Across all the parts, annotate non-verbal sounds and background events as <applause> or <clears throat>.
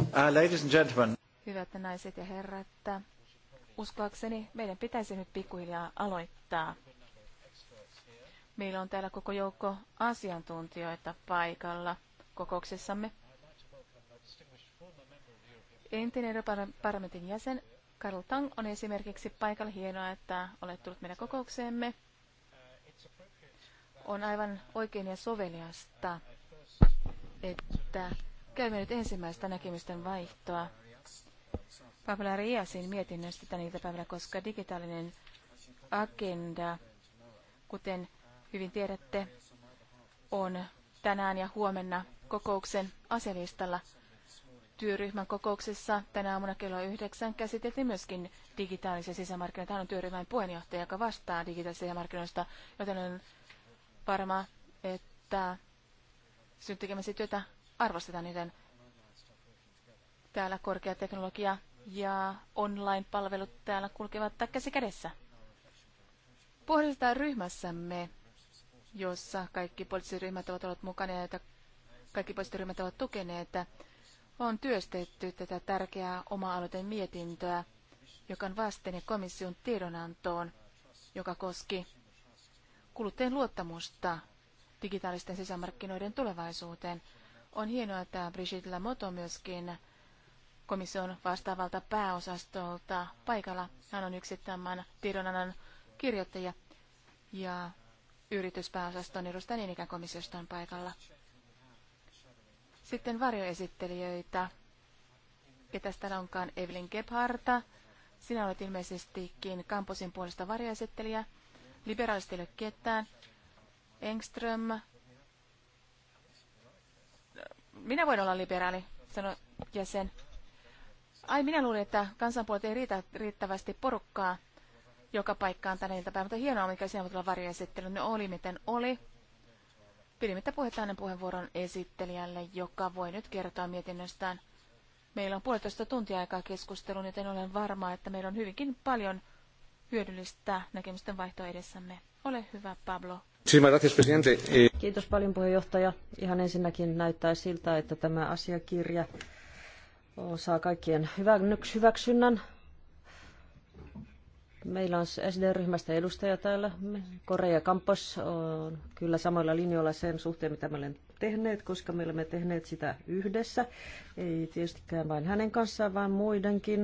Uh, ladies and gentlemen. Hyvät naiset ja herrat, uskoakseni meidän pitäisi nyt pikkuhiljaa aloittaa. Meillä on täällä koko joukko asiantuntijoita paikalla kokouksessamme. Entinen Euroopan parlamentin jäsen Karl Tang on esimerkiksi paikalla. Hienoa, että olet tullut meidän kokoukseemme on aivan oikein ja soveliasta, että käymme nyt ensimmäistä näkemysten vaihtoa Pavla Riasin mietinnöstä tänä iltapäivänä, koska digitaalinen agenda, kuten hyvin tiedätte, on tänään ja huomenna kokouksen asialistalla. Työryhmän kokouksessa tänä aamuna kello yhdeksän käsiteltiin myöskin digitaalisia sisämarkkinoita. Hän on työryhmän puheenjohtaja, joka vastaa digitaalisista sisämarkkinoista, joten on varma, että sinun tekemäsi työtä arvostetaan, niiden täällä korkea teknologia ja online-palvelut täällä kulkevat käsi kädessä. Pohditaan ryhmässämme, jossa kaikki poliittiset ryhmät ovat olleet mukana ja kaikki poliittiset ryhmät ovat tukeneet, että on työstetty tätä tärkeää oma-aloiteen mietintöä, joka on vasten ja komission tiedonantoon, joka koski kuluttajien luottamusta digitaalisten sisämarkkinoiden tulevaisuuteen. On hienoa, että Brigitte Lamoto myöskin komission vastaavalta pääosastolta paikalla. Hän on yksi tämän tiedonannan kirjoittaja ja yrityspääosaston edustaja niin ikään komissiosta on paikalla. Sitten varjoesittelijöitä. Ketäs täällä onkaan Evelyn Gebharta. Sinä olet ilmeisestikin kampusin puolesta varjoesittelijä liberaalistille ketään. Engström. Minä voin olla liberaali, sanoi jäsen. Ai, minä luulin, että kansanpuolet ei riitä riittävästi porukkaa joka paikkaan tänä iltapäivänä, mutta hienoa, mikä siinä voi tulla varjoesittely. Ne no, oli, miten oli. Pidimittä puhetta ennen puheenvuoron esittelijälle, joka voi nyt kertoa mietinnöstään. Meillä on puolitoista tuntia aikaa keskusteluun, joten olen varma, että meillä on hyvinkin paljon hyödyllistä näkemysten vaihtoa edessämme. Ole hyvä, Pablo. Eh, Kiitos paljon puheenjohtaja. Ihan ensinnäkin näyttää siltä, että tämä asiakirja saa kaikkien hyväksynnän. Meillä on SD-ryhmästä edustaja täällä. Korea Kampos on kyllä samoilla linjoilla sen suhteen, mitä me olemme tehneet, koska me olemme tehneet sitä yhdessä. Ei tietystikään vain hänen kanssaan, vaan muidenkin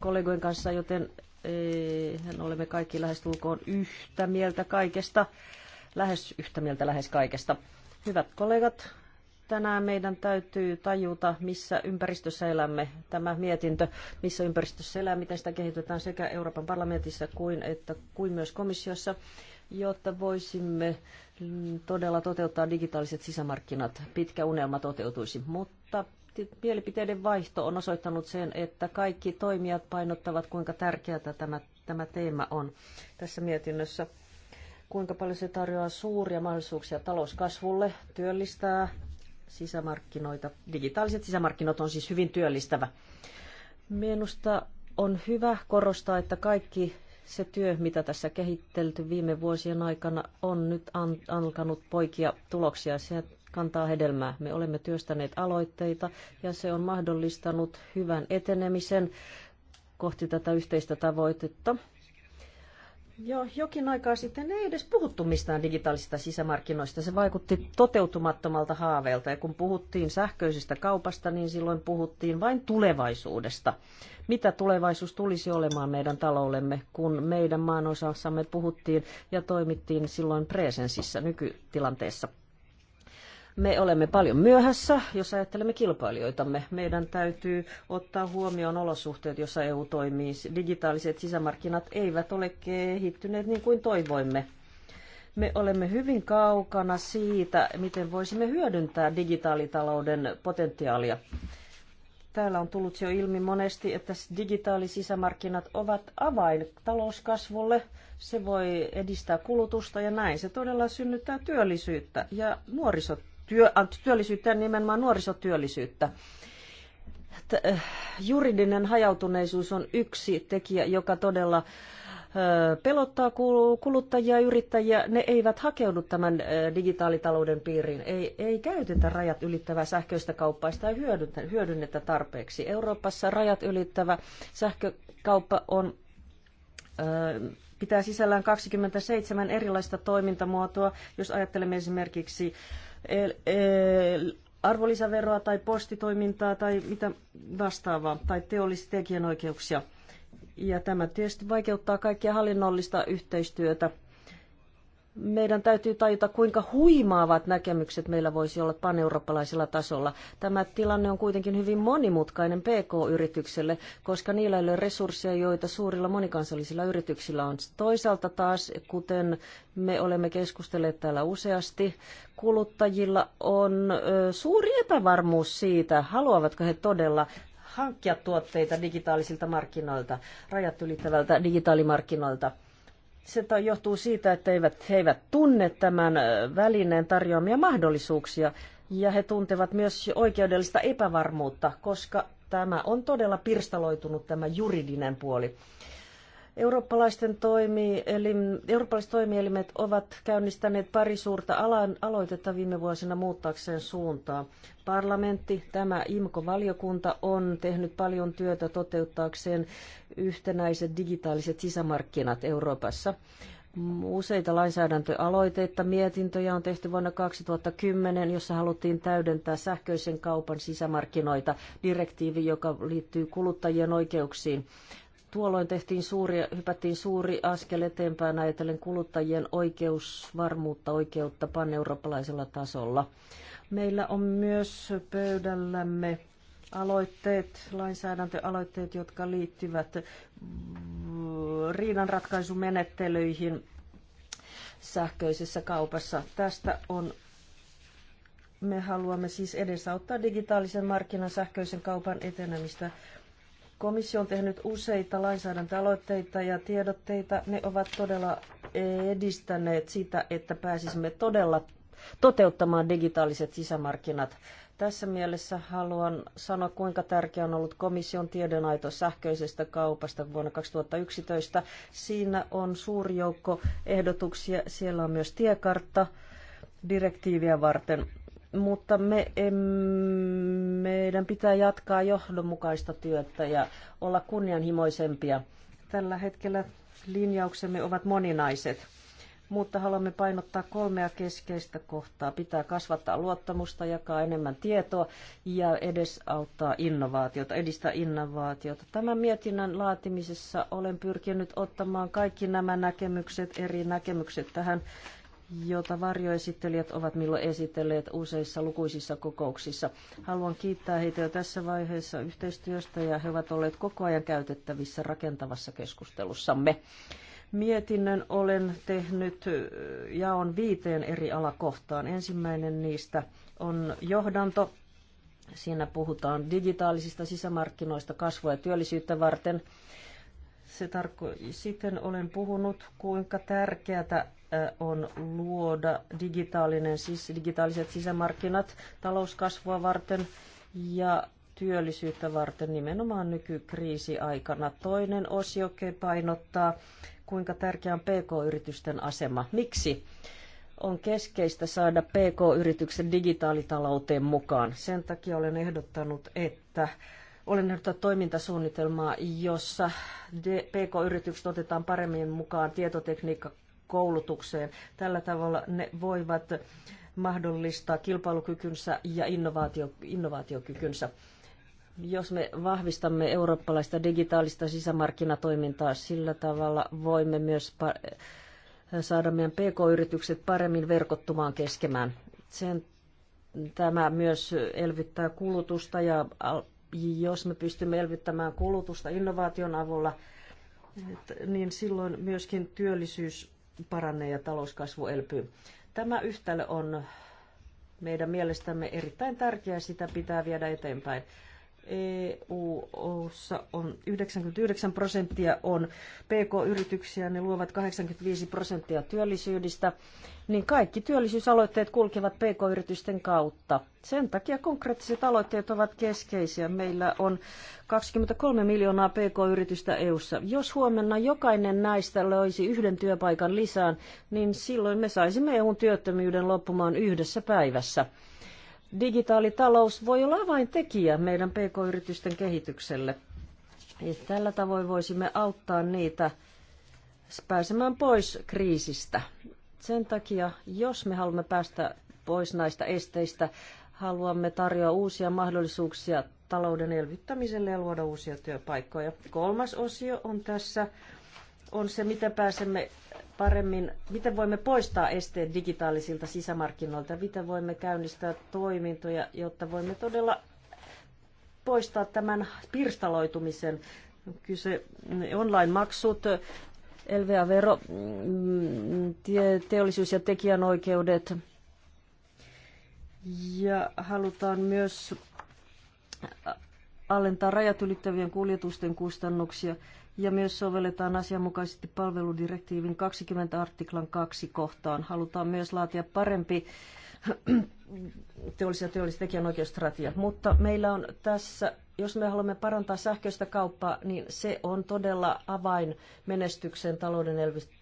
kollegojen kanssa, joten eihän eh, olemme kaikki lähestulkoon yhtä mieltä kaikesta, lähes yhtä mieltä lähes kaikesta. Hyvät kollegat, tänään meidän täytyy tajuta, missä ympäristössä elämme. Tämä mietintö, missä ympäristössä elää, miten sitä kehitetään sekä Euroopan parlamentissa kuin, että, kuin myös komissiossa, jotta voisimme mm, todella toteuttaa digitaaliset sisämarkkinat. Pitkä unelma toteutuisi, mutta mielipiteiden vaihto on osoittanut sen, että kaikki toimijat painottavat, kuinka tärkeää tämä, tämä teema on tässä mietinnössä. Kuinka paljon se tarjoaa suuria mahdollisuuksia talouskasvulle, työllistää sisämarkkinoita. Digitaaliset sisämarkkinat on siis hyvin työllistävä. Minusta on hyvä korostaa, että kaikki se työ, mitä tässä kehittelty viime vuosien aikana, on nyt an- alkanut poikia tuloksia. Se kantaa hedelmää. Me olemme työstäneet aloitteita ja se on mahdollistanut hyvän etenemisen kohti tätä yhteistä tavoitetta. Joo, jokin aikaa sitten ei edes puhuttu mistään digitaalisista sisämarkkinoista. Se vaikutti toteutumattomalta haaveelta. Ja kun puhuttiin sähköisestä kaupasta, niin silloin puhuttiin vain tulevaisuudesta. Mitä tulevaisuus tulisi olemaan meidän taloudemme, kun meidän maanosassamme puhuttiin ja toimittiin silloin presensissä nykytilanteessa? Me olemme paljon myöhässä, jos ajattelemme kilpailijoitamme. Meidän täytyy ottaa huomioon olosuhteet, jossa EU toimii. Digitaaliset sisämarkkinat eivät ole kehittyneet niin kuin toivoimme. Me olemme hyvin kaukana siitä, miten voisimme hyödyntää digitaalitalouden potentiaalia. Täällä on tullut jo ilmi monesti, että digitaalisisämarkkinat ovat avain talouskasvulle. Se voi edistää kulutusta ja näin se todella synnyttää työllisyyttä ja nuorisot työ, työllisyyttä ja nimenomaan nuorisotyöllisyyttä. Äh, juridinen hajautuneisuus on yksi tekijä, joka todella äh, pelottaa kuluttajia ja yrittäjiä. Ne eivät hakeudu tämän äh, digitaalitalouden piiriin. Ei, ei käytetä rajat ylittävää sähköistä kauppaa. Sitä ei hyödynnetä tarpeeksi. Euroopassa rajat ylittävä sähkökauppa on pitää sisällään 27 erilaista toimintamuotoa. Jos ajattelemme esimerkiksi arvonlisäveroa tai postitoimintaa tai mitä vastaavaa, tai teollisia tekijänoikeuksia. Ja tämä tietysti vaikeuttaa kaikkia hallinnollista yhteistyötä meidän täytyy tajuta, kuinka huimaavat näkemykset meillä voisi olla paneurooppalaisella tasolla. Tämä tilanne on kuitenkin hyvin monimutkainen PK-yritykselle, koska niillä ei ole resursseja, joita suurilla monikansallisilla yrityksillä on. Toisaalta taas, kuten me olemme keskustelleet täällä useasti, kuluttajilla on suuri epävarmuus siitä, haluavatko he todella hankkia tuotteita digitaalisilta markkinoilta, rajat ylittävältä digitaalimarkkinoilta – se johtuu siitä, että eivät, he eivät tunne tämän välineen tarjoamia mahdollisuuksia ja he tuntevat myös oikeudellista epävarmuutta, koska tämä on todella pirstaloitunut tämä juridinen puoli. Eurooppalaisten eli, eurooppalaiset toimielimet ovat käynnistäneet pari suurta alan, aloitetta viime vuosina muuttaakseen suuntaa. Parlamentti, tämä imco valiokunta on tehnyt paljon työtä toteuttaakseen yhtenäiset digitaaliset sisämarkkinat Euroopassa. Useita lainsäädäntöaloitteita, mietintöjä on tehty vuonna 2010, jossa haluttiin täydentää sähköisen kaupan sisämarkkinoita, direktiivi, joka liittyy kuluttajien oikeuksiin. Tuolloin tehtiin suuri, hypättiin suuri askel eteenpäin ajatellen kuluttajien oikeusvarmuutta, oikeutta paneurooppalaisella tasolla. Meillä on myös pöydällämme aloitteet, lainsäädäntöaloitteet, jotka liittyvät riidanratkaisumenettelyihin sähköisessä kaupassa. Tästä on me haluamme siis edesauttaa digitaalisen markkinan sähköisen kaupan etenemistä. Komissio on tehnyt useita lainsäädäntöaloitteita ja tiedotteita. Ne ovat todella edistäneet sitä, että pääsisimme todella toteuttamaan digitaaliset sisämarkkinat. Tässä mielessä haluan sanoa, kuinka tärkeä on ollut komission tiedonaito sähköisestä kaupasta vuonna 2011. Siinä on suuri joukko ehdotuksia. Siellä on myös tiekartta direktiiviä varten mutta me em, meidän pitää jatkaa johdonmukaista työtä ja olla kunnianhimoisempia. Tällä hetkellä linjauksemme ovat moninaiset, mutta haluamme painottaa kolmea keskeistä kohtaa. Pitää kasvattaa luottamusta, jakaa enemmän tietoa ja edesauttaa innovaatiota, edistää innovaatiota. Tämän mietinnän laatimisessa olen pyrkinyt ottamaan kaikki nämä näkemykset, eri näkemykset tähän jota varjoesittelijät ovat milloin esitelleet useissa lukuisissa kokouksissa. Haluan kiittää heitä jo tässä vaiheessa yhteistyöstä ja he ovat olleet koko ajan käytettävissä rakentavassa keskustelussamme. Mietinnön olen tehnyt jaon viiteen eri alakohtaan. Ensimmäinen niistä on johdanto. Siinä puhutaan digitaalisista sisämarkkinoista kasvua ja työllisyyttä varten – se tarko- Sitten olen puhunut, kuinka tärkeää on luoda digitaalinen, siis digitaaliset sisämarkkinat talouskasvua varten ja työllisyyttä varten nimenomaan nykykriisiaikana. Toinen osio painottaa, kuinka tärkeä on PK-yritysten asema. Miksi? On keskeistä saada PK-yrityksen digitaalitalouteen mukaan. Sen takia olen ehdottanut, että olen ehdottanut toimintasuunnitelmaa, jossa PK-yritykset otetaan paremmin mukaan tietotekniikka koulutukseen. Tällä tavalla ne voivat mahdollistaa kilpailukykynsä ja innovaatio, innovaatiokykynsä. Jos me vahvistamme eurooppalaista digitaalista sisämarkkinatoimintaa, sillä tavalla voimme myös saada meidän pk-yritykset paremmin verkottumaan keskemään. Sen, tämä myös elvyttää kulutusta ja jos me pystymme elvyttämään kulutusta innovaation avulla, niin silloin myöskin työllisyys paranee ja talouskasvu elpyy. Tämä yhtälö on meidän mielestämme erittäin tärkeä, sitä pitää viedä eteenpäin. EU-ssa on 99 prosenttia on PK-yrityksiä, ne luovat 85 prosenttia työllisyydestä, niin kaikki työllisyysaloitteet kulkevat PK-yritysten kautta. Sen takia konkreettiset aloitteet ovat keskeisiä. Meillä on 23 miljoonaa PK-yritystä EU:ssa. Jos huomenna jokainen näistä löisi yhden työpaikan lisään, niin silloin me saisimme eu työttömyyden loppumaan yhdessä päivässä digitaalitalous voi olla vain tekijä meidän pk-yritysten kehitykselle. Ja tällä tavoin voisimme auttaa niitä pääsemään pois kriisistä. Sen takia, jos me haluamme päästä pois näistä esteistä, haluamme tarjota uusia mahdollisuuksia talouden elvyttämiselle ja luoda uusia työpaikkoja. Kolmas osio on tässä on se, miten pääsemme paremmin, miten voimme poistaa esteet digitaalisilta sisämarkkinoilta, miten voimme käynnistää toimintoja, jotta voimme todella poistaa tämän pirstaloitumisen. Kyse online-maksut, LVA-vero, teollisuus- ja tekijänoikeudet. Ja halutaan myös alentaa rajat ylittävien kuljetusten kustannuksia ja myös sovelletaan asianmukaisesti palveludirektiivin 20 artiklan 2 kohtaan. Halutaan myös laatia parempi teollisia ja teollisia Mutta meillä on tässä, jos me haluamme parantaa sähköistä kauppaa, niin se on todella avain menestyksen talouden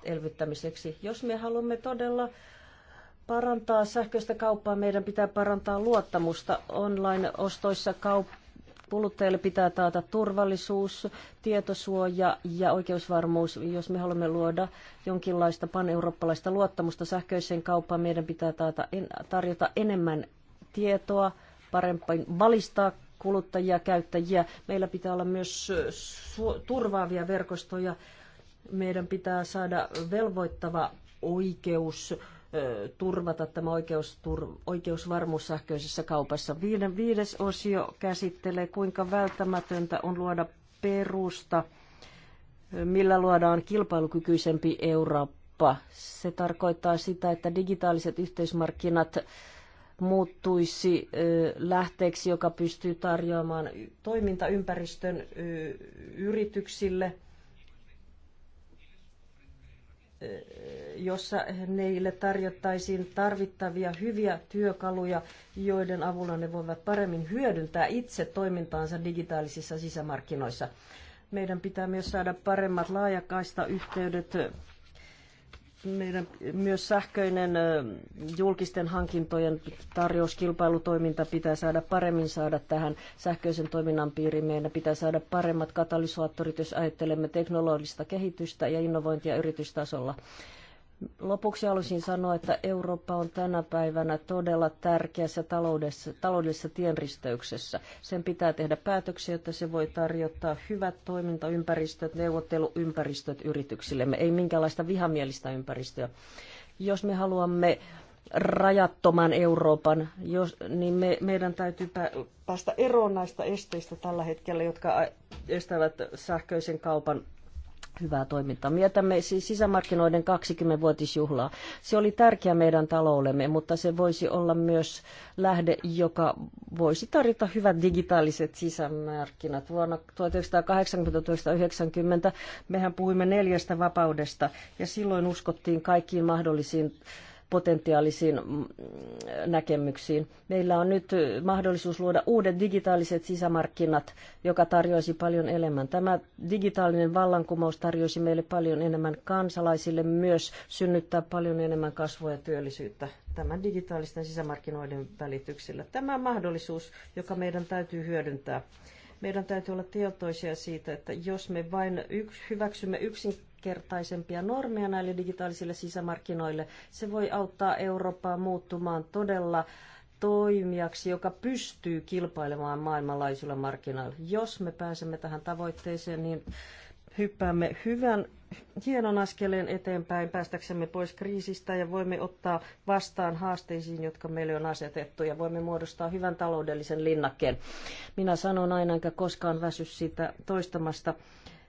elvyttämiseksi. Jos me haluamme todella parantaa sähköistä kauppaa, meidän pitää parantaa luottamusta online-ostoissa kauppaa Kuluttajille pitää taata turvallisuus, tietosuoja ja oikeusvarmuus. Jos me haluamme luoda jonkinlaista paneurooppalaista luottamusta sähköiseen kauppaan, meidän pitää taata, tarjota enemmän tietoa, parempain valistaa kuluttajia, käyttäjiä. Meillä pitää olla myös turvaavia verkostoja. Meidän pitää saada velvoittava oikeus turvata tämä oikeus, oikeusvarmuus sähköisessä kaupassa. Viiden, viides osio käsittelee, kuinka välttämätöntä on luoda perusta, millä luodaan kilpailukykyisempi Eurooppa. Se tarkoittaa sitä, että digitaaliset yhteismarkkinat muuttuisi lähteeksi, joka pystyy tarjoamaan toimintaympäristön yrityksille – jossa neille tarjottaisiin tarvittavia hyviä työkaluja, joiden avulla ne voivat paremmin hyödyntää itse toimintaansa digitaalisissa sisämarkkinoissa. Meidän pitää myös saada paremmat laajakaista yhteydet meidän myös sähköinen julkisten hankintojen tarjouskilpailutoiminta pitää saada paremmin saada tähän sähköisen toiminnan piiriin. Meidän pitää saada paremmat katalysaattorit, jos ajattelemme teknologista kehitystä ja innovointia yritystasolla. Lopuksi haluaisin sanoa, että Eurooppa on tänä päivänä todella tärkeässä taloudessa, taloudellisessa tienristeyksessä. Sen pitää tehdä päätöksiä, että se voi tarjottaa hyvät toimintaympäristöt, neuvotteluympäristöt yrityksillemme, ei minkäänlaista vihamielistä ympäristöä. Jos me haluamme rajattoman Euroopan, jos, niin me, meidän täytyy päästä eroon näistä esteistä tällä hetkellä, jotka estävät sähköisen kaupan hyvää toimintaa. Mietämme siis sisämarkkinoiden 20-vuotisjuhlaa. Se oli tärkeä meidän taloudemme, mutta se voisi olla myös lähde, joka voisi tarjota hyvät digitaaliset sisämarkkinat. Vuonna 1980-1990 mehän puhuimme neljästä vapaudesta ja silloin uskottiin kaikkiin mahdollisiin potentiaalisiin mm, näkemyksiin. Meillä on nyt mahdollisuus luoda uudet digitaaliset sisämarkkinat, joka tarjoaisi paljon enemmän. Tämä digitaalinen vallankumous tarjoaisi meille paljon enemmän kansalaisille myös synnyttää paljon enemmän kasvua ja työllisyyttä tämän digitaalisten sisämarkkinoiden välityksellä. Tämä mahdollisuus, joka meidän täytyy hyödyntää meidän täytyy olla tietoisia siitä, että jos me vain yks, hyväksymme yksin yksinkertaisempia normeja näille digitaalisille sisämarkkinoille. Se voi auttaa Eurooppaa muuttumaan todella toimijaksi, joka pystyy kilpailemaan maailmanlaisilla markkinoilla. Jos me pääsemme tähän tavoitteeseen, niin hyppäämme hyvän, hienon askeleen eteenpäin päästäksemme pois kriisistä ja voimme ottaa vastaan haasteisiin, jotka meille on asetettu ja voimme muodostaa hyvän taloudellisen linnakkeen. Minä sanon aina, enkä koskaan väsy sitä toistamasta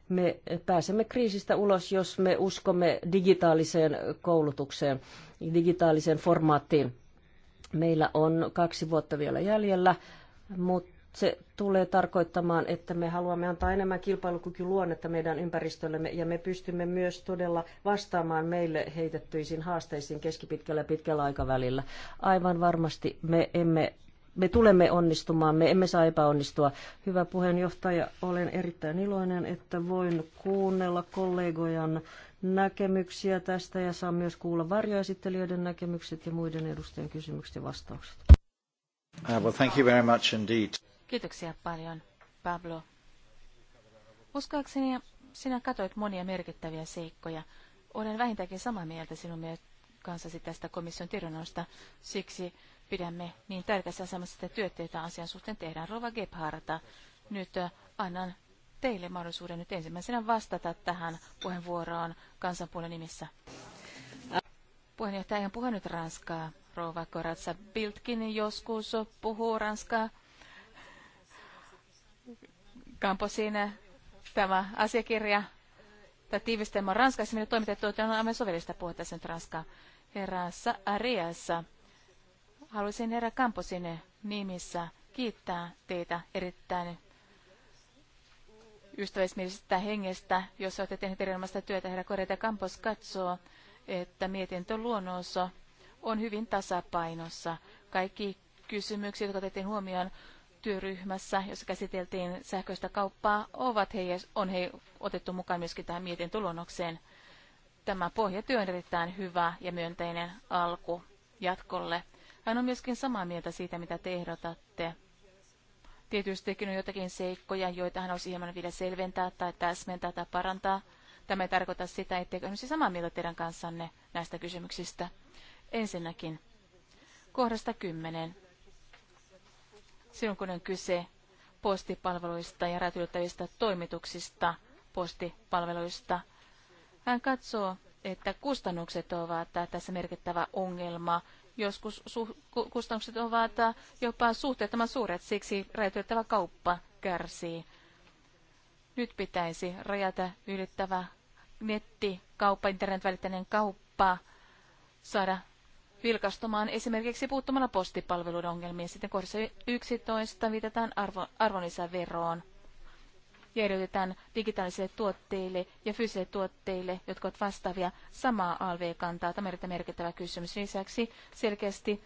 me pääsemme kriisistä ulos, jos me uskomme digitaaliseen koulutukseen, digitaaliseen formaattiin. Meillä on kaksi vuotta vielä jäljellä, mutta se tulee tarkoittamaan, että me haluamme antaa enemmän luonnetta meidän ympäristöllemme ja me pystymme myös todella vastaamaan meille heitettyisiin haasteisiin keskipitkällä ja pitkällä aikavälillä. Aivan varmasti me emme me tulemme onnistumaan, me emme saa epäonnistua. Hyvä puheenjohtaja, olen erittäin iloinen, että voin kuunnella kollegojan näkemyksiä tästä ja saan myös kuulla varjoesittelijöiden näkemykset ja muiden edustajien kysymykset ja vastaukset. Uh, well, thank you very much indeed. Kiitoksia paljon, Pablo. Uskoakseni sinä katsoit monia merkittäviä seikkoja. Olen vähintäänkin samaa mieltä sinun kanssasi tästä komission tiedonannosta. Siksi pidämme niin tärkeässä asemassa, että työt asian suhteen tehdään. Rova Gebharta, nyt äh, annan teille mahdollisuuden nyt ensimmäisenä vastata tähän puheenvuoroon kansanpuolen nimissä. Puheenjohtaja, en puhunut ranskaa. Rova Koratsa Biltkin joskus puhuu ranskaa. Kampo siinä äh, tämä asiakirja tämä tiivistelmä on ranskaksi, minne toimitettu, että on aivan sovellista puhua tässä nyt ranskaa. Herra Arias, Haluaisin herra Kamposin nimissä kiittää teitä erittäin ystävällismielisestä hengestä, jos olette tehneet erinomaista työtä. Herra Korjata Kampos katsoo, että luonnossa on hyvin tasapainossa. Kaikki kysymykset, jotka otettiin huomioon työryhmässä, jossa käsiteltiin sähköistä kauppaa, ovat he, on he otettu mukaan myöskin tähän mietintöluonnokseen. Tämä pohjatyö on erittäin hyvä ja myönteinen alku jatkolle. Hän on myöskin samaa mieltä siitä, mitä te ehdotatte. Tietystikin on jotakin seikkoja, joita hän olisi hieman vielä selventää tai täsmentää tai parantaa. Tämä ei tarkoita sitä, etteikö olisi samaa mieltä teidän kanssanne näistä kysymyksistä. Ensinnäkin, kohdasta 10. Silloin kun on kyse postipalveluista ja räätyltävistä toimituksista postipalveluista, hän katsoo, että kustannukset ovat tässä merkittävä ongelma Joskus su- kustannukset ovat äh, jopa suhteettoman suuret, siksi räjäytettävä kauppa kärsii. Nyt pitäisi rajata ylittävä netti, kauppa, internetvälitteinen kauppa saada vilkastumaan esimerkiksi puuttumalla postipalveluiden ongelmiin. Sitten kohdassa 11 viitataan arvo, arvonlisäveroon järjestetään digitaalisille tuotteille ja fyysisille tuotteille, jotka ovat vastaavia samaa ALV-kantaa. Tämä on erittäin merkittävä kysymys. Lisäksi selkeästi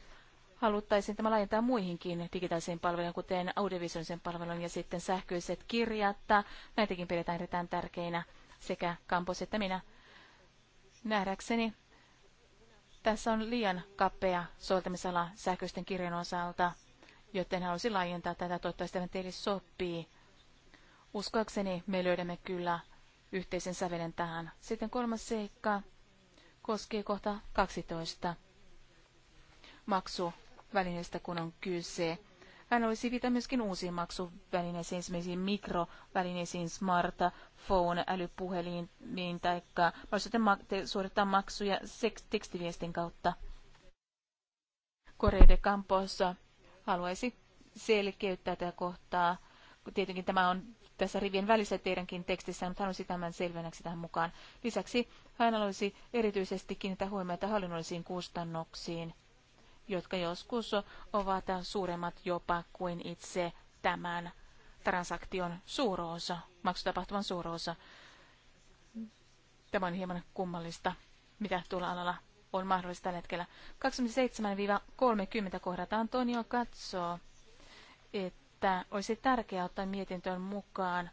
haluttaisiin tämä laajentaa muihinkin digitaalisiin palveluihin, kuten audiovisuaalisen palvelun ja sitten sähköiset kirjat. Näitäkin pidetään erittäin tärkeinä sekä Kampos että minä. Nähdäkseni tässä on liian kapea soveltamisala sähköisten kirjan osalta, joten haluaisin laajentaa tätä. Toivottavasti tämä teille sopii. Uskoakseni me löydämme kyllä yhteisen sävelen tähän. Sitten kolmas seikka koskee kohta 12 maksuvälineestä, kun on kyse. Hän olisi viitannut myöskin uusiin maksuvälineisiin, esimerkiksi mikrovälineisiin, smart phone, älypuhelimiin tai mahdollisuuteen suorittaa maksuja tekstiviestin kautta. Koreiden de Campos haluaisi selkeyttää tätä kohtaa. Tietenkin tämä on tässä rivien välissä teidänkin tekstissä, mutta haluaisin tämän selvennäksi tähän mukaan. Lisäksi hän haluaisi erityisesti kiinnittää huomiota hallinnollisiin kustannuksiin, jotka joskus ovat suuremmat jopa kuin itse tämän transaktion suuroosa, maksutapahtuman suuroosa. Tämä on hieman kummallista, mitä tuolla alalla on mahdollista tällä hetkellä. 27-30 kohdat Antonio katsoo, että että olisi tärkeää ottaa mietintöön mukaan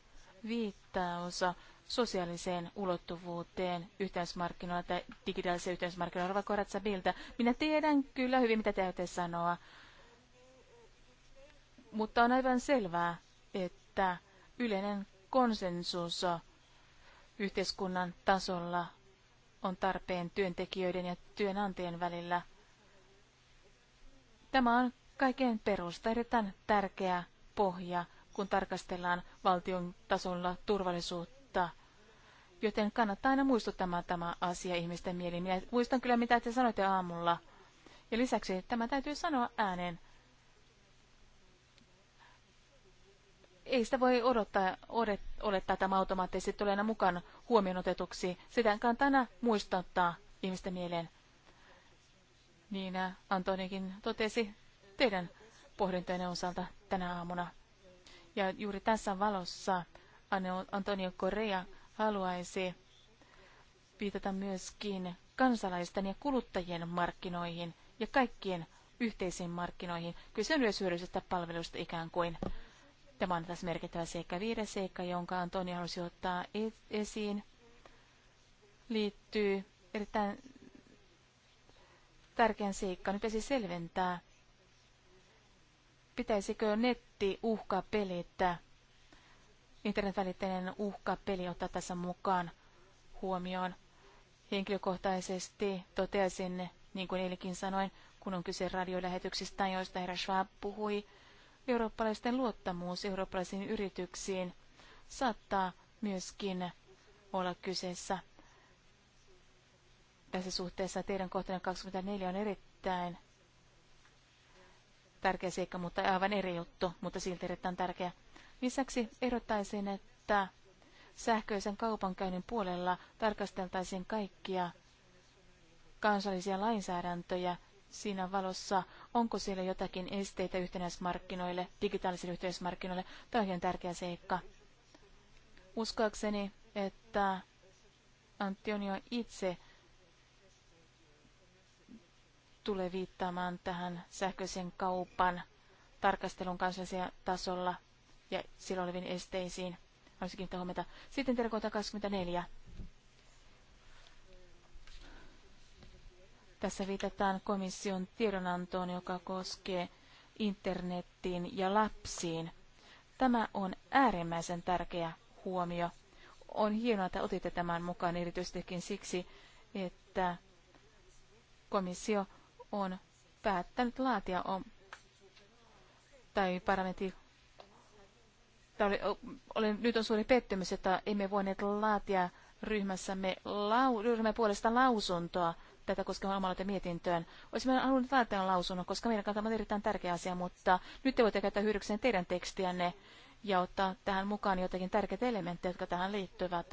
viittaus sosiaaliseen ulottuvuuteen yhteismarkkinoilla tai digitaaliseen yhteismarkkinoilla, vaikka Ratsa Bilda. Minä tiedän kyllä hyvin, mitä täytyy sanoa, mutta on aivan selvää, että yleinen konsensus yhteiskunnan tasolla on tarpeen työntekijöiden ja työnantajien välillä. Tämä on kaiken perusta erittäin tärkeä pohja, kun tarkastellaan valtion tasolla turvallisuutta. Joten kannattaa aina muistuttaa tämä asia ihmisten mieliin. Minä muistan kyllä, mitä te sanoitte aamulla. Ja lisäksi tämä täytyy sanoa ääneen. Ei sitä voi odottaa, odet, olettaa, tämä automaattisesti tulee aina mukaan huomioon otetuksi. Sitä kannattaa aina muistuttaa ihmisten mieleen. Niin Antonikin totesi teidän pohdintojenne osalta tänä aamuna. Ja juuri tässä valossa Antonio Correa haluaisi viitata myöskin kansalaisten ja kuluttajien markkinoihin ja kaikkien yhteisiin markkinoihin. Kyse on yleishyödyllisestä palvelusta ikään kuin. Tämä on tässä merkittävä seikka. Viides seikka, jonka Antoni halusi ottaa e- esiin, liittyy erittäin tärkeän seikkaan. Nyt pitäisi selventää, pitäisikö netti uhkapelit, internetvälitteinen uhkapeli ottaa tässä mukaan huomioon. Henkilökohtaisesti toteaisin, niin kuin eilenkin sanoin, kun on kyse radiolähetyksistä, joista herra Schwab puhui, eurooppalaisten luottamus eurooppalaisiin yrityksiin saattaa myöskin olla kyseessä. Tässä suhteessa teidän kohtanne 24 on erittäin tärkeä seikka, mutta aivan eri juttu, mutta silti erittäin tärkeä. Lisäksi ehdottaisin, että sähköisen kaupankäynnin puolella tarkasteltaisiin kaikkia kansallisia lainsäädäntöjä siinä valossa, onko siellä jotakin esteitä yhtenäismarkkinoille, digitaalisille yhteismarkkinoille. Tämä on tärkeä seikka. Uskoakseni, että Antonio itse tulee viittaamaan tähän sähköisen kaupan tarkastelun kansallisella tasolla ja sillä oleviin esteisiin. Olisikin kiinnittää huomiota. Sitten terkoita 24. Tässä viitataan komission tiedonantoon, joka koskee internettiin ja lapsiin. Tämä on äärimmäisen tärkeä huomio. On hienoa, että otitte tämän mukaan erityisestikin siksi, että komissio on päättänyt laatia on, tai parlamentti oli, oli, nyt on suuri pettymys, että emme voineet laatia ryhmässämme lau, ryhmän puolesta lausuntoa tätä koskevan omalaita mietintöön. Olisimme halunneet laatia lausunnon, koska meidän kannalta on erittäin tärkeä asia, mutta nyt te voitte käyttää hyödykseen teidän tekstiänne ja ottaa tähän mukaan jotakin tärkeitä elementtejä, jotka tähän liittyvät,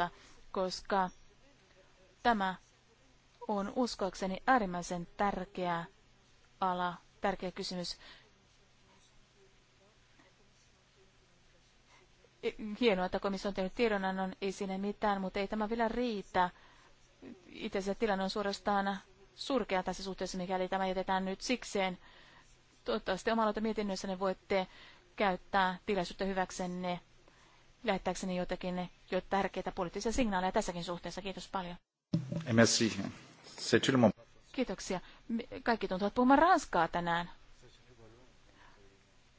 koska tämä on uskoakseni äärimmäisen tärkeä ala, tärkeä kysymys. Hienoa, että komissio on tehnyt tiedonannon, ei siinä mitään, mutta ei tämä vielä riitä. Itse asiassa tilanne on suorastaan surkea tässä suhteessa, mikäli tämä jätetään nyt sikseen. Toivottavasti omalla ne voitte käyttää tilaisuutta hyväksenne lähettääkseni jotakin jo tärkeitä poliittisia signaaleja tässäkin suhteessa. Kiitos paljon. Merci. Kiitoksia. Kaikki tuntuvat puhumaan ranskaa tänään.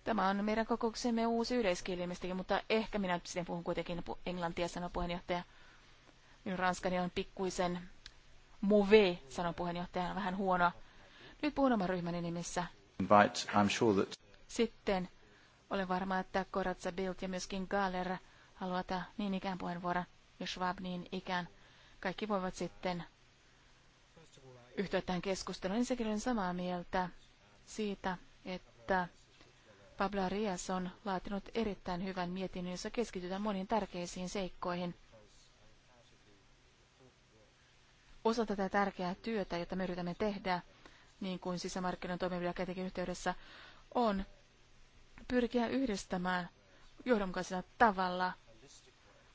Tämä on meidän kokouksemme uusi yleiskieli mutta ehkä minä sitten puhun kuitenkin englantia, sanoi puheenjohtaja. Minun ranskani on pikkuisen move, sanoi puheenjohtaja, on vähän huono. Nyt puhun oman ryhmäni nimissä. Sitten olen varma, että Koratsa Bild ja myöskin Galler haluavat niin ikään puheenvuoron ja Schwab niin ikään. Kaikki voivat sitten yhtyä tähän keskusteluun. Ensinnäkin olen samaa mieltä siitä, että Pablo Arias on laatinut erittäin hyvän mietinnön, jossa keskitytään moniin tärkeisiin seikkoihin. Osa tätä tärkeää työtä, jota me yritämme tehdä, niin kuin sisämarkkinoiden kätekin yhteydessä, on pyrkiä yhdistämään johdonmukaisella tavalla –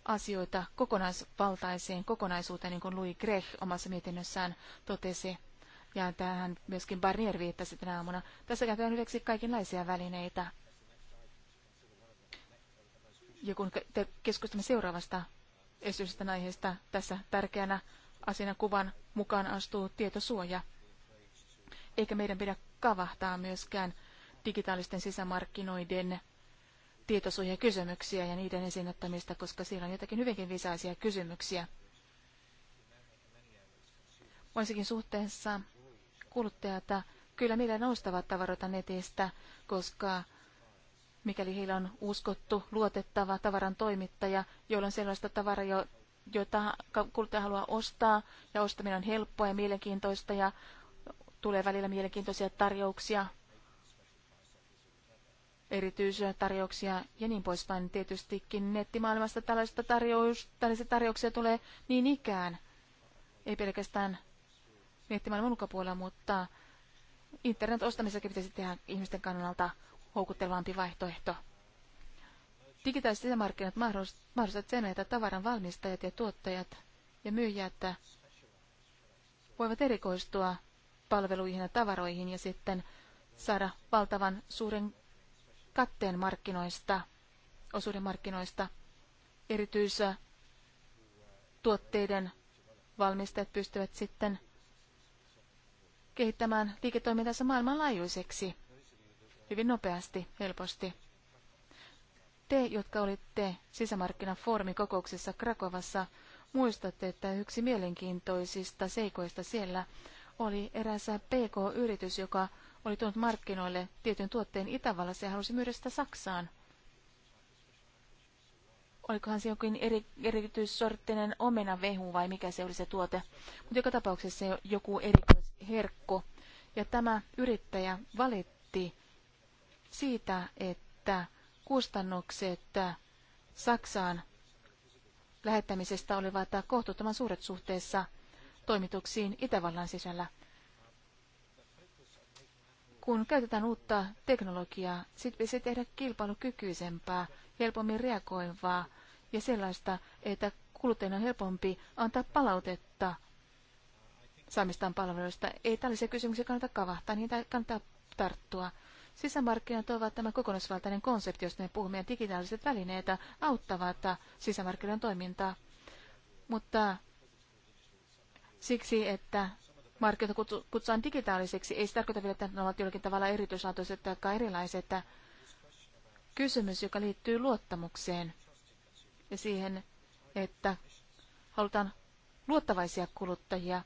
asioita kokonaisvaltaiseen kokonaisuuteen, niin kuin Louis Grech omassa mietinnössään totesi. Ja tähän myöskin Barnier viittasi tänä aamuna. Tässä käytetään yleensä kaikenlaisia välineitä. Ja kun keskustelemme seuraavasta esitystä aiheesta, tässä tärkeänä asiana kuvan mukaan astuu tietosuoja. Eikä meidän pidä kavahtaa myöskään digitaalisten sisämarkkinoiden kysymyksiä ja niiden esiin ottamista, koska siellä on jotakin hyvinkin visaisia kysymyksiä. Voisikin suhteessa kuluttajata kyllä niille noustavat tavaroita netistä, koska mikäli heillä on uskottu, luotettava tavaran toimittaja, jolla on sellaista tavaraa, jo, jota kuluttaja haluaa ostaa, ja ostaminen on helppoa ja mielenkiintoista, ja tulee välillä mielenkiintoisia tarjouksia erityistarjouksia ja niin poispäin. Tietystikin nettimaailmasta tällaista tarjous, tällaisia tarjouksia tulee niin ikään, ei pelkästään nettimaailman ulkopuolella, mutta internet-ostamisessakin pitäisi tehdä ihmisten kannalta houkuttelevampi vaihtoehto. Digitaaliset sisämarkkinat mahdollistavat sen, että tavaran valmistajat ja tuottajat ja myyjät voivat erikoistua palveluihin ja tavaroihin ja sitten saada valtavan suuren katteen markkinoista, osuuden markkinoista, erityisä tuotteiden valmistajat pystyvät sitten kehittämään liiketoimintansa maailmanlaajuiseksi hyvin nopeasti, helposti. Te, jotka olitte sisämarkkinafoorumin kokouksessa Krakovassa, muistatte, että yksi mielenkiintoisista seikoista siellä oli eräs PK-yritys, joka oli tuonut markkinoille tietyn tuotteen Itävallassa ja halusi myydä sitä Saksaan. Olikohan se jokin eri, erityissorttinen omenavehu vai mikä se oli se tuote, mutta joka tapauksessa joku erikoisherkko Ja tämä yrittäjä valitti siitä, että kustannukset Saksaan lähettämisestä olivat kohtuuttoman suuret suhteessa toimituksiin Itävallan sisällä kun käytetään uutta teknologiaa, sitten pitäisi tehdä kilpailukykyisempää, helpommin reagoivaa ja sellaista, että kuluttajana on helpompi antaa palautetta saamistaan palveluista. Ei tällaisia kysymyksiä kannata kavahtaa, niitä kannattaa tarttua. Sisämarkkinat ovat tämä kokonaisvaltainen konsepti, josta me puhumme, ja digitaaliset välineet auttavat sisämarkkinoiden toimintaa. Mutta siksi, että markkinoita kutsutaan digitaalisiksi, ei se tarkoita vielä, että ne ovat jollakin tavalla erityislaatuiset tai erilaiset. Kysymys, joka liittyy luottamukseen ja siihen, että halutaan luottavaisia kuluttajia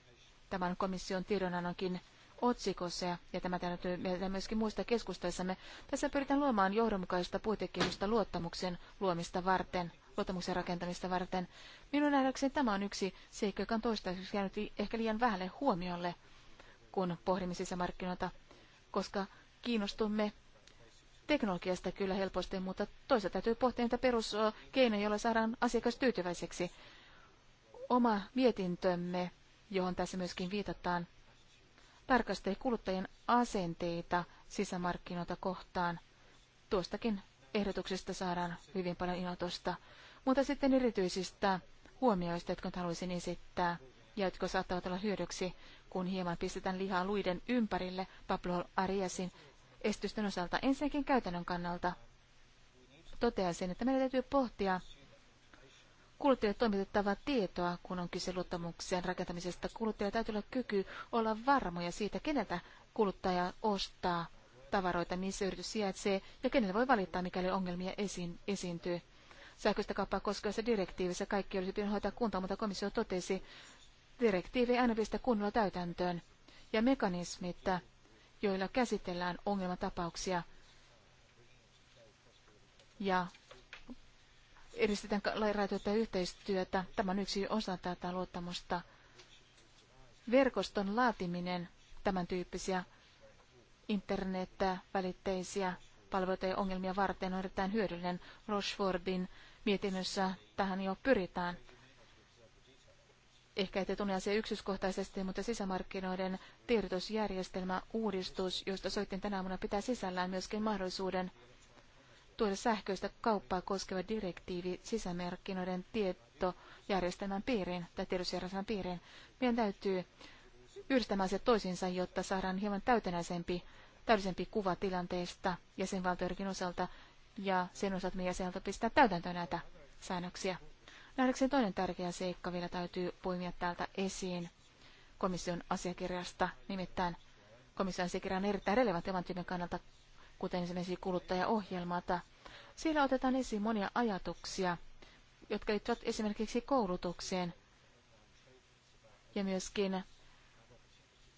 tämän komission tiedonannonkin otsikossa, ja tämä täytyy meidän myöskin muista keskustelussamme Tässä pyritään luomaan johdonmukaista puitekehystä luottamuksen luomista varten – luottamuksen rakentamista varten. Minun nähdäkseni tämä on yksi seikka, joka on toistaiseksi jäänyt ehkä liian vähälle huomiolle, kun pohdimme sisämarkkinoita, koska kiinnostumme teknologiasta kyllä helposti, mutta toisaalta täytyy pohtia niitä peruskeinoja, joilla saadaan asiakas tyytyväiseksi. Oma mietintömme, johon tässä myöskin viitataan, tarkastelee kuluttajien asenteita sisämarkkinoita kohtaan. Tuostakin ehdotuksesta saadaan hyvin paljon innoitusta. Mutta sitten erityisistä huomioista, jotka haluaisin esittää ja jotka saattavat olla hyödyksi, kun hieman pistetään lihaa luiden ympärille Pablo Ariasin estysten osalta ensinnäkin käytännön kannalta. Toteaisin, että meidän täytyy pohtia kuluttajille toimitettavaa tietoa, kun on kyse luottamuksen rakentamisesta. Kuluttajilla täytyy olla kyky olla varmoja siitä, keneltä kuluttaja ostaa tavaroita, missä yritys sijaitsee ja kenelle voi valittaa, mikäli ongelmia esiin, esiintyy sähköistä kauppaa koskevassa direktiivissä kaikki olisi pitänyt hoitaa kuntoon, mutta komissio totesi, direktiivi ei aina pistä kunnolla täytäntöön. Ja mekanismit, joilla käsitellään ongelmatapauksia ja edistetään rajoitetta yhteistyötä. Tämä on yksi osa tätä luottamusta. Verkoston laatiminen, tämän tyyppisiä internet-välitteisiä palveluita ja ongelmia varten on erittäin hyödyllinen. Rochefordin mietinnössä tähän jo pyritään. Ehkä ette tunne asia yksityiskohtaisesti, mutta sisämarkkinoiden tiedotusjärjestelmä uudistus, josta soitin tänä aamuna, pitää sisällään myöskin mahdollisuuden tuoda sähköistä kauppaa koskeva direktiivi sisämarkkinoiden tietojärjestelmän piiriin tai tiedotusjärjestelmän piiriin. Meidän täytyy yhdistämään se toisiinsa, jotta saadaan hieman täytenäisempi täydellisempi kuva tilanteesta jäsenvaltioidenkin osalta ja sen osalta, että jäsenvaltio pistää täytäntöön näitä säännöksiä. Nähdäkseni toinen tärkeä seikka vielä täytyy poimia täältä esiin komission asiakirjasta, nimittäin komission asiakirja on erittäin relevantti oman kannalta, kuten esimerkiksi kuluttajaohjelmata. Siellä otetaan esiin monia ajatuksia, jotka liittyvät esimerkiksi koulutukseen ja myöskin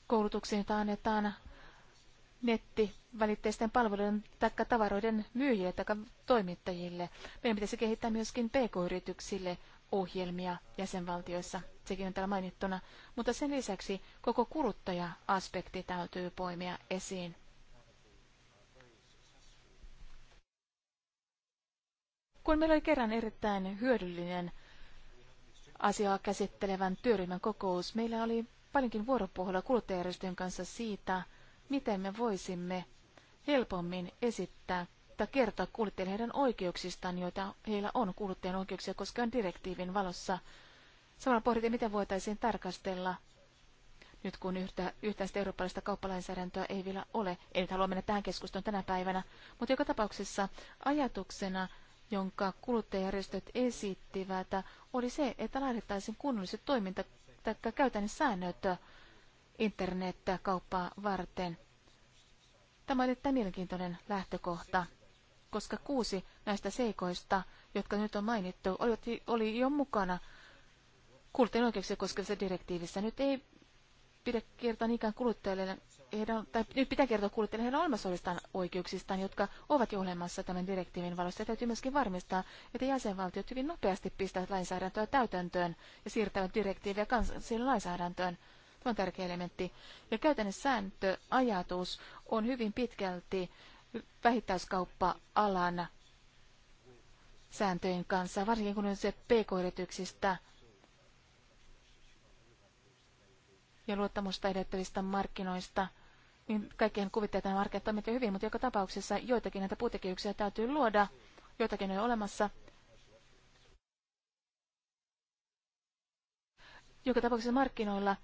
koulutukseen, jota annetaan nettivälitteisten palveluiden tai tavaroiden myyjille tai toimittajille. Meidän pitäisi kehittää myöskin pk-yrityksille ohjelmia jäsenvaltioissa, sekin on täällä mainittuna, mutta sen lisäksi koko kuluttaja-aspekti täytyy poimia esiin. Kun meillä oli kerran erittäin hyödyllinen asiaa käsittelevän työryhmän kokous, meillä oli paljonkin vuoropuhelua kuluttajajärjestöjen kanssa siitä, miten me voisimme helpommin esittää tai kertoa kuluttajille heidän oikeuksistaan, joita heillä on kuluttajan oikeuksia koskevan direktiivin valossa. Samalla pohdittiin, miten voitaisiin tarkastella nyt kun yhtä, yhtäistä eurooppalaista kauppalainsäädäntöä ei vielä ole. En nyt halua mennä tähän keskusteluun tänä päivänä, mutta joka tapauksessa ajatuksena, jonka kuluttajajärjestöt esittivät, oli se, että laadittaisiin kunnolliset toiminta- tai käytännön säännöt internetkauppaa varten. Tämä on erittäin mielenkiintoinen lähtökohta, koska kuusi näistä seikoista, jotka nyt on mainittu, oli, oli jo mukana kuluttajien oikeuksia koskevassa direktiivissä. Nyt ei pidä kertoa niinkään kuluttajille, heidän, tai nyt pitää kertoa kuluttajille heidän olemassa oikeuksistaan, jotka ovat jo olemassa tämän direktiivin valossa. Ja täytyy myöskin varmistaa, että jäsenvaltiot hyvin nopeasti pistävät lainsäädäntöä täytäntöön ja siirtävät direktiiviä kansalliseen lainsäädäntöön. Tämä on tärkeä elementti. Ja käytännön sääntöajatus on hyvin pitkälti vähittäiskauppa-alan sääntöjen kanssa, varsinkin kun on se pk-yrityksistä ja luottamusta edettävistä markkinoista, niin kaikkien kuvitteet nämä markkinat toimivat hyvin, mutta joka tapauksessa joitakin näitä puutekijyksiä täytyy luoda, joitakin on olemassa. Joka tapauksessa markkinoilla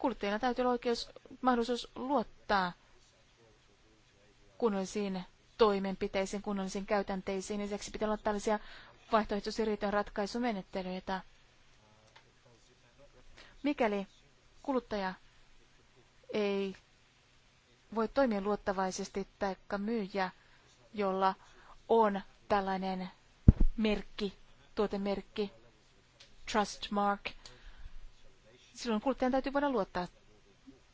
Kuluttajilla täytyy olla oikeus, mahdollisuus luottaa kunnollisiin toimenpiteisiin, kunnollisiin käytänteisiin. Lisäksi pitää olla tällaisia vaihtoehtoisia riitojen ratkaisumenettelyitä. Mikäli kuluttaja ei voi toimia luottavaisesti, tai myyjä, jolla on tällainen merkki, tuotemerkki, trust mark, Silloin kuluttajan täytyy voida luottaa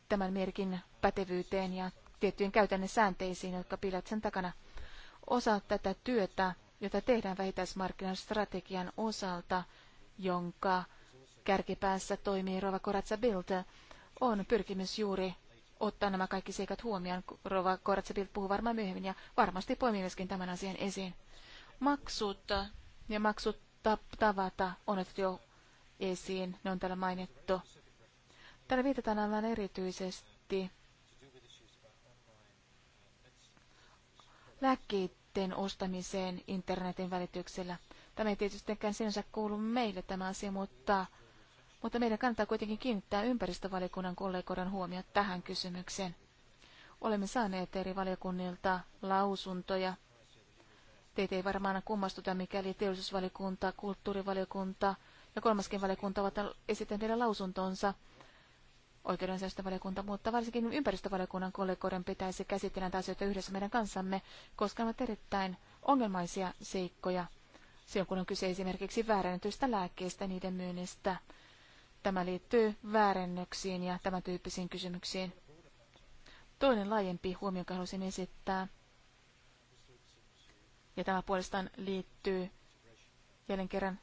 tämän merkin pätevyyteen ja tiettyjen käytännön säänteisiin, jotka piilät sen takana. Osa tätä työtä, jota tehdään strategian osalta, jonka kärkipäässä toimii Rova Koratsa Bild, on pyrkimys juuri ottaa nämä kaikki seikat huomioon. Rova Koratsa Bild puhuu varmaan myöhemmin ja varmasti poimii myöskin tämän asian esiin. Maksut ja maksut tavata on otettu jo esiin. Ne on täällä mainittu. Täällä viitataan aivan erityisesti lääkkeiden ostamiseen internetin välityksellä. Tämä ei tietystikään sinänsä kuulu meille tämä asia, mutta, mutta meidän kannattaa kuitenkin kiinnittää ympäristövaliokunnan kollegoiden huomio tähän kysymykseen. Olemme saaneet eri valiokunnilta lausuntoja. Teitä ei varmaan kummastuta, mikäli teollisuusvaliokunta, kulttuurivaliokunta ja kolmaskin valiokunta ovat esittäneet heidän lausuntonsa. Oikeudensaista valiokunta, mutta varsinkin ympäristövaliokunnan kollegoiden pitäisi käsitellä näitä asioita yhdessä meidän kanssamme, koska ne ovat erittäin ongelmaisia seikkoja. Silloin kun on kyse esimerkiksi väärännetyistä lääkkeistä niiden myynnistä. Tämä liittyy väärennöksiin ja tämän tyyppisiin kysymyksiin. Toinen laajempi huomio, jonka haluaisin esittää, ja tämä puolestaan liittyy jälleen kerran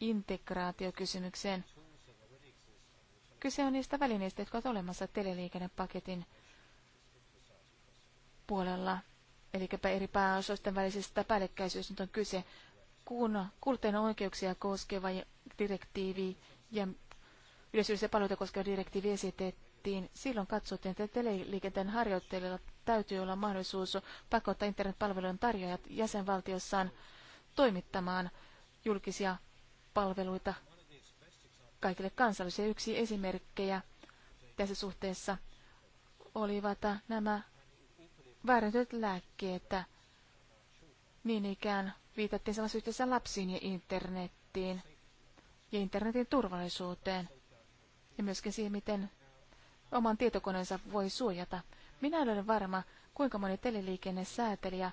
integraatiokysymykseen. Kyse on niistä välineistä, jotka ovat olemassa teleliikennepaketin puolella. Eli eri pääosoisten välisestä päällekkäisyys nyt on kyse, kun kulteen oikeuksia koskeva direktiivi ja yleisöllisiä palveluita koskeva direktiivi esitettiin. Silloin katsottiin, että teleliikenteen harjoittajilla täytyy olla mahdollisuus pakottaa internetpalvelujen tarjoajat jäsenvaltiossaan toimittamaan julkisia palveluita kaikille kansallisille. Yksi esimerkkejä tässä suhteessa olivat nämä väärätyt lääkkeet. Niin ikään viitattiin samassa yhteydessä lapsiin ja internettiin ja internetin turvallisuuteen ja myöskin siihen, miten oman tietokoneensa voi suojata. Minä olen varma, kuinka moni teleliikennesäätelijä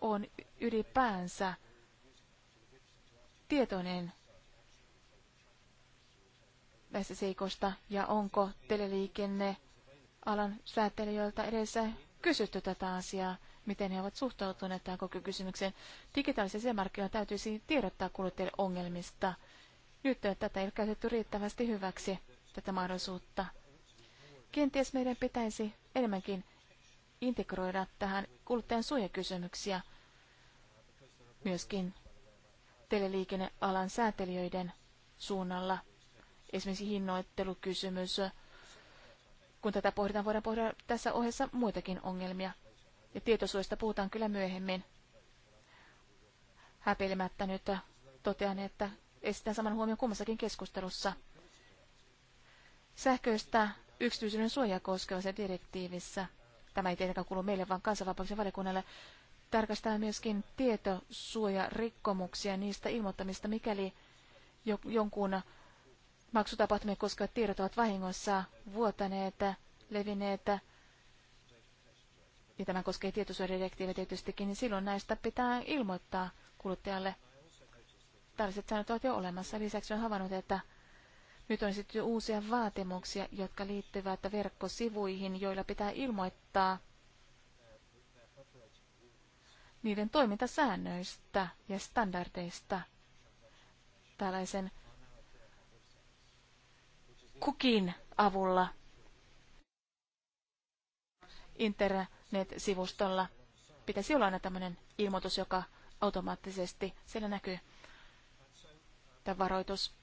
on ylipäänsä tietoinen näistä seikoista ja onko teleliikenne alan säätelijöiltä edessä kysytty tätä asiaa, miten he ovat suhtautuneet tähän koko kysymykseen. Digitaalisen sisämarkkinoita täytyisi tiedottaa kuluttajille ongelmista. Nyt tätä ei ole käytetty riittävästi hyväksi, tätä mahdollisuutta. Kenties meidän pitäisi enemmänkin integroida tähän kuluttajan suojakysymyksiä myöskin teleliikennealan säätelijöiden suunnalla – esimerkiksi hinnoittelukysymys. Kun tätä pohditaan, voidaan pohtia tässä ohessa muitakin ongelmia. Ja tietosuojasta puhutaan kyllä myöhemmin. Häpeilemättä nyt totean, että esitän saman huomion kummassakin keskustelussa. Sähköistä yksityisyyden suojaa koskevassa direktiivissä, tämä ei tietenkään kuulu meille, vaan kansanvapauksen valiokunnalle, tarkastaa myöskin tietosuojarikkomuksia niistä ilmoittamista, mikäli jonkun maksutapahtumia koskevat tiedot ovat vahingossa vuotaneet, levinneet, ja tämä koskee tietosuojadirektiiviä tietystikin, niin silloin näistä pitää ilmoittaa kuluttajalle. Tällaiset säännöt ovat jo olemassa. Lisäksi on havainnut, että nyt on sitten uusia vaatimuksia, jotka liittyvät verkkosivuihin, joilla pitää ilmoittaa niiden toimintasäännöistä ja standardeista. Tällaisen kukin avulla internet-sivustolla pitäisi olla aina tämmöinen ilmoitus, joka automaattisesti siellä näkyy tämä varoitus.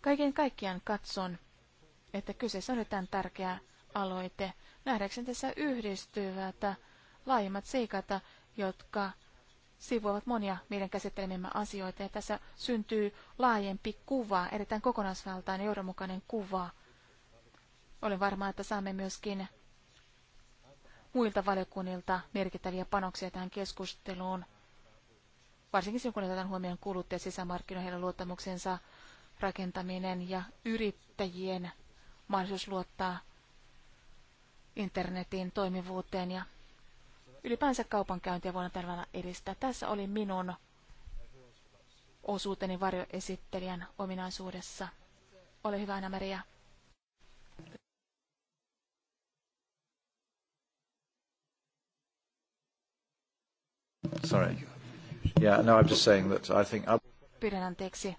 Kaiken kaikkiaan katson, että kyseessä on erittäin tärkeä aloite. Nähdäkseni tässä yhdistyvät laajemmat seikat, jotka sivuavat monia meidän käsittelemämme asioita ja tässä syntyy laajempi kuva, erittäin kokonaisvaltainen johdonmukainen kuva. Olen varma, että saamme myöskin muilta valiokunnilta merkittäviä panoksia tähän keskusteluun, varsinkin silloin kun otetaan huomioon kuluttajien sisämarkkinoiden luottamuksensa rakentaminen ja yrittäjien mahdollisuus luottaa internetin toimivuuteen ja Ylipäänsä kaupankäyntiä voidaan tällä edistää. Tässä oli minun osuuteni varjoesittelijän ominaisuudessa. Ole hyvä, Anna-Maria. Sorry. Yeah, no, I'm just saying that I think... Pyydän anteeksi.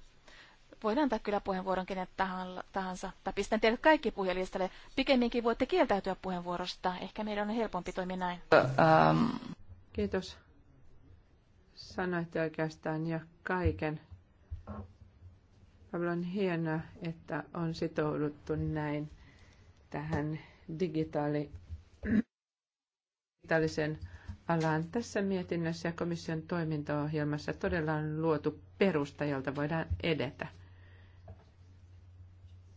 Voin antaa kyllä puheenvuoron kenet tahansa, tai pistän teidät kaikki puhujalistalle. Pikemminkin voitte kieltäytyä puheenvuorosta. Ehkä meidän on helpompi toimia näin. Um. Kiitos. Sanoitte oikeastaan jo kaiken. Pablo on hienoa, että on sitouduttu näin tähän digitaali, digitaalisen alaan. Tässä mietinnössä ja komission toimintaohjelmassa todella on luotu perusta, jolta voidaan edetä.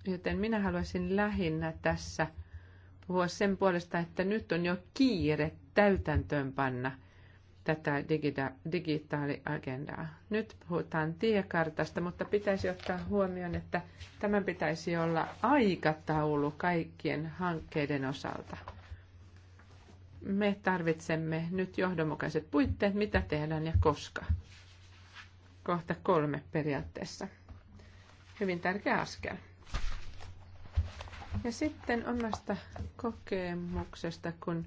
Joten minä haluaisin lähinnä tässä puhua sen puolesta, että nyt on jo kiire täytäntöönpanna tätä digita- digitaaliagendaa. Nyt puhutaan tiekartasta, mutta pitäisi ottaa huomioon, että tämän pitäisi olla aikataulu kaikkien hankkeiden osalta. Me tarvitsemme nyt johdonmukaiset puitteet, mitä tehdään ja koska. Kohta kolme periaatteessa. Hyvin tärkeä askel. Ja sitten omasta kokemuksesta, kun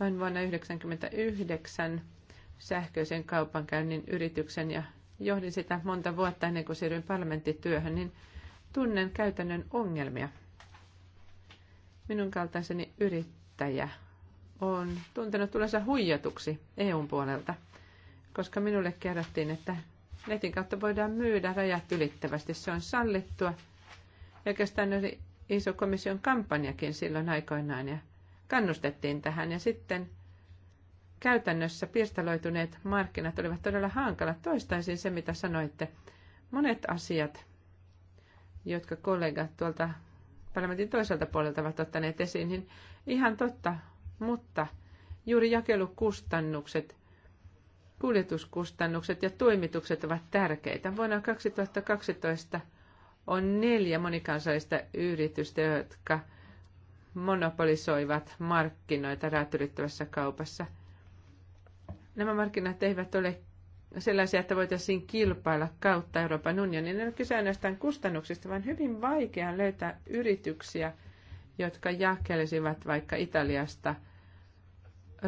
noin vuonna 1999 sähköisen kaupankäynnin yrityksen ja johdin sitä monta vuotta ennen kuin siirryin parlamenttityöhön, niin tunnen käytännön ongelmia. Minun kaltaiseni yrittäjä on tuntenut tulensa huijatuksi EUn puolelta, koska minulle kerrottiin, että netin kautta voidaan myydä rajat ylittävästi. Se on sallittua. Ja oikeastaan oli iso komission kampanjakin silloin aikoinaan ja kannustettiin tähän. Ja sitten käytännössä pirstaloituneet markkinat olivat todella hankalat. Toistaisin se, mitä sanoitte. Monet asiat, jotka kollegat tuolta parlamentin toiselta puolelta ovat ottaneet esiin, niin ihan totta, mutta juuri jakelukustannukset, kuljetuskustannukset ja toimitukset ovat tärkeitä. Vuonna 2012 on neljä monikansallista yritystä, jotka monopolisoivat markkinoita räätylittävässä kaupassa. Nämä markkinat eivät ole sellaisia, että voitaisiin kilpailla kautta Euroopan unionin. Ne ole kyse ainoastaan kustannuksista, vaan hyvin vaikea löytää yrityksiä, jotka jakelisivat vaikka Italiasta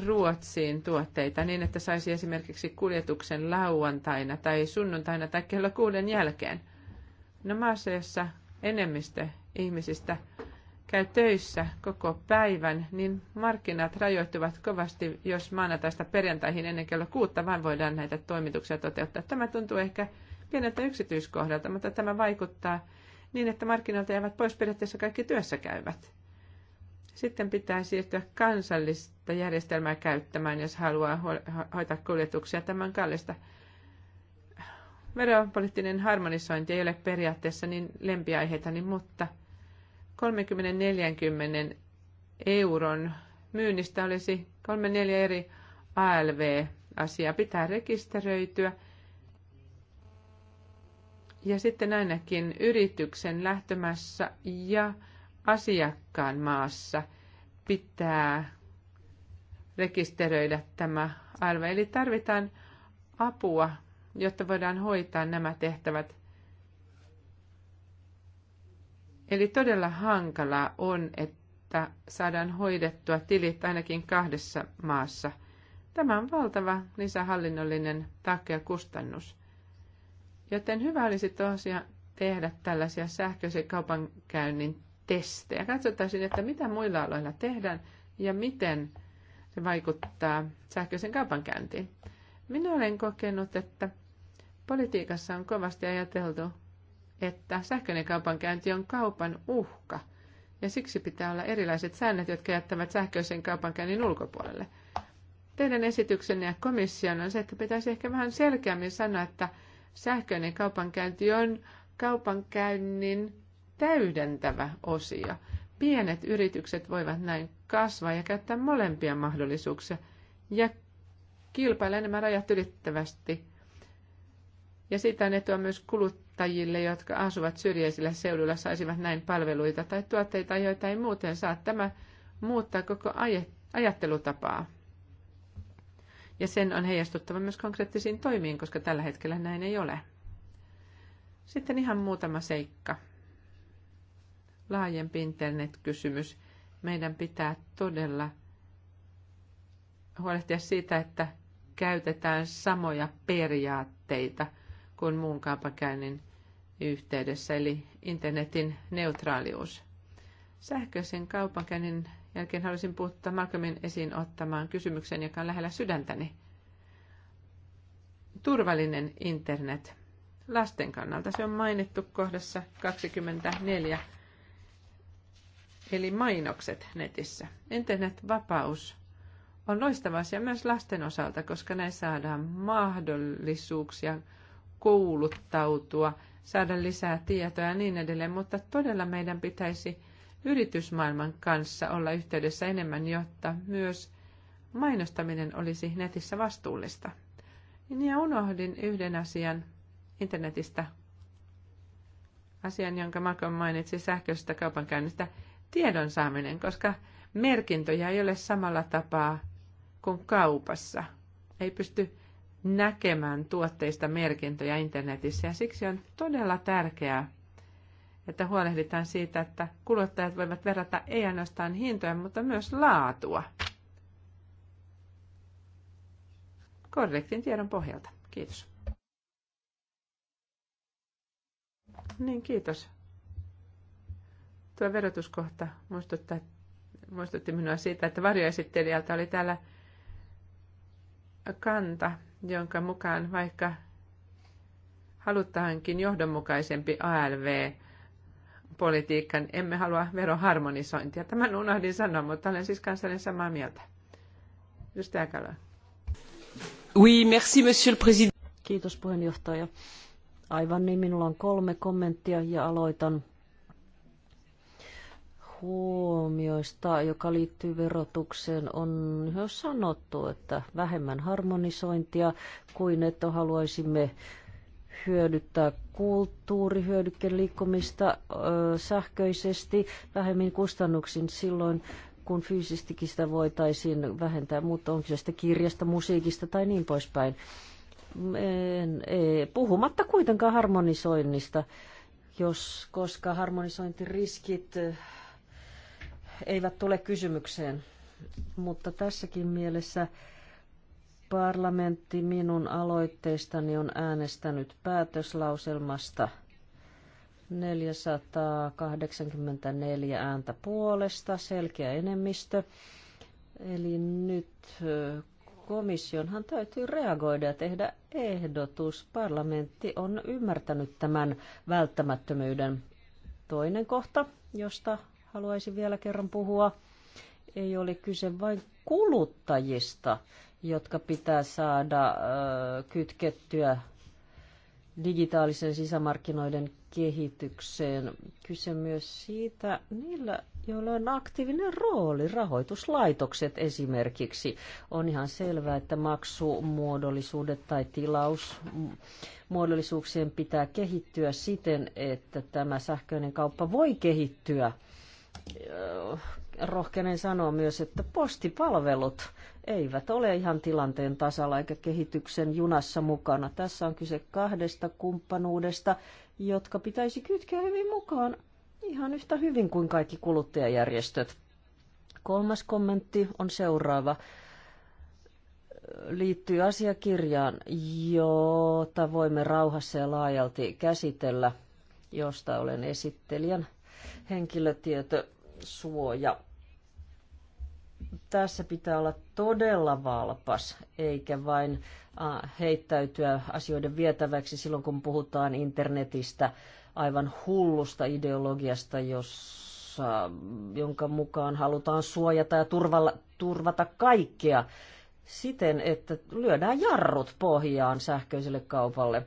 Ruotsiin tuotteita niin, että saisi esimerkiksi kuljetuksen lauantaina tai sunnuntaina tai kello kuuden jälkeen – No jossa enemmistö ihmisistä käy töissä koko päivän, niin markkinat rajoittuvat kovasti, jos maanantaista perjantaihin ennen kello kuutta vain voidaan näitä toimituksia toteuttaa. Tämä tuntuu ehkä pieneltä yksityiskohdalta, mutta tämä vaikuttaa niin, että markkinoilta jäävät pois periaatteessa kaikki työssä käyvät. Sitten pitää siirtyä kansallista järjestelmää käyttämään, jos haluaa hoitaa kuljetuksia. Tämän kallista Veropoliittinen harmonisointi ei ole periaatteessa niin lempiaiheitani, niin mutta 30-40 euron myynnistä olisi 3-4 eri ALV-asiaa. Pitää rekisteröityä. Ja sitten ainakin yrityksen lähtömässä ja asiakkaan maassa pitää rekisteröidä tämä ALV. Eli tarvitaan apua jotta voidaan hoitaa nämä tehtävät. Eli todella hankalaa on, että saadaan hoidettua tilit ainakin kahdessa maassa. Tämä on valtava lisähallinnollinen taakka ja kustannus. Joten hyvä olisi tosiaan tehdä tällaisia sähköisen kaupankäynnin testejä. Katsotaan että mitä muilla aloilla tehdään ja miten se vaikuttaa sähköisen kaupankäyntiin. Minä olen kokenut, että Politiikassa on kovasti ajateltu, että sähköinen kaupankäynti on kaupan uhka, ja siksi pitää olla erilaiset säännöt, jotka jättävät sähköisen kaupankäynnin ulkopuolelle. Teidän esityksenne ja komission on se, että pitäisi ehkä vähän selkeämmin sanoa, että sähköinen kaupankäynti on kaupankäynnin täydentävä osio. Pienet yritykset voivat näin kasvaa ja käyttää molempia mahdollisuuksia ja kilpailla enemmän rajat ylittävästi ja siitä on etua myös kuluttajille, jotka asuvat syrjäisillä seuduilla, saisivat näin palveluita tai tuotteita, joita ei muuten saa. Tämä muuttaa koko ajattelutapaa. Ja sen on heijastuttava myös konkreettisiin toimiin, koska tällä hetkellä näin ei ole. Sitten ihan muutama seikka. Laajempi internetkysymys. Meidän pitää todella huolehtia siitä, että käytetään samoja periaatteita – kuin muun kaupankäynnin yhteydessä, eli internetin neutraalius. Sähköisen kaupankäynnin jälkeen haluaisin puuttua Malcolmin esiin ottamaan kysymyksen joka on lähellä sydäntäni. Turvallinen internet. Lasten kannalta se on mainittu kohdassa 24, eli mainokset netissä. Internetvapaus on loistava asia myös lasten osalta, koska näin saadaan mahdollisuuksia kouluttautua, saada lisää tietoa ja niin edelleen, mutta todella meidän pitäisi yritysmaailman kanssa olla yhteydessä enemmän, jotta myös mainostaminen olisi netissä vastuullista. Niin ja unohdin yhden asian internetistä, asian, jonka Malcolm mainitsi sähköisestä kaupankäynnistä, tiedon saaminen, koska merkintöjä ei ole samalla tapaa kuin kaupassa. Ei pysty näkemään tuotteista merkintöjä internetissä ja siksi on todella tärkeää, että huolehditaan siitä, että kuluttajat voivat verrata ei ainoastaan hintoja, mutta myös laatua. Korrektin tiedon pohjalta. Kiitos. Niin, kiitos. Tuo verotuskohta muistutti minua siitä, että varjoesittelijältä oli täällä kanta jonka mukaan vaikka halutaankin johdonmukaisempi ALV, politiikan, emme halua veroharmonisointia. Tämän unohdin sanoa, mutta olen siis kansallinen samaa mieltä. Just Kala. Oui, merci, monsieur le président. Kiitos puheenjohtaja. Aivan niin, minulla on kolme kommenttia ja aloitan huomioista, joka liittyy verotukseen, on jo sanottu, että vähemmän harmonisointia kuin että haluaisimme hyödyttää kulttuurihyödykkeen liikkumista ö, sähköisesti vähemmin kustannuksin silloin, kun fyysistikin sitä voitaisiin vähentää, mutta onko se sitten kirjasta, musiikista tai niin poispäin. En, ei, puhumatta kuitenkaan harmonisoinnista, jos, koska harmonisointiriskit eivät tule kysymykseen. Mutta tässäkin mielessä parlamentti minun aloitteistani on äänestänyt päätöslauselmasta 484 ääntä puolesta, selkeä enemmistö. Eli nyt komissionhan täytyy reagoida ja tehdä ehdotus. Parlamentti on ymmärtänyt tämän välttämättömyyden. Toinen kohta, josta haluaisin vielä kerran puhua. Ei ole kyse vain kuluttajista, jotka pitää saada kytkettyä digitaalisen sisämarkkinoiden kehitykseen. Kyse myös siitä niillä, joilla on aktiivinen rooli, rahoituslaitokset esimerkiksi. On ihan selvää, että maksumuodollisuudet tai tilausmuodollisuuksien pitää kehittyä siten, että tämä sähköinen kauppa voi kehittyä rohkenen sanoa myös, että postipalvelut eivät ole ihan tilanteen tasalla eikä kehityksen junassa mukana. Tässä on kyse kahdesta kumppanuudesta, jotka pitäisi kytkeä hyvin mukaan ihan yhtä hyvin kuin kaikki kuluttajajärjestöt. Kolmas kommentti on seuraava. Liittyy asiakirjaan, jota voimme rauhassa ja laajalti käsitellä, josta olen esittelijän henkilötietosuoja. Tässä pitää olla todella valpas, eikä vain heittäytyä asioiden vietäväksi silloin, kun puhutaan internetistä aivan hullusta ideologiasta, jossa, jonka mukaan halutaan suojata ja turvalla, turvata kaikkea siten, että lyödään jarrut pohjaan sähköiselle kaupalle.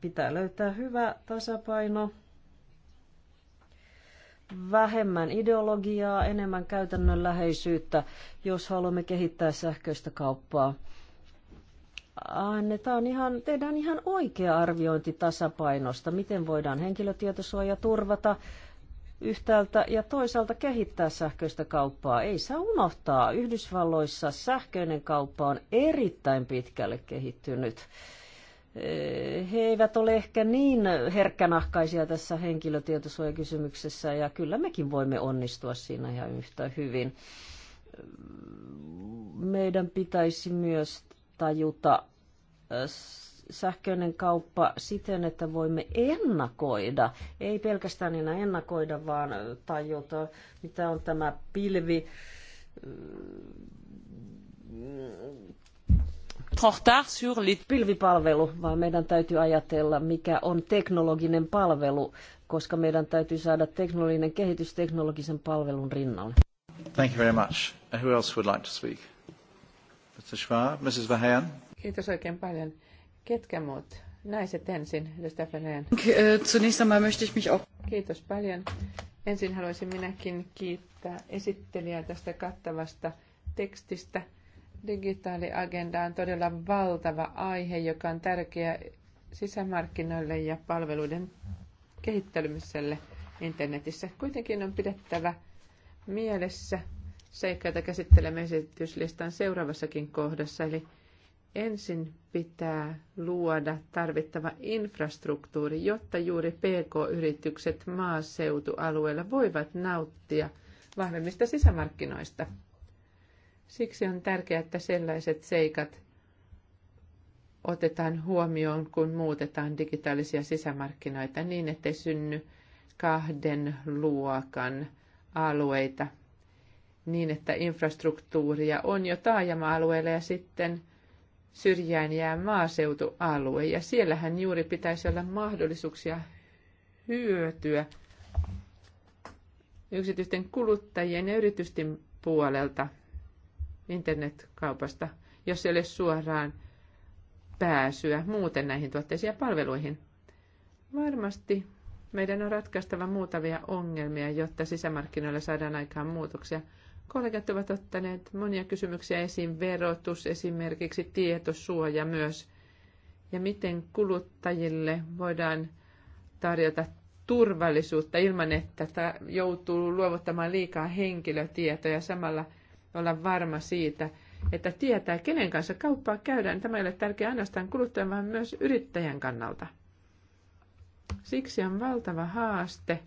Pitää löytää hyvä tasapaino vähemmän ideologiaa, enemmän käytännönläheisyyttä, jos haluamme kehittää sähköistä kauppaa. Annetaan ihan, tehdään ihan oikea arviointi tasapainosta, miten voidaan henkilötietosuoja turvata yhtäältä ja toisaalta kehittää sähköistä kauppaa. Ei saa unohtaa, Yhdysvalloissa sähköinen kauppa on erittäin pitkälle kehittynyt Eh, he eivät ole ehkä niin herkkänahkaisia tässä henkilötietosuojakysymyksessä ja kyllä mekin voimme onnistua siinä ihan yhtä hyvin. Meidän pitäisi myös tajuta eh, sähköinen kauppa siten, että voimme ennakoida, ei pelkästään enää ennakoida, vaan tajuta, mitä on tämä pilvi, eh, Pilvipalvelu, vaan meidän täytyy ajatella, mikä on teknologinen palvelu, koska meidän täytyy saada teknologinen kehitys teknologisen palvelun rinnalle. Thank you very much. Who else would like to speak? Mr. Schwab, Mrs. Vahan. Kiitos oikein paljon. Ketkä muut? Naiset ensin, edustaja Vahan. Äh, zunächst einmal möchte ich mich auch... Kiitos paljon. Ensin haluaisin minäkin kiittää esittelijää tästä kattavasta tekstistä – Digitaaliagenda on todella valtava aihe, joka on tärkeä sisämarkkinoille ja palveluiden kehittelymiselle internetissä. Kuitenkin on pidettävä mielessä seikka, jota käsittelemme esityslistan seuraavassakin kohdassa, eli ensin pitää luoda tarvittava infrastruktuuri, jotta juuri PK-yritykset maaseutualueella voivat nauttia vahvemmista sisämarkkinoista Siksi on tärkeää, että sellaiset seikat otetaan huomioon, kun muutetaan digitaalisia sisämarkkinoita niin, ettei synny kahden luokan alueita niin, että infrastruktuuria on jo taajama-alueella ja sitten syrjään jää maaseutualue. Ja siellähän juuri pitäisi olla mahdollisuuksia hyötyä yksityisten kuluttajien ja yritysten puolelta internetkaupasta, jos ei ole suoraan pääsyä muuten näihin tuotteisiin ja palveluihin. Varmasti meidän on ratkaistava muutamia ongelmia, jotta sisämarkkinoilla saadaan aikaan muutoksia. Kollegat ovat ottaneet monia kysymyksiä esiin, verotus esimerkiksi, tietosuoja myös, ja miten kuluttajille voidaan tarjota turvallisuutta ilman, että joutuu luovuttamaan liikaa henkilötietoja samalla – olla varma siitä, että tietää, kenen kanssa kauppaa käydään. Tämä ei ole tärkeää ainoastaan kuluttajan, vaan myös yrittäjän kannalta. Siksi on valtava haaste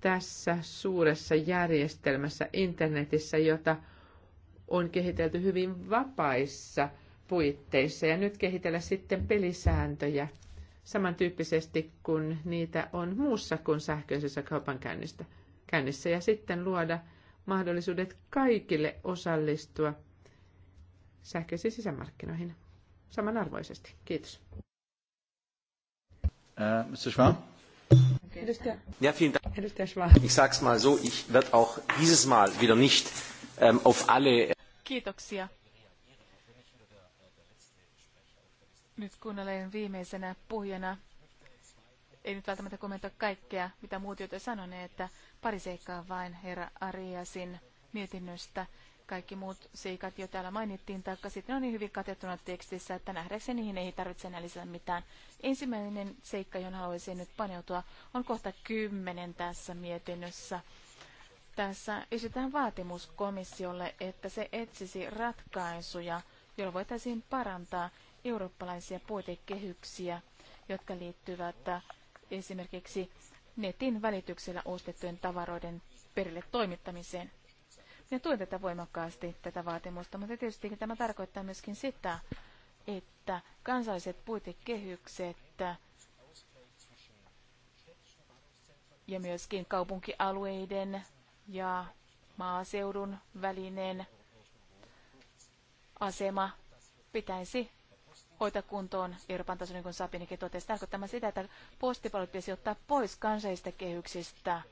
tässä suuressa järjestelmässä internetissä, jota on kehitelty hyvin vapaissa puitteissa ja nyt kehitellä sitten pelisääntöjä samantyyppisesti kuin niitä on muussa kuin sähköisessä kaupankäynnissä ja sitten luoda – mahdollisuudet kaikille osallistua sähköisiin sisämarkkinoihin samanarvoisesti. Kiitos. Äh, Schwab? Edustaja. Ja, vielen Dank. Edustaja Schwab. Ich sag's mal so, ich werde auch dieses Mal wieder nicht ähm, auf alle... Kiitoksia. Nyt kuunnelen viimeisenä puhujana ei nyt välttämättä kommentoi kaikkea, mitä muut jo sanoneet, että pari seikkaa vain herra Ariasin mietinnöstä. Kaikki muut seikat jo täällä mainittiin, taikka sitten on niin hyvin katettuna tekstissä, että nähdäkseni niihin ei tarvitse enää lisätä mitään. Ensimmäinen seikka, johon haluaisin nyt paneutua, on kohta kymmenen tässä mietinnössä. Tässä esitetään vaatimus komissiolle, että se etsisi ratkaisuja, joilla voitaisiin parantaa eurooppalaisia puitekehyksiä, jotka liittyvät esimerkiksi netin välityksellä ostettujen tavaroiden perille toimittamiseen. Minä tuen tätä voimakkaasti, tätä vaatimusta, mutta tietysti tämä tarkoittaa myöskin sitä, että kansalliset puitekehykset ja myöskin kaupunkialueiden ja maaseudun välinen asema pitäisi hoita kuntoon Euroopan tasolla, niin kuin Sabinikin totesi. Tarkoittaa sitä, että postipalvelut pitäisi ottaa pois kansallisista kehyksistä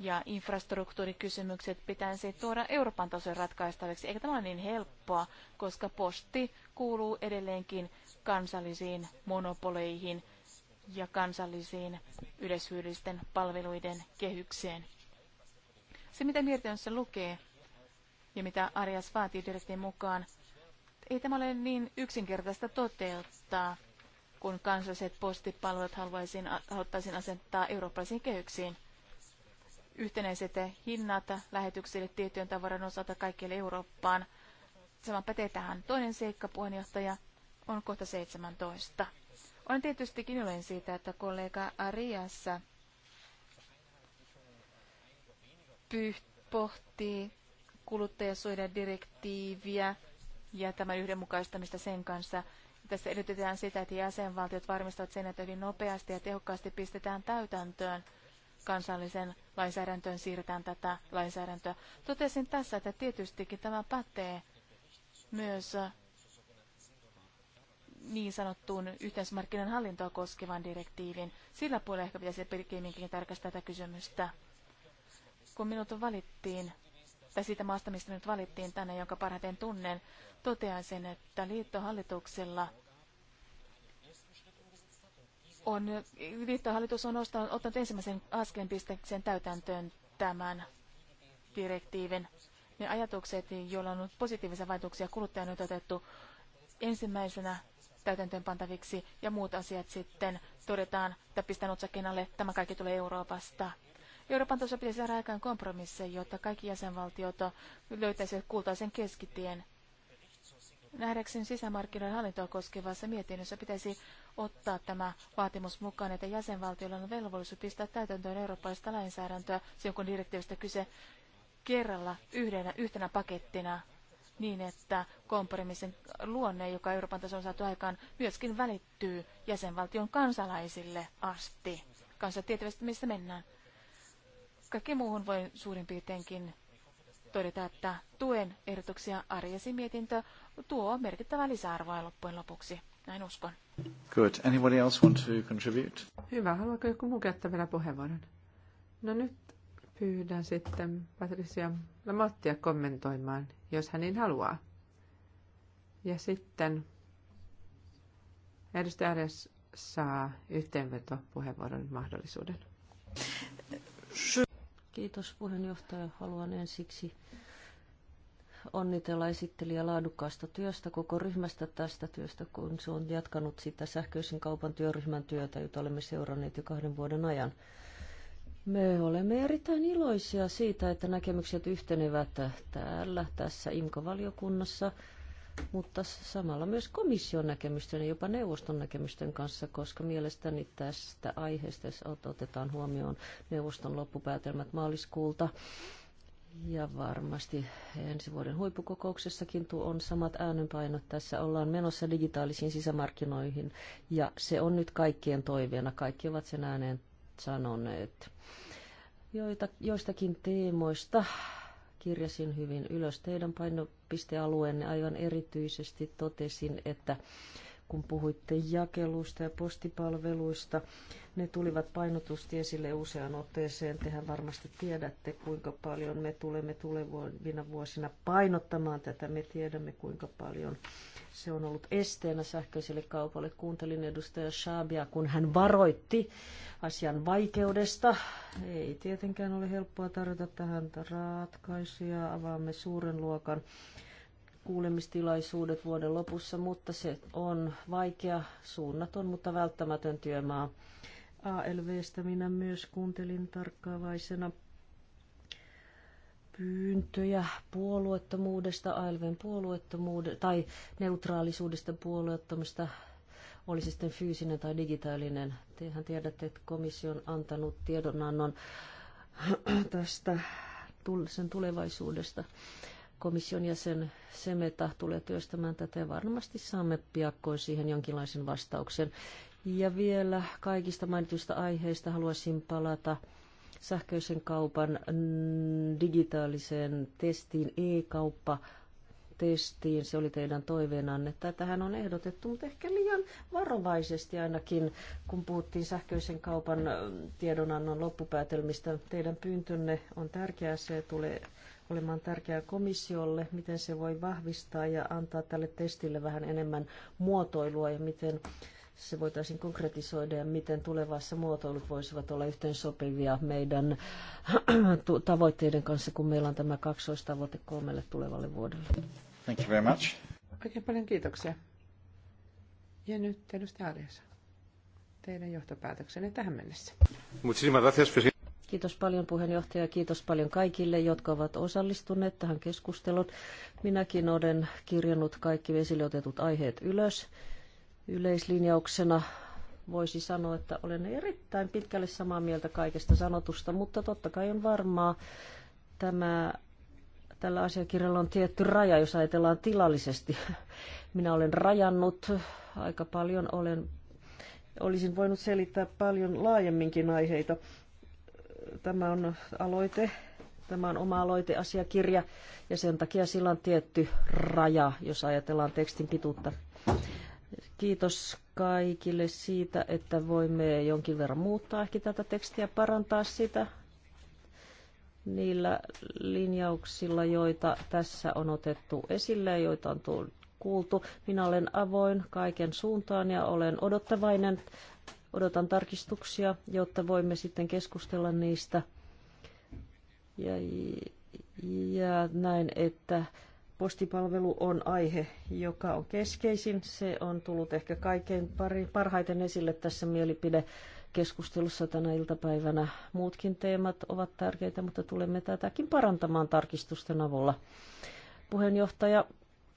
ja infrastruktuurikysymykset pitäisi tuoda Euroopan tason ratkaistaviksi. Eikä tämä ole niin helppoa, koska posti kuuluu edelleenkin kansallisiin monopoleihin ja kansallisiin yleishyödyllisten palveluiden kehykseen. Se, mitä mietinnössä lukee ja mitä Arias vaatii direktiin mukaan, ei tämä ole niin yksinkertaista toteuttaa, kun kansalliset postipalvelut haluaisin, haluttaisiin asentaa eurooppalaisiin kehyksiin. Yhtenäiset hinnat lähetyksille tiettyjen tavaran osalta kaikille Eurooppaan. Sama pätee tähän. Toinen seikka, puheenjohtaja, on kohta 17. Olen tietystikin iloinen siitä, että kollega Ariassa pohtii kuluttajasuojadirektiiviä ja tämän yhdenmukaistamista sen kanssa. Tässä edellytetään sitä, että jäsenvaltiot varmistavat sen, että hyvin nopeasti ja tehokkaasti pistetään täytäntöön kansallisen lainsäädäntöön siirretään tätä lainsäädäntöä. Totesin tässä, että tietystikin tämä pätee myös niin sanottuun yhteismarkkinan hallintoa koskevan direktiivin. Sillä puolella ehkä pitäisi pikemminkin tarkastaa tätä kysymystä. Kun minut valittiin tai siitä maasta, mistä nyt valittiin tänne, jonka parhaiten tunnen, totean sen, että liittohallituksella on, liittohallitus on ostanut, ottanut ensimmäisen askeleen pistäkseen täytäntöön tämän direktiivin. Ne ajatukset, joilla on positiivisia vaikutuksia kuluttajan on otettu ensimmäisenä täytäntöön pantaviksi ja muut asiat sitten todetaan tai pistän otsakkeen alle, tämä kaikki tulee Euroopasta. Euroopan tasolla pitäisi saada aikaan kompromisseja, jotta kaikki jäsenvaltiot löytäisivät kultaisen keskitien. Nähdäkseni sisämarkkinoiden hallintoa koskevassa mietinnössä pitäisi ottaa tämä vaatimus mukaan, että jäsenvaltioilla on velvollisuus pistää täytäntöön eurooppalaista lainsäädäntöä silloin, kun direktiivistä kyse kerralla yhdenä, yhtenä pakettina niin, että kompromissin luonne, joka Euroopan tasolla on saatu aikaan, myöskin välittyy jäsenvaltion kansalaisille asti. Kansa tietävästi, mistä mennään. Kaikki muuhun voin suurin piirteinkin todeta, että tuen ehdotuksia arjesi mietintö tuo merkittävää lisäarvoa loppujen lopuksi. Näin uskon. Good. Anybody else want to contribute? Hyvä. Haluatko joku muu käyttää vielä puheenvuoron? No nyt pyydän sitten Patricia Mattia kommentoimaan, jos hän niin haluaa. Ja sitten edustaja Ares saa yhteenvetopuheenvuoron mahdollisuuden. Kiitos puheenjohtaja. Haluan ensiksi onnitella esittelijä laadukkaasta työstä, koko ryhmästä tästä työstä, kun se on jatkanut sitä sähköisen kaupan työryhmän työtä, jota olemme seuranneet jo kahden vuoden ajan. Me olemme erittäin iloisia siitä, että näkemykset yhtenevät täällä tässä IMKO-valiokunnassa mutta samalla myös komission näkemysten ja jopa neuvoston näkemysten kanssa, koska mielestäni tästä aiheesta, jos otetaan huomioon neuvoston loppupäätelmät maaliskuulta, ja varmasti ensi vuoden huippukokouksessakin tuo on samat äänenpainot. Tässä ollaan menossa digitaalisiin sisämarkkinoihin ja se on nyt kaikkien toiveena. Kaikki ovat sen ääneen sanoneet. Joita, joistakin teemoista kirjasin hyvin ylös teidän painopistealueenne. Aivan erityisesti totesin, että kun puhuitte jakeluista ja postipalveluista. Ne tulivat painotusti esille useaan otteeseen. Tehän varmasti tiedätte, kuinka paljon me tulemme tulevina vuosina painottamaan tätä. Me tiedämme, kuinka paljon se on ollut esteenä sähköiselle kaupalle. Kuuntelin edustaja Shabia, kun hän varoitti asian vaikeudesta. Ei tietenkään ole helppoa tarjota tähän ratkaisuja. Avaamme suuren luokan kuulemistilaisuudet vuoden lopussa, mutta se on vaikea, suunnaton, mutta välttämätön työmaa. ALVstä minä myös kuuntelin tarkkaavaisena pyyntöjä puolueettomuudesta, ALVn puolueettomuudesta tai neutraalisuudesta puolueettomista, oli se sitten fyysinen tai digitaalinen. Tehän tiedätte, että komissio on antanut tiedonannon tästä sen tulevaisuudesta komission jäsen Semeta tulee työstämään tätä ja varmasti saamme piakkoin siihen jonkinlaisen vastauksen. Ja vielä kaikista mainituista aiheista haluaisin palata sähköisen kaupan mm, digitaaliseen testiin, e-kauppa testiin. Se oli teidän toiveenanne. Tätähän on ehdotettu, mutta ehkä liian varovaisesti ainakin, kun puhuttiin sähköisen kaupan mm, tiedonannon loppupäätelmistä. Teidän pyyntönne on tärkeää, se tulee olemaan tärkeää komissiolle, miten se voi vahvistaa ja antaa tälle testille vähän enemmän muotoilua ja miten se voitaisiin konkretisoida ja miten tulevassa muotoilut voisivat olla yhteensopivia meidän <clears throat> tavoitteiden kanssa, kun meillä on tämä kaksoistavoite kolmelle tulevalle vuodelle. Thank you very much. Oikein paljon kiitoksia. Ja nyt edustaja Arjasa, teidän johtopäätöksenne tähän mennessä. Kiitos paljon puheenjohtaja ja kiitos paljon kaikille, jotka ovat osallistuneet tähän keskusteluun. Minäkin olen kirjannut kaikki esille otetut aiheet ylös. Yleislinjauksena voisi sanoa, että olen erittäin pitkälle samaa mieltä kaikesta sanotusta, mutta totta kai on varmaa tämä tällä asiakirjalla on tietty raja, jos ajatellaan tilallisesti. Minä olen rajannut aika paljon, olen, olisin voinut selittää paljon laajemminkin aiheita tämä on aloite, tämä on oma aloiteasiakirja ja sen takia sillä on tietty raja, jos ajatellaan tekstin pituutta. Kiitos kaikille siitä, että voimme jonkin verran muuttaa ehkä tätä tekstiä, parantaa sitä niillä linjauksilla, joita tässä on otettu esille ja joita on tullut kuultu. Minä olen avoin kaiken suuntaan ja olen odottavainen Odotan tarkistuksia, jotta voimme sitten keskustella niistä. Ja, ja näin, että postipalvelu on aihe, joka on keskeisin. Se on tullut ehkä kaikkein pari, parhaiten esille tässä mielipide keskustelussa tänä iltapäivänä. Muutkin teemat ovat tärkeitä, mutta tulemme tätäkin parantamaan tarkistusten avulla. Puheenjohtaja,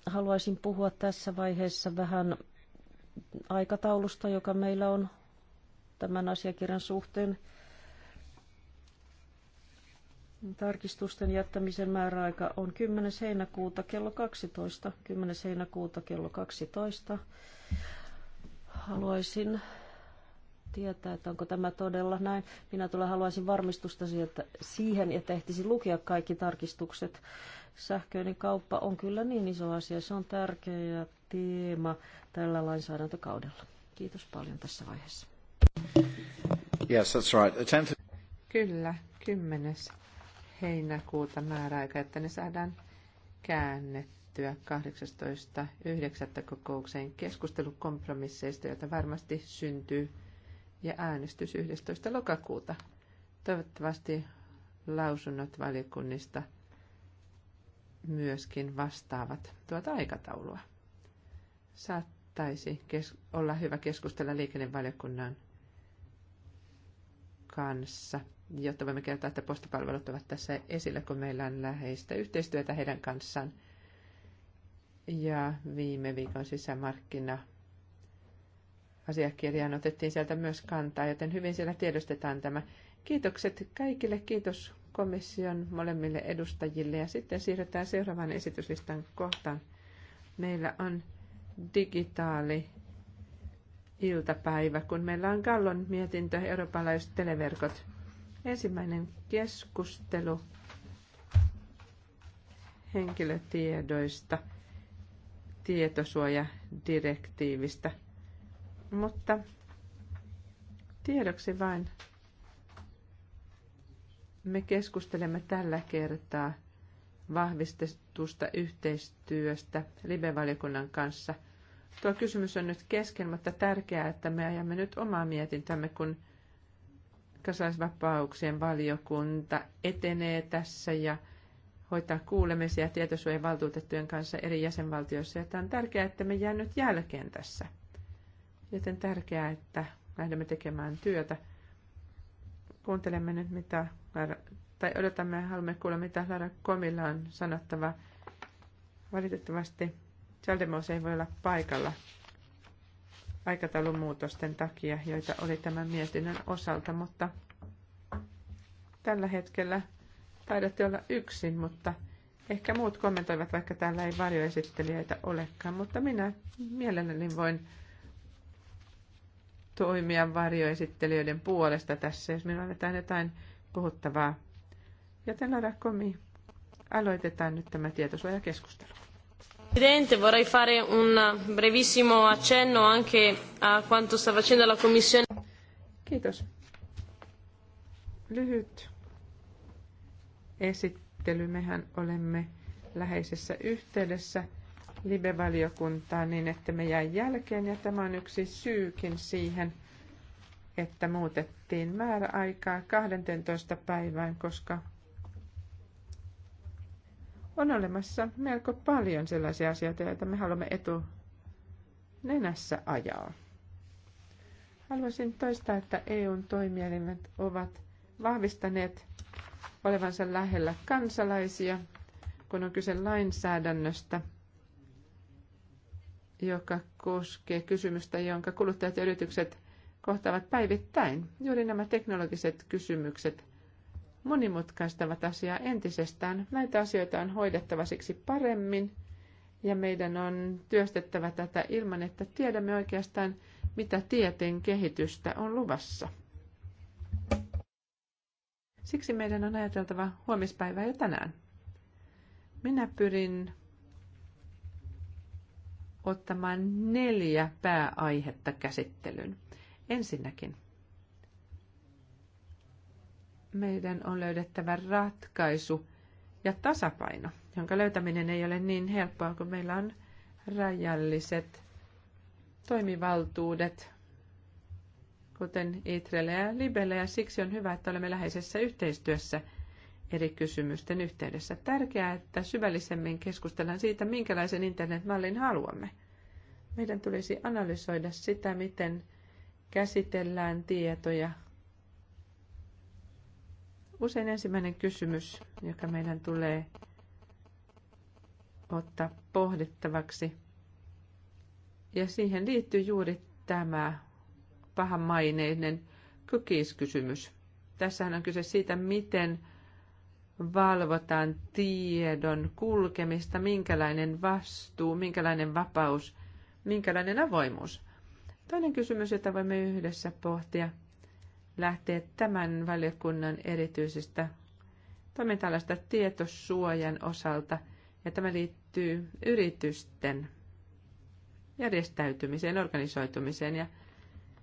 haluaisin puhua tässä vaiheessa vähän aikataulusta, joka meillä on tämän asiakirjan suhteen. Tarkistusten jättämisen määräaika on 10. heinäkuuta kello 12. 10. heinäkuuta kello 12. Haluaisin tietää, että onko tämä todella näin. Minä tulen haluaisin varmistusta että siihen, että ehtisin lukea kaikki tarkistukset. Sähköinen kauppa on kyllä niin iso asia. Se on tärkeä teema tällä lainsäädäntökaudella. Kiitos paljon tässä vaiheessa. Yes, that's right. The tenth... Kyllä, 10. heinäkuuta määräaika, että ne saadaan käännettyä 18.9. kokoukseen keskustelukompromisseista, joita varmasti syntyy, ja äänestys 11. lokakuuta. Toivottavasti lausunnot valiokunnista myöskin vastaavat tuota aikataulua. Saattaisi olla hyvä keskustella liikennevaliokunnan kanssa, jotta voimme kertoa, että postipalvelut ovat tässä esillä, kun meillä on läheistä yhteistyötä heidän kanssaan. Ja viime viikon sisämarkkina asiakirjaan otettiin sieltä myös kantaa, joten hyvin siellä tiedostetaan tämä. Kiitokset kaikille, kiitos komission molemmille edustajille ja sitten siirrytään seuraavaan esityslistan kohtaan. Meillä on digitaali iltapäivä, kun meillä on Gallon mietintö eurooppalaiset televerkot. Ensimmäinen keskustelu henkilötiedoista, tietosuojadirektiivistä. Mutta tiedoksi vain me keskustelemme tällä kertaa vahvistetusta yhteistyöstä live-valiokunnan kanssa – Tuo kysymys on nyt kesken, mutta tärkeää, että me ajamme nyt omaa mietintämme, kun kansalaisvapauksien valiokunta etenee tässä ja hoitaa kuulemisia tietosuojavaltuutettujen kanssa eri jäsenvaltioissa. Ja tämä on tärkeää, että me jää nyt jälkeen tässä. Joten tärkeää, että lähdemme tekemään työtä. Kuuntelemme nyt, mitä, tai odotamme ja haluamme kuulla, mitä Lara Komilla on sanottava. Valitettavasti Chaldemos ei voi olla paikalla aikataulumuutosten takia, joita oli tämän mietinnön osalta, mutta tällä hetkellä taidatte olla yksin, mutta ehkä muut kommentoivat, vaikka täällä ei varjoesittelijöitä olekaan, mutta minä mielelläni voin toimia varjoesittelijöiden puolesta tässä, jos minulla on jotain puhuttavaa. Joten Lara Komi, aloitetaan nyt tämä tietosuojakeskustelu. Presidente, vorrei fare un brevissimo accenno anche a quanto sta facendo la Commissione. Kiitos. Lyhyt esittely. Mehän olemme läheisessä yhteydessä live-valiokuntaan niin, että me jää jälkeen ja tämä on yksi syykin siihen, että muutettiin määräaikaa 12 päivään, koska on olemassa melko paljon sellaisia asioita, joita me haluamme etu nenässä ajaa. Haluaisin toistaa, että EUn toimielimet ovat vahvistaneet olevansa lähellä kansalaisia, kun on kyse lainsäädännöstä, joka koskee kysymystä, jonka kuluttajat ja yritykset kohtaavat päivittäin. Juuri nämä teknologiset kysymykset monimutkaistavat asiaa entisestään. Näitä asioita on hoidettava siksi paremmin ja meidän on työstettävä tätä ilman, että tiedämme oikeastaan, mitä tieteen kehitystä on luvassa. Siksi meidän on ajateltava huomispäivää jo tänään. Minä pyrin ottamaan neljä pääaihetta käsittelyyn. Ensinnäkin meidän on löydettävä ratkaisu ja tasapaino, jonka löytäminen ei ole niin helppoa, kun meillä on rajalliset toimivaltuudet, kuten Itrelle ja Libelle, ja siksi on hyvä, että olemme läheisessä yhteistyössä eri kysymysten yhteydessä. Tärkeää, että syvällisemmin keskustellaan siitä, minkälaisen internetmallin haluamme. Meidän tulisi analysoida sitä, miten käsitellään tietoja, Usein ensimmäinen kysymys, joka meidän tulee ottaa pohdittavaksi, ja siihen liittyy juuri tämä pahamaineinen cookies-kysymys. Tässähän on kyse siitä, miten valvotaan tiedon kulkemista, minkälainen vastuu, minkälainen vapaus, minkälainen avoimuus. Toinen kysymys, jota voimme yhdessä pohtia – lähteä tämän valiokunnan erityisestä toimintalasta tietosuojan osalta, ja tämä liittyy yritysten järjestäytymiseen, organisoitumiseen ja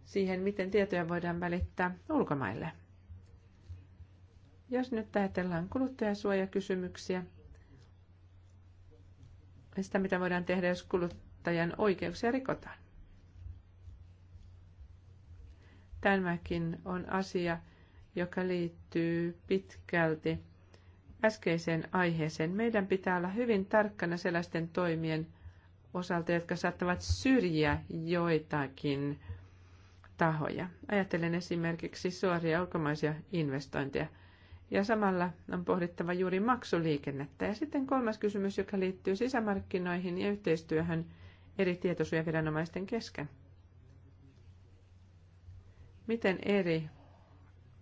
siihen, miten tietoja voidaan välittää ulkomaille. Jos nyt ajatellaan kuluttajasuojakysymyksiä, sitä mitä voidaan tehdä, jos kuluttajan oikeuksia rikotaan. Tämäkin on asia, joka liittyy pitkälti äskeiseen aiheeseen. Meidän pitää olla hyvin tarkkana sellaisten toimien osalta, jotka saattavat syrjiä joitakin tahoja. Ajattelen esimerkiksi suoria ulkomaisia investointeja. Ja samalla on pohdittava juuri maksuliikennettä. Ja sitten kolmas kysymys, joka liittyy sisämarkkinoihin ja yhteistyöhön eri tietosuojaviranomaisten kesken miten eri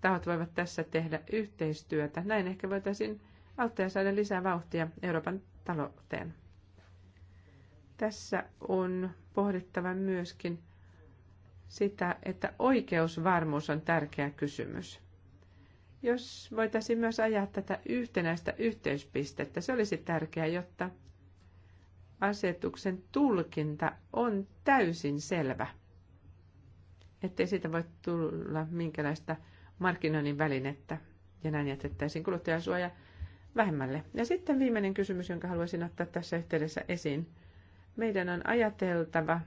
tahot voivat tässä tehdä yhteistyötä. Näin ehkä voitaisiin auttaa ja saada lisää vauhtia Euroopan talouteen. Tässä on pohdittava myöskin sitä, että oikeusvarmuus on tärkeä kysymys. Jos voitaisiin myös ajaa tätä yhtenäistä yhteyspistettä, se olisi tärkeää, jotta asetuksen tulkinta on täysin selvä ettei siitä voi tulla minkälaista markkinoinnin välinettä ja näin jätettäisiin kuluttajansuoja vähemmälle. Ja sitten viimeinen kysymys, jonka haluaisin ottaa tässä yhteydessä esiin. Meidän on ajateltava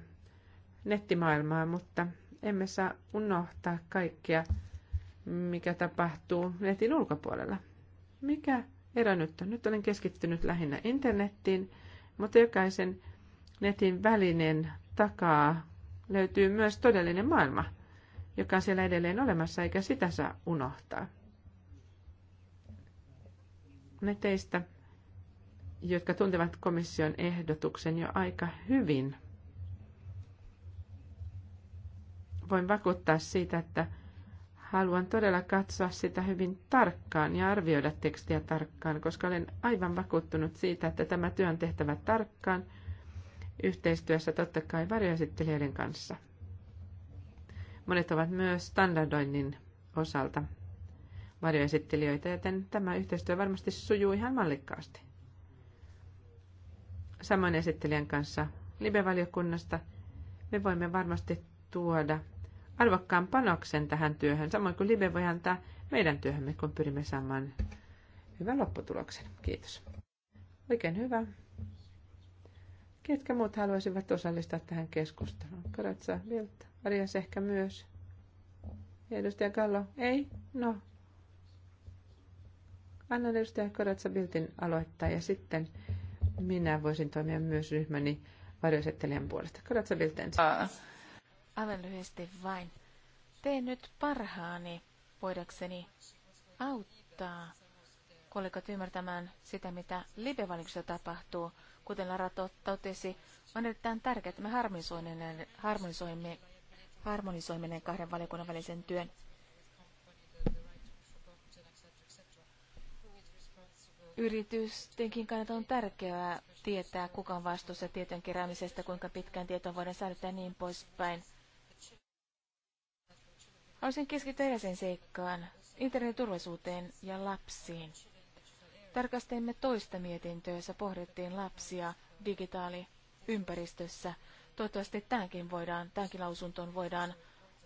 nettimaailmaa, mutta emme saa unohtaa kaikkea, mikä tapahtuu netin ulkopuolella. Mikä ero nyt on? Nyt olen keskittynyt lähinnä internettiin, mutta jokaisen netin välinen takaa löytyy myös todellinen maailma, joka on siellä edelleen olemassa, eikä sitä saa unohtaa. Ne teistä, jotka tuntevat komission ehdotuksen jo aika hyvin, voin vakuuttaa siitä, että haluan todella katsoa sitä hyvin tarkkaan ja arvioida tekstiä tarkkaan, koska olen aivan vakuuttunut siitä, että tämä työ on tehtävä tarkkaan – yhteistyössä totta kai varjoesittelijöiden kanssa. Monet ovat myös standardoinnin osalta varjoesittelijöitä, joten tämä yhteistyö varmasti sujuu ihan mallikkaasti. Samoin esittelijän kanssa Libe valiokunnasta me voimme varmasti tuoda arvokkaan panoksen tähän työhön, samoin kuin Libe voi antaa meidän työhömme, kun pyrimme saamaan hyvän lopputuloksen. Kiitos. Oikein hyvä. Ketkä muut haluaisivat osallistua tähän keskusteluun? Karatsa, Vilta, Arias ehkä myös. edustaja Kallo, ei? No. Annan edustaja Karatsa Viltin aloittaa ja sitten minä voisin toimia myös ryhmäni varjoisettelijän puolesta. Karatsa Viltin. Aivan lyhyesti vain. Teen nyt parhaani voidakseni auttaa kollegat ymmärtämään sitä, mitä live tapahtuu kuten Lara totesi, on erittäin tärkeää, että me harmonisoimme, harmonisoimme, harmonisoimme ne kahden valiokunnan välisen työn. Yritystenkin kannalta on tärkeää tietää, kuka on vastuussa tietojen keräämisestä, kuinka pitkään tietoa voidaan säilyttää ja niin poispäin. Haluaisin keskittyä sen seikkaan, turvallisuuteen ja lapsiin. Tarkastelimme toista mietintöä, jossa pohdittiin lapsia digitaaliympäristössä. Toivottavasti tämänkin, voidaan, tämänkin lausuntoon voidaan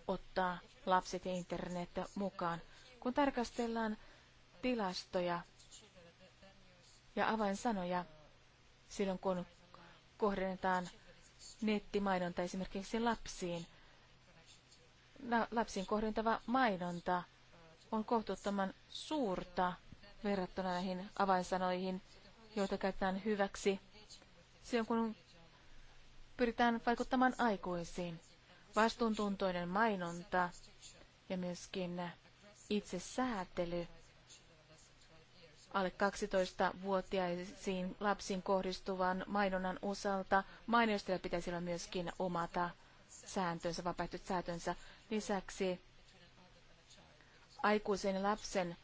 ottaa lapset ja internet mukaan. Kun tarkastellaan tilastoja ja avainsanoja silloin, kun kohdennetaan nettimainonta esimerkiksi lapsiin, lapsiin kohdentava mainonta on kohtuuttoman suurta verrattuna näihin avainsanoihin, joita käytetään hyväksi silloin, kun pyritään vaikuttamaan aikuisiin. Vastuuntuntoinen mainonta ja myöskin itsesäätely alle 12-vuotiaisiin lapsiin kohdistuvan mainonnan osalta. Mainostajilla pitäisi olla myöskin omata sääntönsä, vapaaehtoiset sääntönsä. Lisäksi aikuisen ja lapsen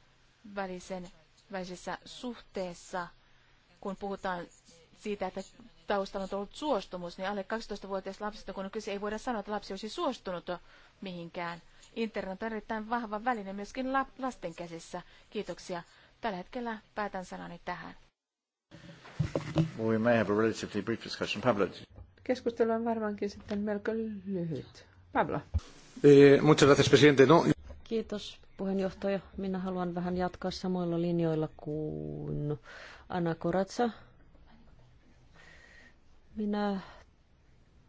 välisen välisessä suhteessa, kun puhutaan siitä, että taustalla on ollut suostumus, niin alle 12-vuotias lapsista, kun on kyse, ei voida sanoa, että lapsi olisi suostunut mihinkään. Internet on erittäin vahva väline myöskin la- lasten käsissä. Kiitoksia. Tällä hetkellä päätän sanani tähän. Keskustelu on varmaankin sitten melko lyhyt. Pablo. Eh, muchas gracias, presidente. No. Kiitos puheenjohtaja. Minä haluan vähän jatkaa samoilla linjoilla kuin Anna Koratsa. Minä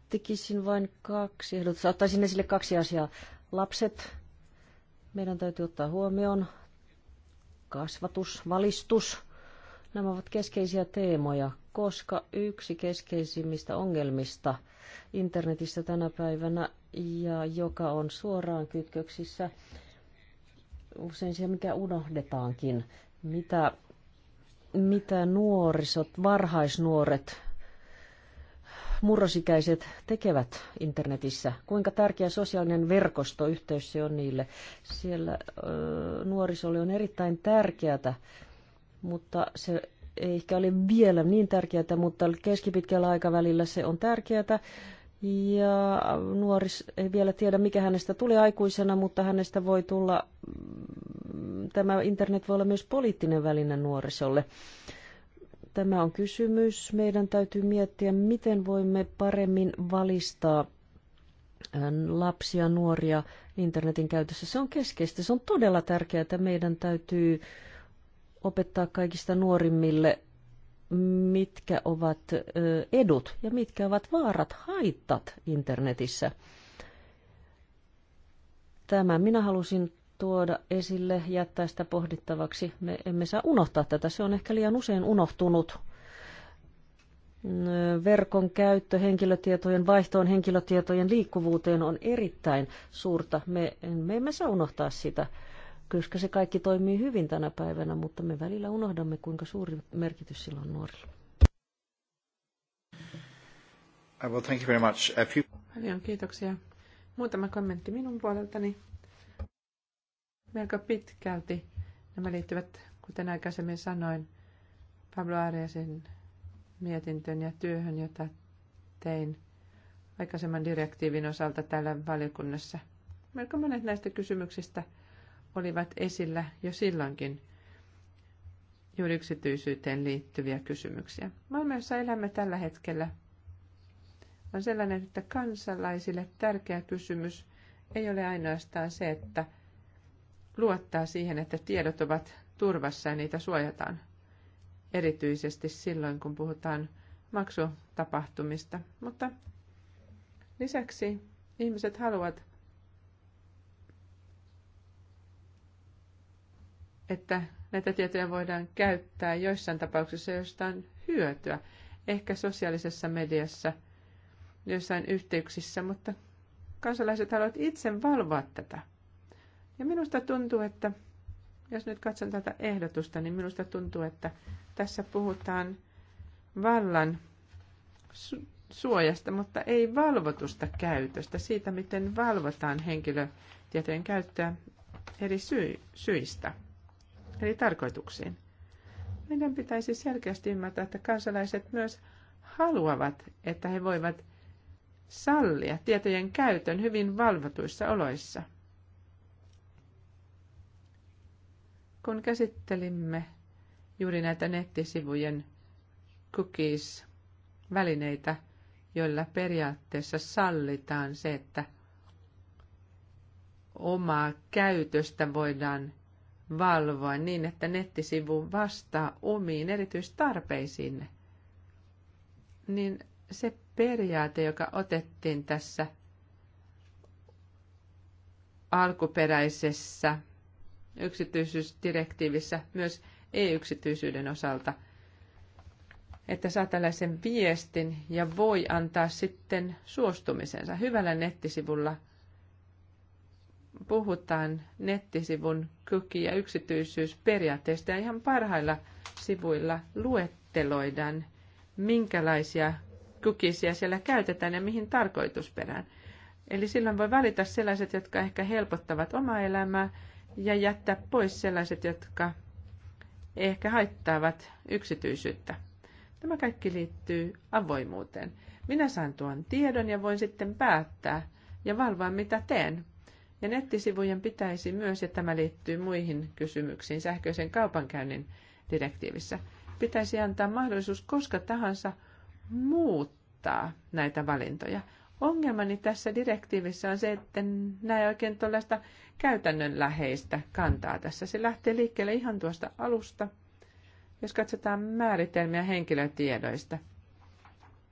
tekisin vain kaksi ehdotusta. Ottaisin esille kaksi asiaa. Lapset, meidän täytyy ottaa huomioon. Kasvatus, valistus. Nämä ovat keskeisiä teemoja, koska yksi keskeisimmistä ongelmista internetissä tänä päivänä ja joka on suoraan kytköksissä usein se, mikä unohdetaankin, mitä, mitä nuorisot, varhaisnuoret, murrosikäiset tekevät internetissä, kuinka tärkeä sosiaalinen verkostoyhteys se on niille. Siellä ö, nuorisolle on erittäin tärkeää, mutta se ei ehkä ole vielä niin tärkeää, mutta keskipitkällä aikavälillä se on tärkeää. Ja nuoris ei vielä tiedä, mikä hänestä tuli aikuisena, mutta hänestä voi tulla tämä internet voi olla myös poliittinen väline nuorisolle. Tämä on kysymys. Meidän täytyy miettiä, miten voimme paremmin valistaa ähm, lapsia, nuoria internetin käytössä. Se on keskeistä. Se on todella tärkeää, että meidän täytyy opettaa kaikista nuorimmille, mitkä ovat äh, edut ja mitkä ovat vaarat, haittat internetissä. Tämä minä halusin tuoda esille, jättää sitä pohdittavaksi. Me emme saa unohtaa tätä, se on ehkä liian usein unohtunut. Verkon käyttö henkilötietojen vaihtoon, henkilötietojen liikkuvuuteen on erittäin suurta. Me, me emme saa unohtaa sitä, koska se kaikki toimii hyvin tänä päivänä, mutta me välillä unohdamme, kuinka suuri merkitys sillä on nuorilla. Uh, well, thank you very much. Paljon kiitoksia. Muutama kommentti minun puoleltani melko pitkälti nämä liittyvät, kuten aikaisemmin sanoin, Pablo Ariasin mietintöön ja työhön, jota tein aikaisemman direktiivin osalta täällä valiokunnassa. Melko monet näistä kysymyksistä olivat esillä jo silloinkin juuri yksityisyyteen liittyviä kysymyksiä. Maailma, jossa elämme tällä hetkellä, on sellainen, että kansalaisille tärkeä kysymys ei ole ainoastaan se, että – luottaa siihen, että tiedot ovat turvassa ja niitä suojataan. Erityisesti silloin, kun puhutaan maksutapahtumista. Mutta lisäksi ihmiset haluavat, että näitä tietoja voidaan käyttää joissain tapauksissa, joista on hyötyä. Ehkä sosiaalisessa mediassa, joissain yhteyksissä, mutta kansalaiset haluavat itse valvoa tätä. Ja minusta tuntuu, että jos nyt katson tätä ehdotusta, niin minusta tuntuu, että tässä puhutaan vallan su- suojasta, mutta ei valvotusta käytöstä, siitä miten valvotaan henkilötietojen käyttöä eri sy- syistä, eri tarkoituksiin. Meidän pitäisi selkeästi ymmärtää, että kansalaiset myös haluavat, että he voivat sallia tietojen käytön hyvin valvotuissa oloissa. Kun käsittelimme juuri näitä nettisivujen cookies-välineitä, joilla periaatteessa sallitaan se, että omaa käytöstä voidaan valvoa niin, että nettisivu vastaa omiin erityistarpeisiin, niin se periaate, joka otettiin tässä alkuperäisessä yksityisyysdirektiivissä myös e-yksityisyyden osalta, että saa tällaisen viestin ja voi antaa sitten suostumisensa. Hyvällä nettisivulla puhutaan nettisivun kyki- ja yksityisyysperiaatteista ja ihan parhailla sivuilla luetteloidaan, minkälaisia kukisia siellä käytetään ja mihin tarkoitusperään. Eli silloin voi valita sellaiset, jotka ehkä helpottavat omaa elämää ja jättää pois sellaiset, jotka ehkä haittaavat yksityisyyttä. Tämä kaikki liittyy avoimuuteen. Minä saan tuon tiedon ja voin sitten päättää ja valvoa, mitä teen. Ja nettisivujen pitäisi myös, ja tämä liittyy muihin kysymyksiin sähköisen kaupankäynnin direktiivissä, pitäisi antaa mahdollisuus koska tahansa muuttaa näitä valintoja. Ongelmani tässä direktiivissä on se, että näin oikein tuollaista käytännönläheistä kantaa tässä. Se lähtee liikkeelle ihan tuosta alusta, jos katsotaan määritelmiä henkilötiedoista.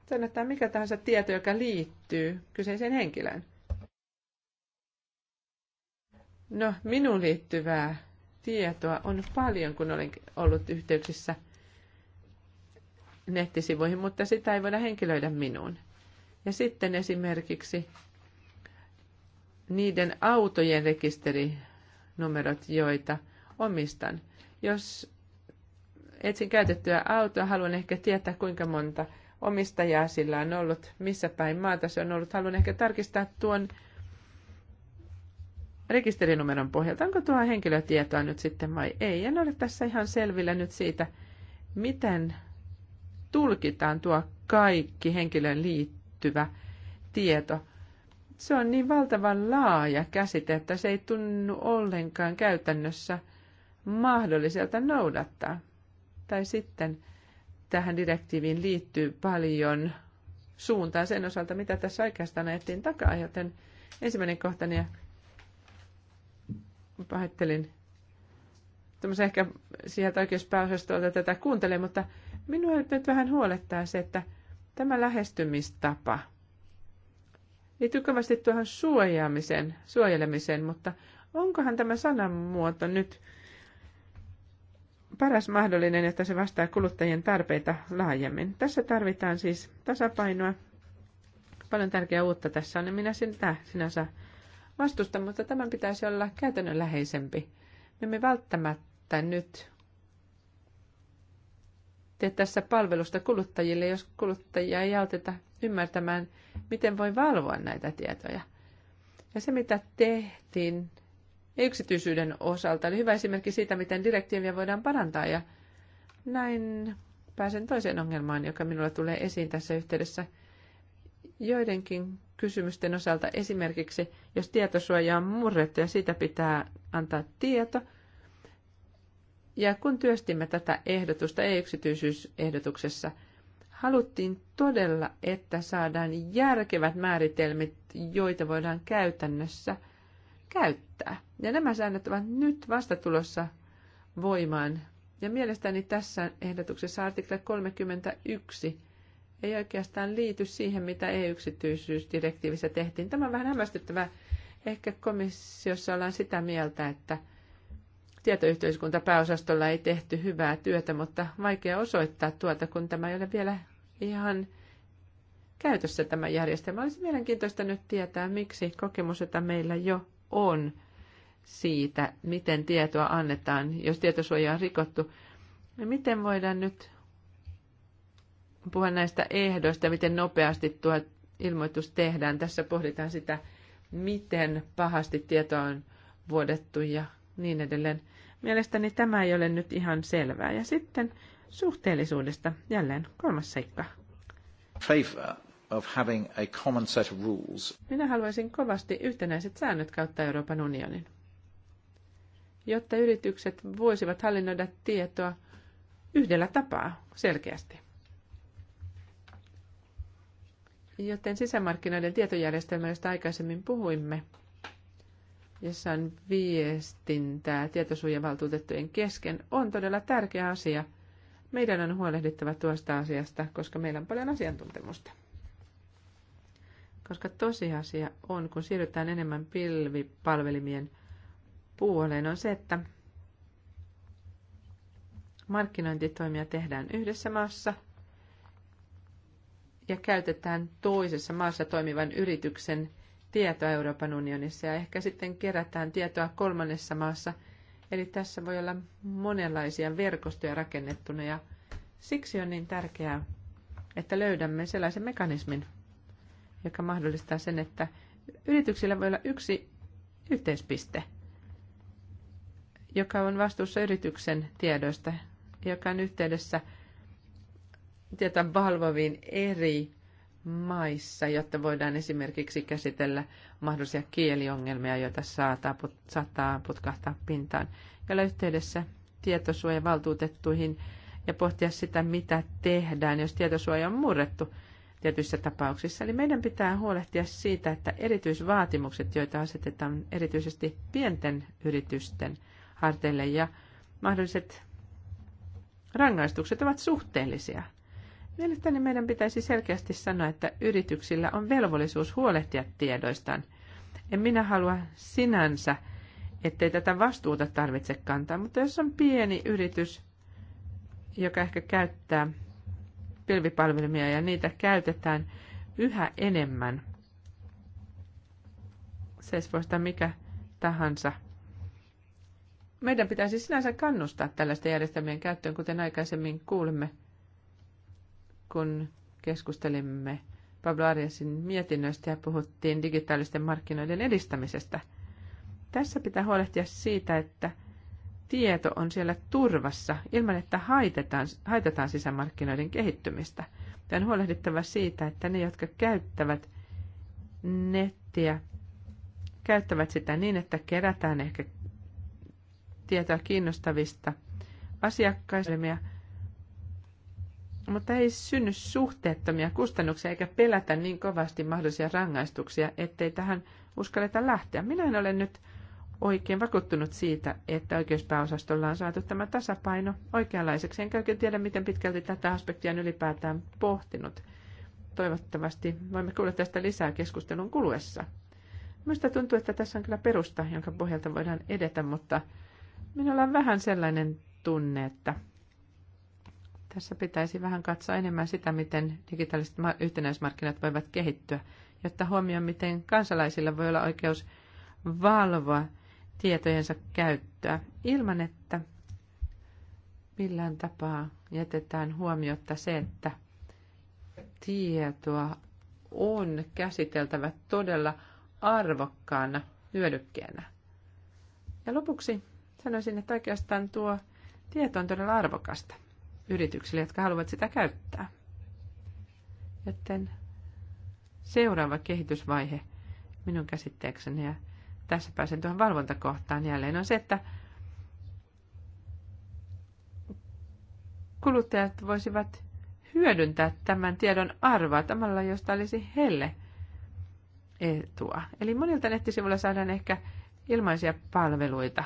Sanotaan mikä tahansa tieto, joka liittyy kyseiseen henkilöön. No, minun liittyvää tietoa on paljon, kun olen ollut yhteyksissä nettisivuihin, mutta sitä ei voida henkilöidä minuun. Ja sitten esimerkiksi niiden autojen rekisterinumerot, joita omistan. Jos etsin käytettyä autoa, haluan ehkä tietää, kuinka monta omistajaa sillä on ollut, missä päin maata se on ollut. Haluan ehkä tarkistaa tuon rekisterinumeron pohjalta, onko tuo henkilötietoa nyt sitten vai ei. En ole tässä ihan selvillä nyt siitä, miten tulkitaan tuo kaikki henkilön liittyy liittyvä tieto. Se on niin valtavan laaja käsite, että se ei tunnu ollenkaan käytännössä mahdolliselta noudattaa. Tai sitten tähän direktiiviin liittyy paljon suuntaa sen osalta, mitä tässä oikeastaan ajettiin takaa, joten ensimmäinen kohtani niin pahoittelin tuommoisen ehkä sieltä oikeuspääosastolta tätä kuuntelee, mutta minua nyt vähän huolettaa se, että Tämä lähestymistapa liittyy kovasti tuohon suojaamiseen, suojelemiseen, mutta onkohan tämä sanamuoto nyt paras mahdollinen, että se vastaa kuluttajien tarpeita laajemmin. Tässä tarvitaan siis tasapainoa. Paljon tärkeää uutta tässä on, niin minä sitä sinänsä vastustan, mutta tämän pitäisi olla käytännönläheisempi. Me emme välttämättä nyt tee tässä palvelusta kuluttajille, jos kuluttajia ei auteta ymmärtämään, miten voi valvoa näitä tietoja. Ja se, mitä tehtiin yksityisyyden osalta, oli hyvä esimerkki siitä, miten direktiiviä voidaan parantaa. Ja näin pääsen toiseen ongelmaan, joka minulla tulee esiin tässä yhteydessä. Joidenkin kysymysten osalta esimerkiksi, jos tietosuoja on murrettu ja siitä pitää antaa tieto – ja kun työstimme tätä ehdotusta e-yksityisyysehdotuksessa, haluttiin todella, että saadaan järkevät määritelmät, joita voidaan käytännössä käyttää. Ja nämä säännöt ovat nyt vastatulossa voimaan. Ja mielestäni tässä ehdotuksessa artikla 31 ei oikeastaan liity siihen, mitä e-yksityisyysdirektiivissä tehtiin. Tämä on vähän hämmästyttävää. Ehkä komissiossa ollaan sitä mieltä, että – tietoyhteiskuntapääosastolla ei tehty hyvää työtä, mutta vaikea osoittaa tuota, kun tämä ei ole vielä ihan käytössä tämä järjestelmä. Olisi mielenkiintoista nyt tietää, miksi kokemus, jota meillä jo on siitä, miten tietoa annetaan, jos tietosuoja on rikottu, ja miten voidaan nyt puhua näistä ehdoista, miten nopeasti tuo ilmoitus tehdään. Tässä pohditaan sitä, miten pahasti tietoa on vuodettu ja niin edelleen. Mielestäni tämä ei ole nyt ihan selvää. Ja sitten suhteellisuudesta jälleen kolmas seikka. Favor of having a common set of rules. Minä haluaisin kovasti yhtenäiset säännöt kautta Euroopan unionin, jotta yritykset voisivat hallinnoida tietoa yhdellä tapaa selkeästi. Joten sisämarkkinoiden tietojärjestelmä, josta aikaisemmin puhuimme, jossa on viestintää tietosuojavaltuutettujen kesken, on todella tärkeä asia. Meidän on huolehdittava tuosta asiasta, koska meillä on paljon asiantuntemusta. Koska tosiasia on, kun siirrytään enemmän pilvipalvelimien puoleen, on se, että markkinointitoimia tehdään yhdessä maassa ja käytetään toisessa maassa toimivan yrityksen tietoa Euroopan unionissa ja ehkä sitten kerätään tietoa kolmannessa maassa. Eli tässä voi olla monenlaisia verkostoja rakennettuna ja siksi on niin tärkeää, että löydämme sellaisen mekanismin, joka mahdollistaa sen, että yrityksillä voi olla yksi yhteispiste, joka on vastuussa yrityksen tiedoista, joka on yhteydessä tietoa valvoviin eri maissa, jotta voidaan esimerkiksi käsitellä mahdollisia kieliongelmia, joita saattaa, put, saattaa putkahtaa pintaan. Ja olla yhteydessä tietosuojavaltuutettuihin ja pohtia sitä, mitä tehdään, jos tietosuoja on murrettu tietyissä tapauksissa. Eli meidän pitää huolehtia siitä, että erityisvaatimukset, joita asetetaan erityisesti pienten yritysten harteille ja mahdolliset rangaistukset ovat suhteellisia – Mielestäni meidän pitäisi selkeästi sanoa, että yrityksillä on velvollisuus huolehtia tiedoistaan. En minä halua sinänsä, ettei tätä vastuuta tarvitse kantaa, mutta jos on pieni yritys, joka ehkä käyttää pilvipalvelimia ja niitä käytetään yhä enemmän, se sitä mikä tahansa. Meidän pitäisi sinänsä kannustaa tällaisten järjestelmien käyttöön, kuten aikaisemmin kuulimme kun keskustelimme Pablo Ariasin mietinnöstä ja puhuttiin digitaalisten markkinoiden edistämisestä. Tässä pitää huolehtia siitä, että tieto on siellä turvassa ilman, että haitetaan, haitetaan sisämarkkinoiden kehittymistä. Tämä on huolehdittava siitä, että ne, jotka käyttävät nettiä, käyttävät sitä niin, että kerätään ehkä tietoa kiinnostavista asiakkaista mutta ei synny suhteettomia kustannuksia eikä pelätä niin kovasti mahdollisia rangaistuksia, ettei tähän uskalleta lähteä. Minä en ole nyt oikein vakuuttunut siitä, että oikeuspääosastolla on saatu tämä tasapaino oikeanlaiseksi. Enkä oikein tiedä, miten pitkälti tätä aspektia on ylipäätään pohtinut. Toivottavasti voimme kuulla tästä lisää keskustelun kuluessa. Minusta tuntuu, että tässä on kyllä perusta, jonka pohjalta voidaan edetä, mutta minulla on vähän sellainen tunne, että tässä pitäisi vähän katsoa enemmän sitä, miten digitaaliset yhtenäismarkkinat voivat kehittyä, jotta huomioon, miten kansalaisilla voi olla oikeus valvoa tietojensa käyttöä ilman, että millään tapaa jätetään huomiota se, että tietoa on käsiteltävä todella arvokkaana hyödykkeenä. Ja lopuksi sanoisin, että oikeastaan tuo tieto on todella arvokasta yrityksille, jotka haluavat sitä käyttää. Joten seuraava kehitysvaihe minun käsitteekseni, ja tässä pääsen tuohon valvontakohtaan jälleen, on se, että kuluttajat voisivat hyödyntää tämän tiedon arvoa tavalla, josta olisi helle etua. Eli monilta nettisivuilla saadaan ehkä ilmaisia palveluita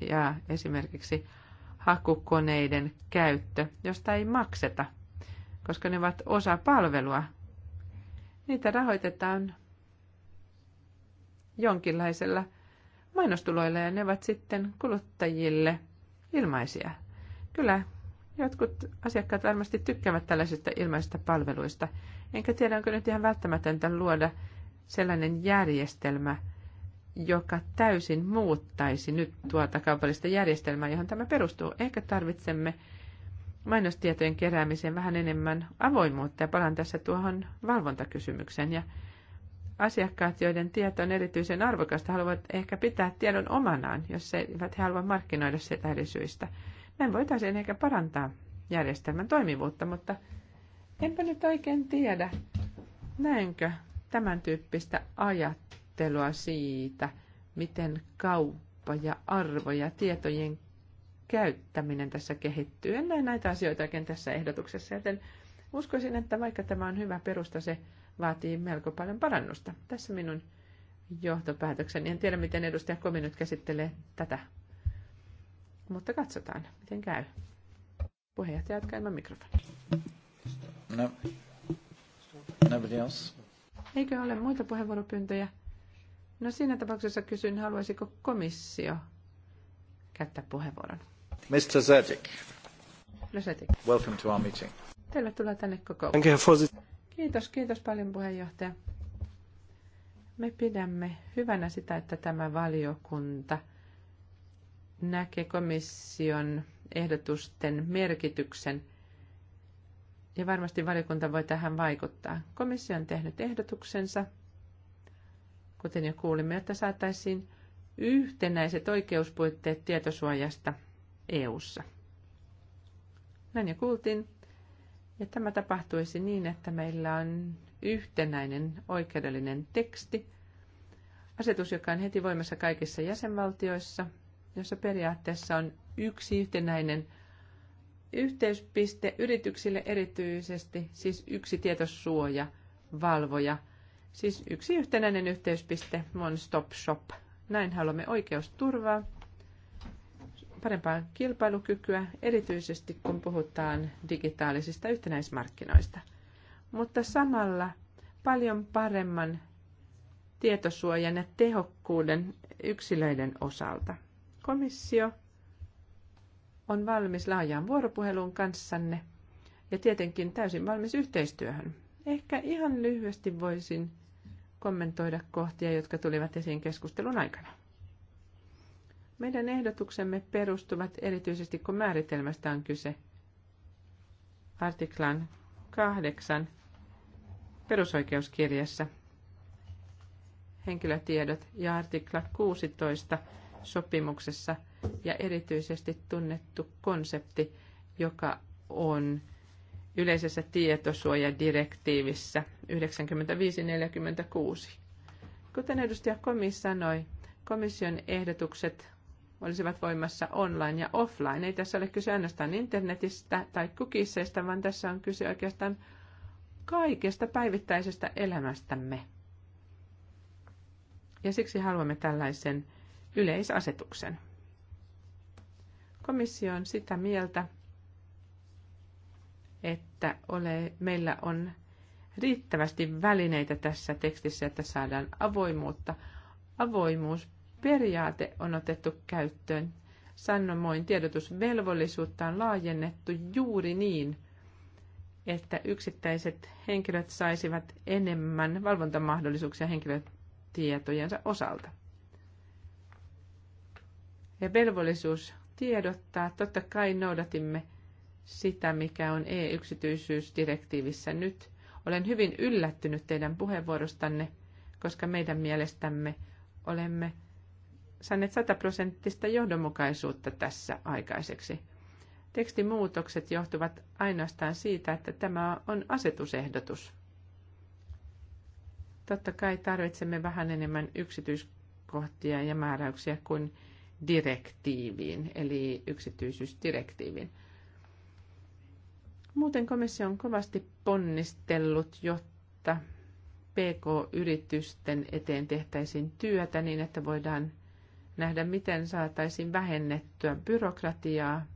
ja esimerkiksi hakukoneiden käyttö, josta ei makseta, koska ne ovat osa palvelua. Niitä rahoitetaan jonkinlaisella mainostuloilla ja ne ovat sitten kuluttajille ilmaisia. Kyllä, jotkut asiakkaat varmasti tykkäävät tällaisista ilmaisista palveluista. Enkä tiedä, onko nyt ihan välttämätöntä luoda sellainen järjestelmä, joka täysin muuttaisi nyt tuota kaupallista järjestelmää, johon tämä perustuu. Ehkä tarvitsemme mainostietojen keräämiseen vähän enemmän avoimuutta ja palaan tässä tuohon valvontakysymykseen. Ja asiakkaat, joiden tieto on erityisen arvokasta, haluavat ehkä pitää tiedon omanaan, jos eivät he halua markkinoida sitä eri syistä. Näin voitaisiin ehkä parantaa järjestelmän toimivuutta, mutta enpä nyt oikein tiedä, näenkö tämän tyyppistä ajattelua keskustelua siitä, miten kauppa ja arvo ja tietojen käyttäminen tässä kehittyy. En näe näitä asioita oikein tässä ehdotuksessa, joten uskoisin, että vaikka tämä on hyvä perusta, se vaatii melko paljon parannusta. Tässä minun johtopäätökseni. En tiedä, miten edustaja Komi nyt käsittelee tätä, mutta katsotaan, miten käy. Puheenjohtaja, jatkaa ilman mikrofonia. No. Nobody else? Eikö ole muita puheenvuoropyyntöjä? No siinä tapauksessa kysyn, haluaisiko komissio käyttää puheenvuoron? Mr. Zedek. Lysetik. Welcome to our meeting. tulee tänne kokoukseen. Kiitos, kiitos paljon puheenjohtaja. Me pidämme hyvänä sitä, että tämä valiokunta näkee komission ehdotusten merkityksen ja varmasti valiokunta voi tähän vaikuttaa. Komissio on tehnyt ehdotuksensa kuten jo kuulimme, että saataisiin yhtenäiset oikeuspuitteet tietosuojasta EU:ssa. Näin jo kuultiin. Ja tämä tapahtuisi niin, että meillä on yhtenäinen oikeudellinen teksti, asetus, joka on heti voimassa kaikissa jäsenvaltioissa, jossa periaatteessa on yksi yhtenäinen yhteyspiste yrityksille erityisesti, siis yksi tietosuoja, valvoja – Siis yksi yhtenäinen yhteyspiste, One Stop Shop. Näin haluamme oikeusturvaa, parempaa kilpailukykyä, erityisesti kun puhutaan digitaalisista yhtenäismarkkinoista. Mutta samalla paljon paremman tietosuojan ja tehokkuuden yksilöiden osalta. Komissio on valmis laajaan vuoropuheluun kanssanne ja tietenkin täysin valmis yhteistyöhön. Ehkä ihan lyhyesti voisin kommentoida kohtia, jotka tulivat esiin keskustelun aikana. Meidän ehdotuksemme perustuvat erityisesti, kun määritelmästä on kyse, artiklan 8 perusoikeuskirjassa henkilötiedot ja artikla 16 sopimuksessa ja erityisesti tunnettu konsepti, joka on yleisessä tietosuojadirektiivissä 95-46. Kuten edustaja Komi sanoi, komission ehdotukset olisivat voimassa online ja offline. Ei tässä ole kyse ainoastaan internetistä tai kukisseista, vaan tässä on kyse oikeastaan kaikesta päivittäisestä elämästämme. Ja siksi haluamme tällaisen yleisasetuksen. Komissio on sitä mieltä, että ole, meillä on riittävästi välineitä tässä tekstissä, että saadaan avoimuutta. Avoimuusperiaate on otettu käyttöön. Sannomoin tiedotusvelvollisuutta on laajennettu juuri niin, että yksittäiset henkilöt saisivat enemmän valvontamahdollisuuksia henkilötietojensa osalta. Ja velvollisuus tiedottaa, totta kai noudatimme – sitä, mikä on e-yksityisyysdirektiivissä nyt. Olen hyvin yllättynyt teidän puheenvuorostanne, koska meidän mielestämme olemme saaneet sataprosenttista johdonmukaisuutta tässä aikaiseksi. Tekstimuutokset johtuvat ainoastaan siitä, että tämä on asetusehdotus. Totta kai tarvitsemme vähän enemmän yksityiskohtia ja määräyksiä kuin direktiiviin, eli yksityisyysdirektiiviin. Muuten komissio on kovasti ponnistellut, jotta PK-yritysten eteen tehtäisiin työtä niin, että voidaan nähdä, miten saataisiin vähennettyä byrokratiaa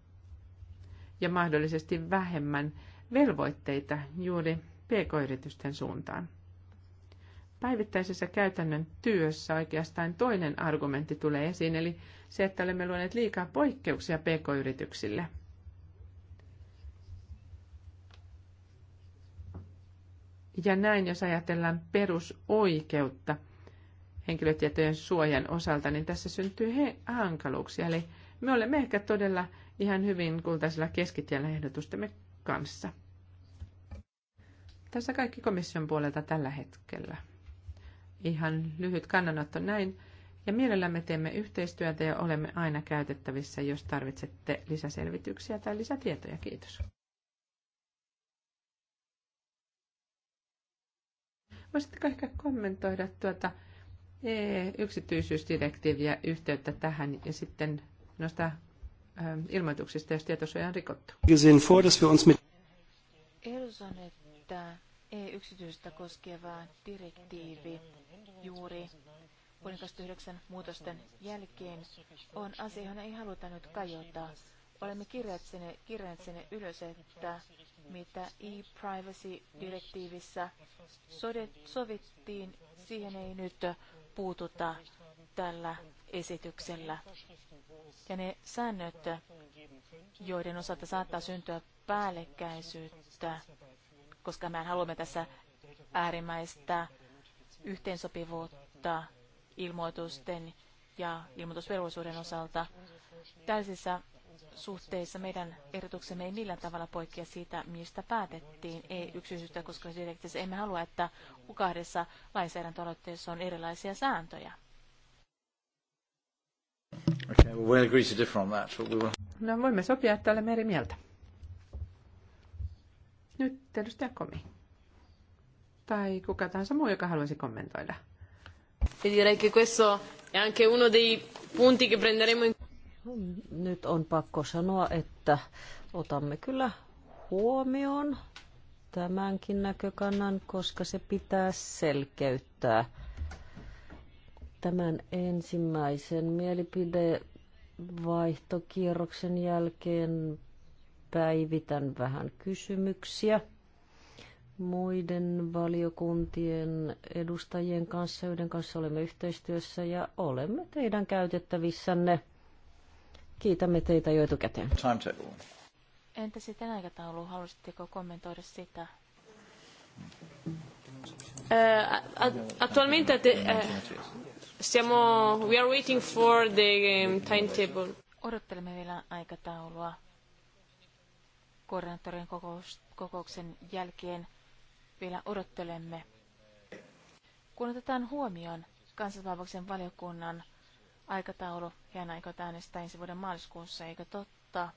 ja mahdollisesti vähemmän velvoitteita juuri pk-yritysten suuntaan. Päivittäisessä käytännön työssä oikeastaan toinen argumentti tulee esiin, eli se, että olemme luoneet liikaa poikkeuksia pk-yrityksille – Ja näin, jos ajatellaan perusoikeutta henkilötietojen suojan osalta, niin tässä syntyy he hankaluuksia. Eli me olemme ehkä todella ihan hyvin kultaisella keskitiellä ehdotustemme kanssa. Tässä kaikki komission puolelta tällä hetkellä. Ihan lyhyt kannanotto näin. Ja mielellämme teemme yhteistyötä ja olemme aina käytettävissä, jos tarvitsette lisäselvityksiä tai lisätietoja. Kiitos. Voisitteko ehkä kommentoida tuota yksityisyysdirektiiviä yhteyttä tähän ja sitten noista ähm, ilmoituksista, jos tietosuoja on rikottu? Ehdotus että e-yksityistä koskeva direktiivi juuri vuoden 2009 muutosten jälkeen on asia, johon ei haluta nyt kajota. Olemme kirjanneet sinne ylös, että mitä e-privacy-direktiivissä sovittiin, siihen ei nyt puututa tällä esityksellä. Ja ne säännöt, joiden osalta saattaa syntyä päällekkäisyyttä, koska me haluamme tässä äärimmäistä yhteensopivuutta ilmoitusten ja ilmoitusvelvollisuuden osalta. Täysissä suhteessa meidän ehdotuksemme ei millään tavalla poikkea siitä, mistä päätettiin ei yksityisyyttä koskevassa direktiivissä. Emme halua, että kahdessa lainsäädäntöaloitteessa on erilaisia sääntöjä. Okay, well, we'll agree to differ on that, but we will... No voimme sopia, että olemme eri mieltä. Nyt edustaja Komi. Tai kuka tahansa muu, joka haluaisi kommentoida. E direi che questo è anche uno dei punti che prenderemo in nyt on pakko sanoa, että otamme kyllä huomioon tämänkin näkökannan, koska se pitää selkeyttää. Tämän ensimmäisen mielipidevaihtokierroksen jälkeen päivitän vähän kysymyksiä muiden valiokuntien edustajien kanssa, joiden kanssa olemme yhteistyössä ja olemme teidän käytettävissänne – Kiitämme teitä jo etukäteen. Timetable. Entä sitten aikataulu? Haluaisitteko kommentoida sitä? Uh, attualmente uh, siamo, we are waiting for the um, timetable. Odottelemme vielä aikataulua koordinaattorien kokous, kokouksen jälkeen. Vielä odottelemme. Kun otetaan huomioon kansanvalvoksen valiokunnan aikataulu ja aika äänestää ensi vuoden maaliskuussa, eikö totta?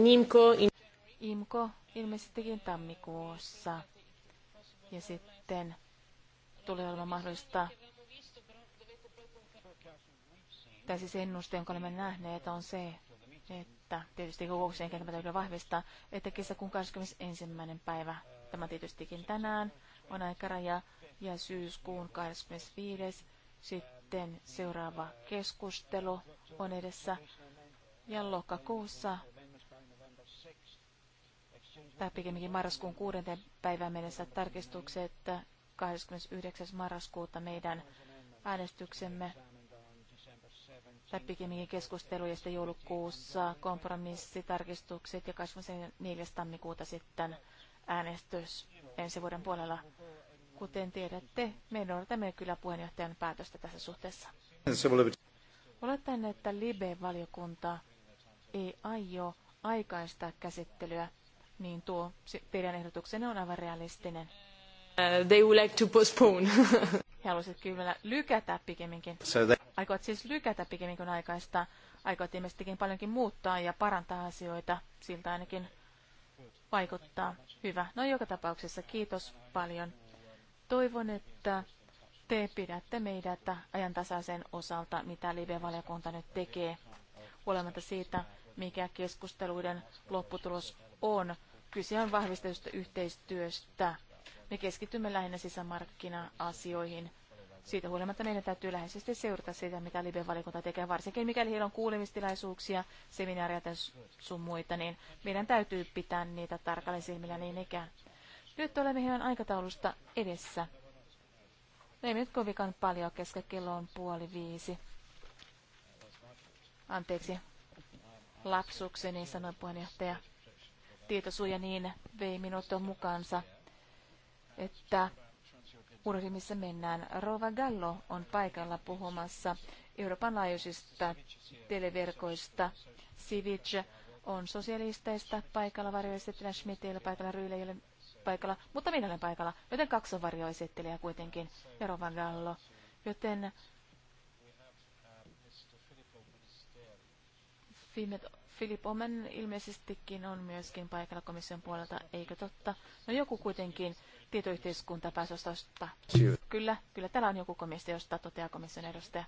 Nimko. IMKO ilmeisestikin tammikuussa. Ja sitten tulee olemaan mahdollista, tai siis ennuste, jonka olemme nähneet, on se, että tietysti kokouksen tämä täytyy vahvistaa, että kesäkuun 21. päivä, tämä tietystikin tänään, on aikaraja, ja syyskuun 25. sitten sitten seuraava keskustelu on edessä. Ja lokakuussa, tai pikemminkin marraskuun 6. päivän mennessä tarkistukset 29. marraskuuta meidän äänestyksemme tai pikemminkin keskustelu ja sitten joulukuussa kompromissitarkistukset ja 24. tammikuuta sitten äänestys ensi vuoden puolella. Kuten tiedätte, me noudatamme kyllä puheenjohtajan päätöstä tässä suhteessa. Oletan, että Libe-valiokunta ei aio aikaista käsittelyä, niin tuo teidän ehdotuksenne on aivan realistinen. Uh, they would like to postpone. <laughs> He halusivat kyllä lykätä pikemminkin. So they... Aikoit siis lykätä pikemminkin aikaista. Aikoit ilmeisestikin paljonkin muuttaa ja parantaa asioita. Siltä ainakin vaikuttaa. Hyvä. No joka tapauksessa kiitos paljon Toivon, että te pidätte meidät ajantasaisen osalta, mitä live-valiokunta nyt tekee. Huolimatta siitä, mikä keskusteluiden lopputulos on, kyse on vahvistetusta yhteistyöstä. Me keskitymme lähinnä sisämarkkina-asioihin. Siitä huolimatta meidän täytyy läheisesti seurata sitä, mitä Libe-valikunta tekee, varsinkin mikäli heillä on kuulemistilaisuuksia, seminaareja tai sun muita, niin meidän täytyy pitää niitä tarkalleen silmillä niin ikään. Nyt olemme hieman aikataulusta edessä. Ei nyt kovikaan paljon, koska kello on puoli viisi. Anteeksi, lapsukseni, sanoi puheenjohtaja. Tietosuoja niin vei minut mukaansa, että missä mennään. Rova Gallo on paikalla puhumassa Euroopan laajuisista televerkoista. Sivic on sosialisteista paikalla varjoistettuna Schmidtillä paikalla Ryyle ei ole paikalla, mutta minä olen paikalla, joten kaksi on kuitenkin, Jero Van Gallo. Joten Philip Omen ilmeisestikin on myöskin paikalla komission puolelta, eikö totta? No joku kuitenkin tietoyhteiskuntapääsostosta. Kyllä, kyllä täällä on joku komissiosta, toteaa komission edustaja.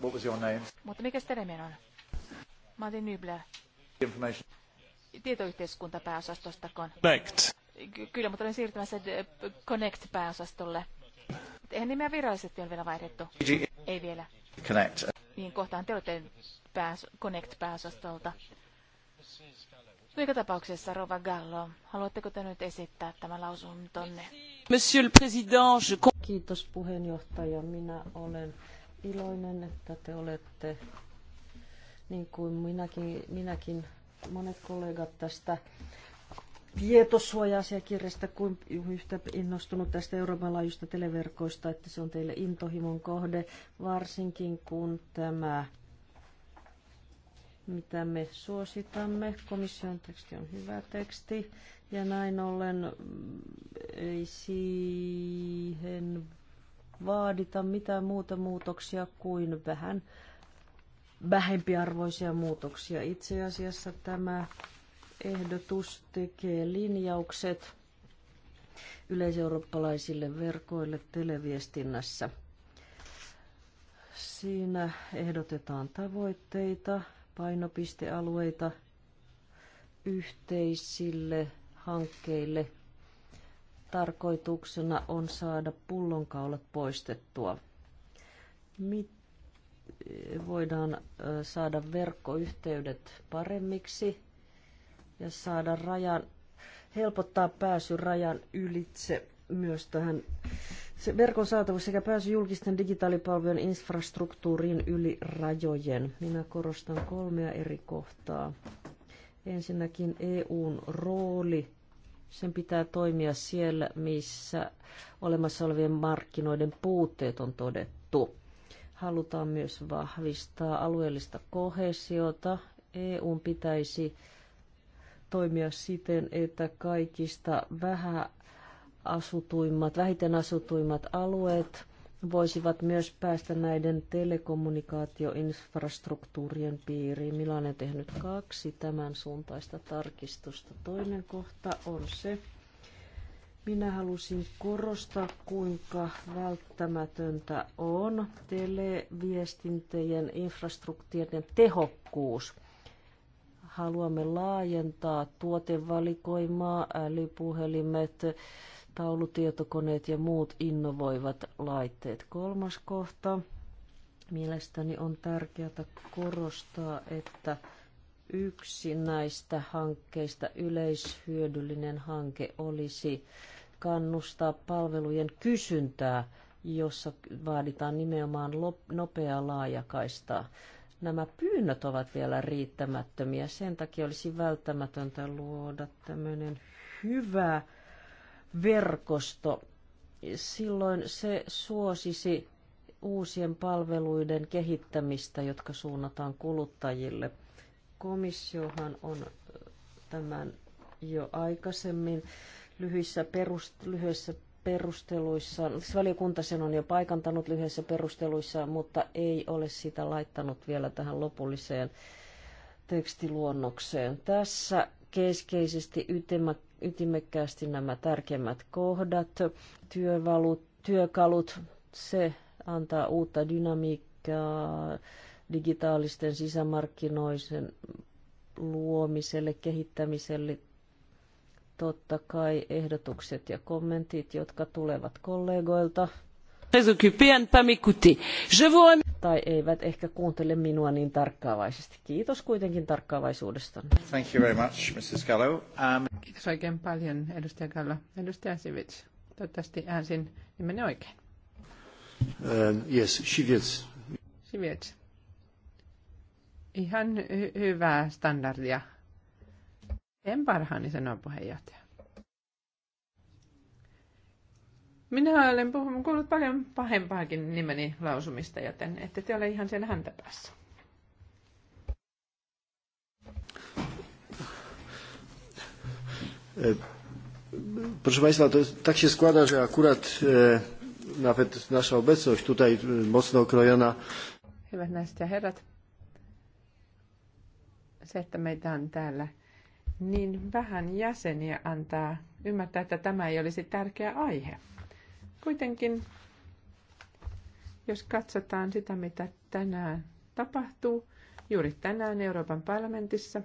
What was your name? Mutta mikä teidän on? Martin Nybler. Information. kon. Connect. Kyllä, mutta olen siirtymässä eh, Connect-pääosastolle. Eihän nimeä virallisesti ole vielä vaihdettu. Ei vielä. Connect. Niin, kohtaan te olette pääs, Connect-pääosastolta. Mikä tapauksessa, Rova Gallo, haluatteko te nyt esittää tämän lausun tonne? Monsieur le Président, je... Kiitos puheenjohtaja. Minä olen iloinen, että te olette, niin kuin minäkin, minäkin monet kollegat tästä tietosuoja-asiakirjasta, kuin yhtä innostunut tästä Euroopan laajuista televerkoista, että se on teille intohimon kohde, varsinkin kun tämä, mitä me suositamme, komission teksti on hyvä teksti, ja näin ollen mm, ei siihen vaadita mitään muuta muutoksia kuin vähän vähempiarvoisia muutoksia. Itse asiassa tämä ehdotus tekee linjaukset yleiseurooppalaisille verkoille televiestinnässä. Siinä ehdotetaan tavoitteita, painopistealueita yhteisille hankkeille. Tarkoituksena on saada pullonkaulat poistettua. Mit voidaan saada verkkoyhteydet paremmiksi ja saada rajan, helpottaa pääsy rajan ylitse myös tähän se verkon saatavuus sekä pääsy julkisten digitaalipalvelujen infrastruktuuriin yli rajojen. Minä korostan kolmea eri kohtaa. Ensinnäkin EUn rooli. Sen pitää toimia siellä, missä olemassa olevien markkinoiden puutteet on todettu. Halutaan myös vahvistaa alueellista kohesiota. EUn pitäisi toimia siten, että kaikista vähän asutuimmat, vähiten asutuimmat alueet voisivat myös päästä näiden telekommunikaatioinfrastruktuurien piiriin. Milanen tehnyt kaksi tämän suuntaista tarkistusta. Toinen kohta on se, minä halusin korostaa, kuinka välttämätöntä on televiestintöjen infrastruktuurien tehokkuus – Haluamme laajentaa tuotevalikoimaa, älypuhelimet, taulutietokoneet ja muut innovoivat laitteet. Kolmas kohta. Mielestäni on tärkeää korostaa, että yksi näistä hankkeista, yleishyödyllinen hanke, olisi kannustaa palvelujen kysyntää, jossa vaaditaan nimenomaan nopeaa laajakaistaa nämä pyynnöt ovat vielä riittämättömiä. Sen takia olisi välttämätöntä luoda tämmöinen hyvä verkosto. Silloin se suosisi uusien palveluiden kehittämistä, jotka suunnataan kuluttajille. Komissiohan on tämän jo aikaisemmin lyhyissä perust- lyhyessä perusteluissaan, siis valiokunta sen on jo paikantanut lyhyessä perusteluissaan, mutta ei ole sitä laittanut vielä tähän lopulliseen tekstiluonnokseen. Tässä keskeisesti ytimekkäästi nämä tärkeimmät kohdat, työvalut, työkalut, se antaa uutta dynamiikkaa digitaalisten sisämarkkinoisen luomiselle, kehittämiselle, totta kai ehdotukset ja kommentit, jotka tulevat kollegoilta. Tai eivät ehkä kuuntele minua niin tarkkaavaisesti. Kiitos kuitenkin tarkkaavaisuudesta. Thank you very much, Mrs. Gallo. Um... Kiitos oikein paljon, edustaja Gallo. Edustaja Sivits, toivottavasti äänsin nimenne oikein. Uh, yes, Sivits. Sivits. Ihan hy- hyvää standardia en parhaani sanoa puheenjohtaja. Minä olen puhunut, kuullut paljon pahempaakin nimeni lausumista, joten ette te ole ihan sen häntä päässä. E, proszę Państwa, to tak się składa, że akurat e, nawet nasza obecność tutaj e, mocno okrojona. Hyvät naiset ja herrat, se, että meitä on täällä niin vähän jäseniä antaa ymmärtää, että tämä ei olisi tärkeä aihe. Kuitenkin, jos katsotaan sitä, mitä tänään tapahtuu, juuri tänään Euroopan parlamentissa,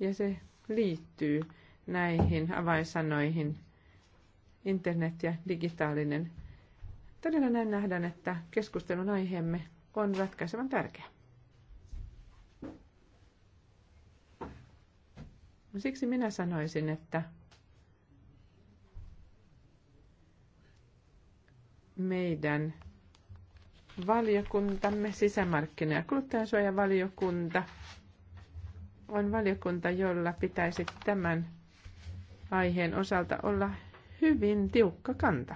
ja se liittyy näihin avainsanoihin internet ja digitaalinen. Todella näin nähdään, että keskustelun aiheemme on ratkaisevan tärkeä. Siksi minä sanoisin, että meidän valiokuntamme, sisämarkkina- ja kuluttajansuojavaliokunta, on valiokunta, jolla pitäisi tämän aiheen osalta olla hyvin tiukka kanta.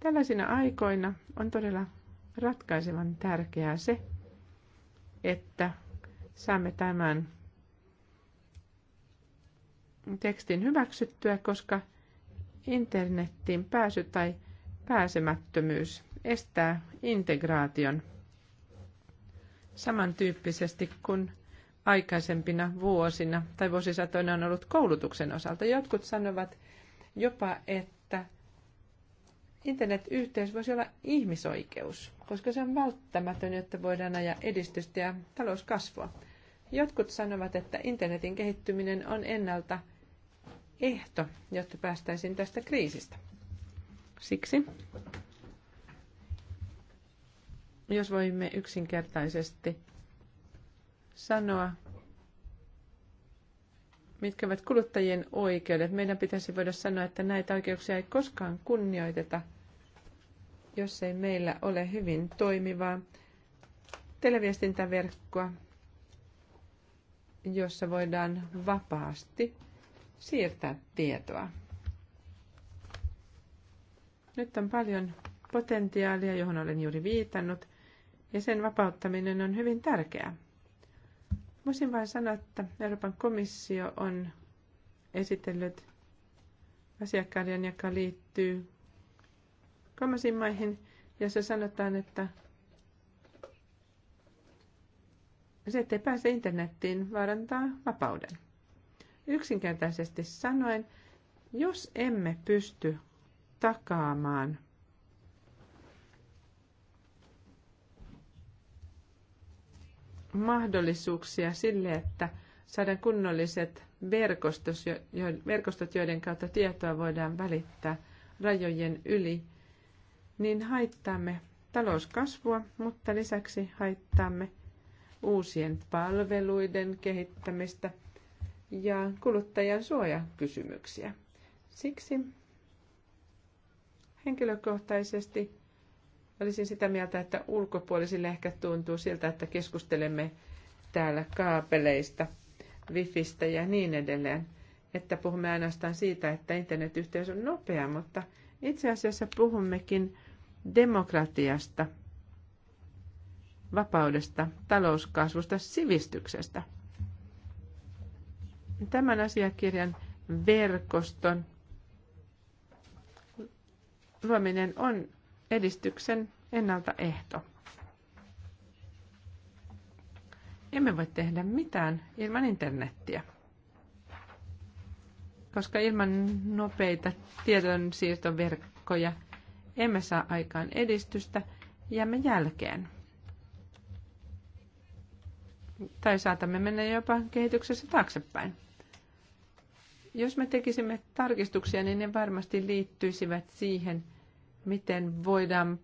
Tällaisina aikoina on todella ratkaisevan tärkeää se, että saamme tämän tekstin hyväksyttyä, koska internetin pääsy tai pääsemättömyys estää integraation samantyyppisesti kuin aikaisempina vuosina tai vuosisatoina on ollut koulutuksen osalta. Jotkut sanovat jopa, että internetyhteys voisi olla ihmisoikeus, koska se on välttämätön, jotta voidaan ajaa edistystä ja talouskasvua. Jotkut sanovat, että internetin kehittyminen on ennalta ehto, jotta päästäisiin tästä kriisistä. Siksi, jos voimme yksinkertaisesti sanoa, mitkä ovat kuluttajien oikeudet, meidän pitäisi voida sanoa, että näitä oikeuksia ei koskaan kunnioiteta, jos ei meillä ole hyvin toimivaa televiestintäverkkoa, jossa voidaan vapaasti siirtää tietoa. Nyt on paljon potentiaalia, johon olen juuri viitannut, ja sen vapauttaminen on hyvin tärkeää. Voisin vain sanoa, että Euroopan komissio on esitellyt asiakirjan, joka liittyy kolmansiin maihin, ja se sanotaan, että Se, ettei pääse internettiin, vaarantaa vapauden. Yksinkertaisesti sanoen, jos emme pysty takaamaan mahdollisuuksia sille, että saadaan kunnolliset verkostot, joiden kautta tietoa voidaan välittää rajojen yli, niin haittaamme talouskasvua, mutta lisäksi haittaamme uusien palveluiden kehittämistä ja kuluttajan suojakysymyksiä. Siksi henkilökohtaisesti olisin sitä mieltä, että ulkopuolisille ehkä tuntuu siltä, että keskustelemme täällä kaapeleista, wifistä ja niin edelleen, että puhumme ainoastaan siitä, että internetyhteys on nopea, mutta itse asiassa puhummekin demokratiasta – vapaudesta, talouskasvusta, sivistyksestä. Tämän asiakirjan verkoston luominen on edistyksen ennaltaehto. Emme voi tehdä mitään ilman internettiä, koska ilman nopeita tiedonsiirtoverkkoja emme saa aikaan edistystä, jäämme jälkeen tai saatamme mennä jopa kehityksessä taaksepäin. Jos me tekisimme tarkistuksia, niin ne varmasti liittyisivät siihen, miten voidaan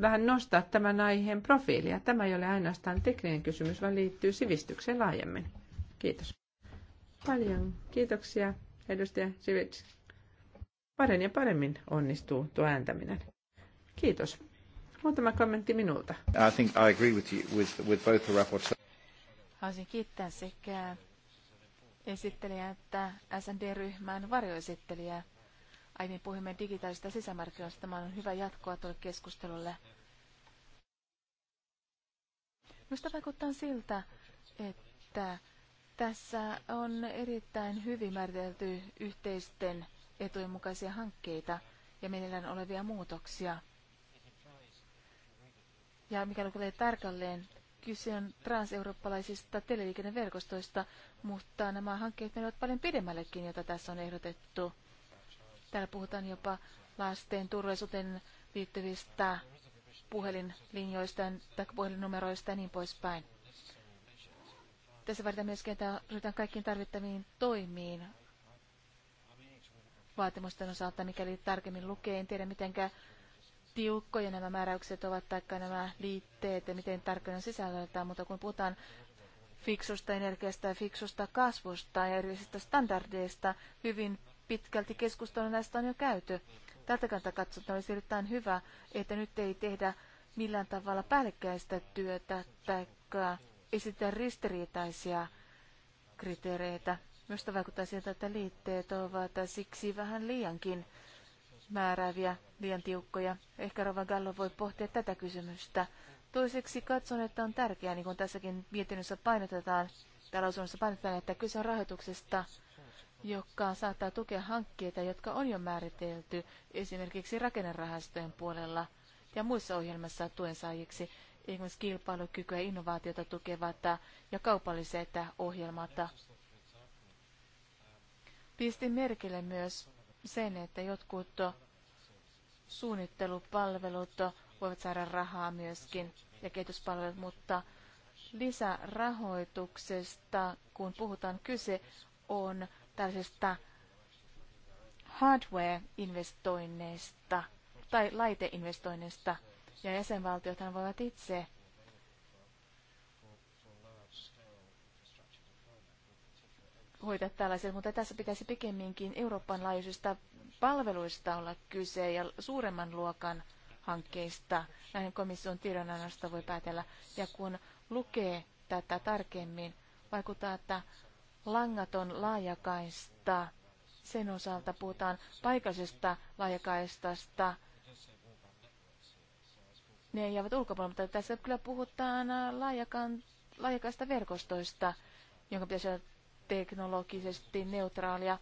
vähän nostaa tämän aiheen profiilia. Tämä ei ole ainoastaan tekninen kysymys, vaan liittyy sivistykseen laajemmin. Kiitos. Paljon kiitoksia, edustaja Sivits. Paremmin ja paremmin onnistuu tuo ääntäminen. Kiitos. Muutama kommentti minulta. I think I agree with you, with, with both the Haluaisin kiittää sekä esittelijää että SND-ryhmän varjoesittelijää. Aiemmin puhumme digitaalista sisämarkkinoista. Tämä on hyvä jatkoa tuolle keskustelulle. Minusta vaikuttaa siltä, että tässä on erittäin hyvin määritelty yhteisten etujen mukaisia hankkeita ja meneillään olevia muutoksia. Ja mikä lukee tarkalleen Kyse on transeurooppalaisista teleliikenneverkostoista, mutta nämä hankkeet menevät paljon pidemmällekin, jota tässä on ehdotettu. Täällä puhutaan jopa lasten turvallisuuteen liittyvistä puhelinlinjoista tai puhelinnumeroista ja niin poispäin. Tässä vaaditaan myöskin, että ryhdytään kaikkiin tarvittaviin toimiin vaatimusten osalta, mikäli tarkemmin lukee. En tiedä, mitenkä tiukkoja nämä määräykset ovat, taikka nämä liitteet ja miten tarkkaan sisällöltään, mutta kun puhutaan fiksusta energiasta ja fiksusta kasvusta ja erillisistä standardeista, hyvin pitkälti keskustelu näistä on jo käyty. Tältä kannalta katsottuna olisi erittäin hyvä, että nyt ei tehdä millään tavalla päällekkäistä työtä tai esitä ristiriitaisia kriteereitä. Minusta vaikuttaa siltä, että liitteet ovat siksi vähän liiankin määrääviä, liian tiukkoja. Ehkä Rova Gallo voi pohtia tätä kysymystä. Toiseksi katson, että on tärkeää, niin kuin tässäkin mietinnössä painotetaan, tai lausunnossa painotetaan, että kyse on rahoituksesta, joka saattaa tukea hankkeita, jotka on jo määritelty esimerkiksi rakennerahastojen puolella ja muissa ohjelmissa tuen saajiksi, esimerkiksi kilpailukykyä ja innovaatiota tukevat ja kaupalliset ohjelmat. Pistin merkille myös sen, että jotkut suunnittelupalvelut voivat saada rahaa myöskin ja kehityspalvelut, mutta lisärahoituksesta, kun puhutaan kyse, on tällaisesta hardware-investoinneista tai laiteinvestoinneista. Ja jäsenvaltiothan voivat itse hoitaa tällaisen, mutta tässä pitäisi pikemminkin Euroopan laajuisista palveluista olla kyse ja suuremman luokan hankkeista. Näin komission tiedonannosta voi päätellä. Ja kun lukee tätä tarkemmin, vaikuttaa, että langaton laajakaista, sen osalta puhutaan paikallisesta laajakaistasta, ne jäävät ulkopuolelle, mutta tässä kyllä puhutaan laajakaista verkostoista, jonka pitäisi olla teknologisesti neutraalia.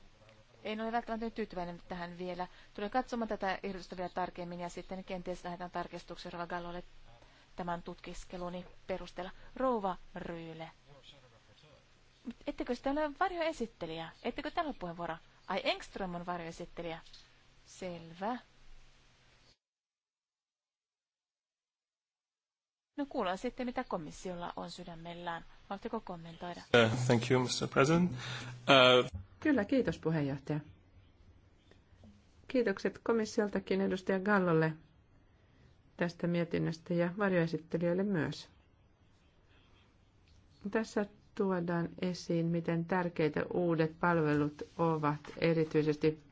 En ole välttämättä tyytyväinen tähän vielä. Tulee katsomaan tätä ehdotusta vielä tarkemmin ja sitten kenties lähdetään tarkistuksen Gallolle tämän tutkiskeluni perusteella. Rouva Ryyle. Ettekö täällä ole varjoesittelijä? Ettekö täällä ole puheenvuoro? Ai Engström on varjoesittelijä. Selvä. No kuullaan sitten, mitä komissiolla on sydämellään. Haluatteko kommentoida? Uh, thank you, Mr. President. Uh... Kyllä, kiitos puheenjohtaja. Kiitokset komissioltakin edustaja Gallolle tästä mietinnöstä ja varjoesittelijöille myös. Tässä tuodaan esiin, miten tärkeitä uudet palvelut ovat, erityisesti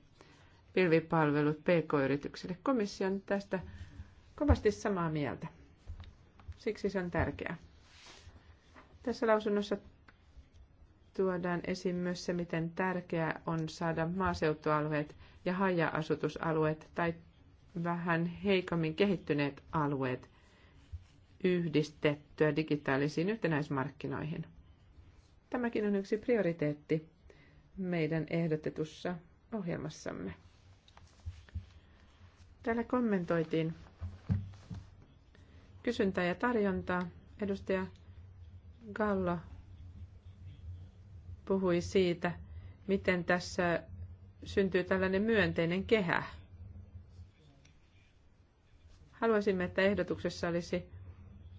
pilvipalvelut pk-yrityksille. Komissio on tästä kovasti samaa mieltä. Siksi se on tärkeää. Tässä lausunnossa tuodaan esiin myös se, miten tärkeää on saada maaseutualueet ja haja-asutusalueet tai vähän heikommin kehittyneet alueet yhdistettyä digitaalisiin yhtenäismarkkinoihin. Tämäkin on yksi prioriteetti meidän ehdotetussa ohjelmassamme. Täällä kommentoitiin kysyntää ja tarjontaa. Edustaja Gallo puhui siitä, miten tässä syntyy tällainen myönteinen kehä. Haluaisimme, että ehdotuksessa olisi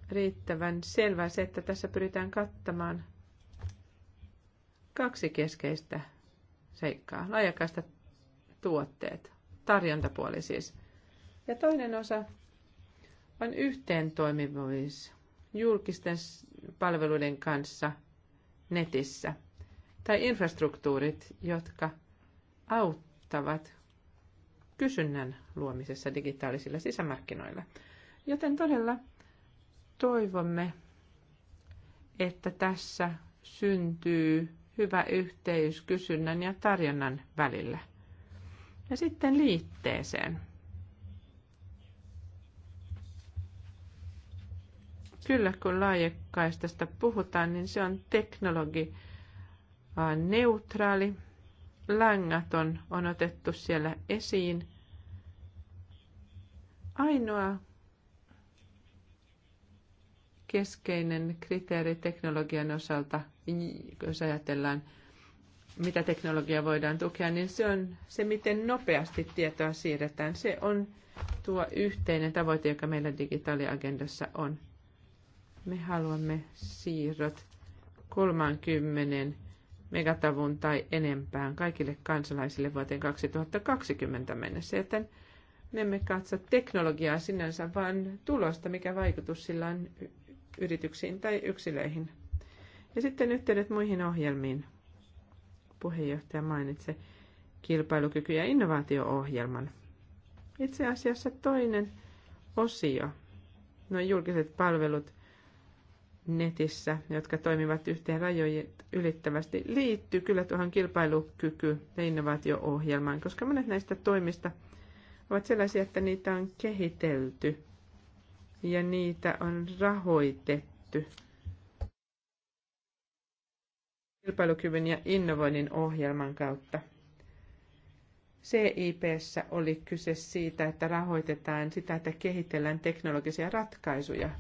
riittävän selvää se, että tässä pyritään kattamaan kaksi keskeistä seikkaa. Laajakaista tuotteet, tarjontapuoli siis. Ja toinen osa on yhteen toimivuus julkisten palveluiden kanssa netissä. Tai infrastruktuurit, jotka auttavat kysynnän luomisessa digitaalisilla sisämarkkinoilla. Joten todella toivomme, että tässä syntyy hyvä yhteys kysynnän ja tarjonnan välillä. Ja sitten liitteeseen. Kyllä, kun laajakaistasta puhutaan, niin se on teknologi neutraali. Langaton on otettu siellä esiin. Ainoa keskeinen kriteeri teknologian osalta, jos ajatellaan, mitä teknologiaa voidaan tukea, niin se on se, miten nopeasti tietoa siirretään. Se on tuo yhteinen tavoite, joka meillä digitaaliagendassa on. Me haluamme siirrot 30 megatavun tai enempään kaikille kansalaisille vuoteen 2020 mennessä, joten me emme katso teknologiaa sinänsä, vaan tulosta, mikä vaikutus sillä on yrityksiin tai yksilöihin. Ja sitten yhteydet muihin ohjelmiin. Puheenjohtaja mainitsi kilpailukyky- ja innovaatio-ohjelman. Itse asiassa toinen osio, no julkiset palvelut netissä, jotka toimivat yhteen rajojen ylittävästi, liittyy kyllä tuohon kilpailukyky- ja innovaatio-ohjelmaan, koska monet näistä toimista ovat sellaisia, että niitä on kehitelty ja niitä on rahoitettu kilpailukyvyn ja innovoinnin ohjelman kautta. CIPssä oli kyse siitä, että rahoitetaan sitä, että kehitellään teknologisia ratkaisuja –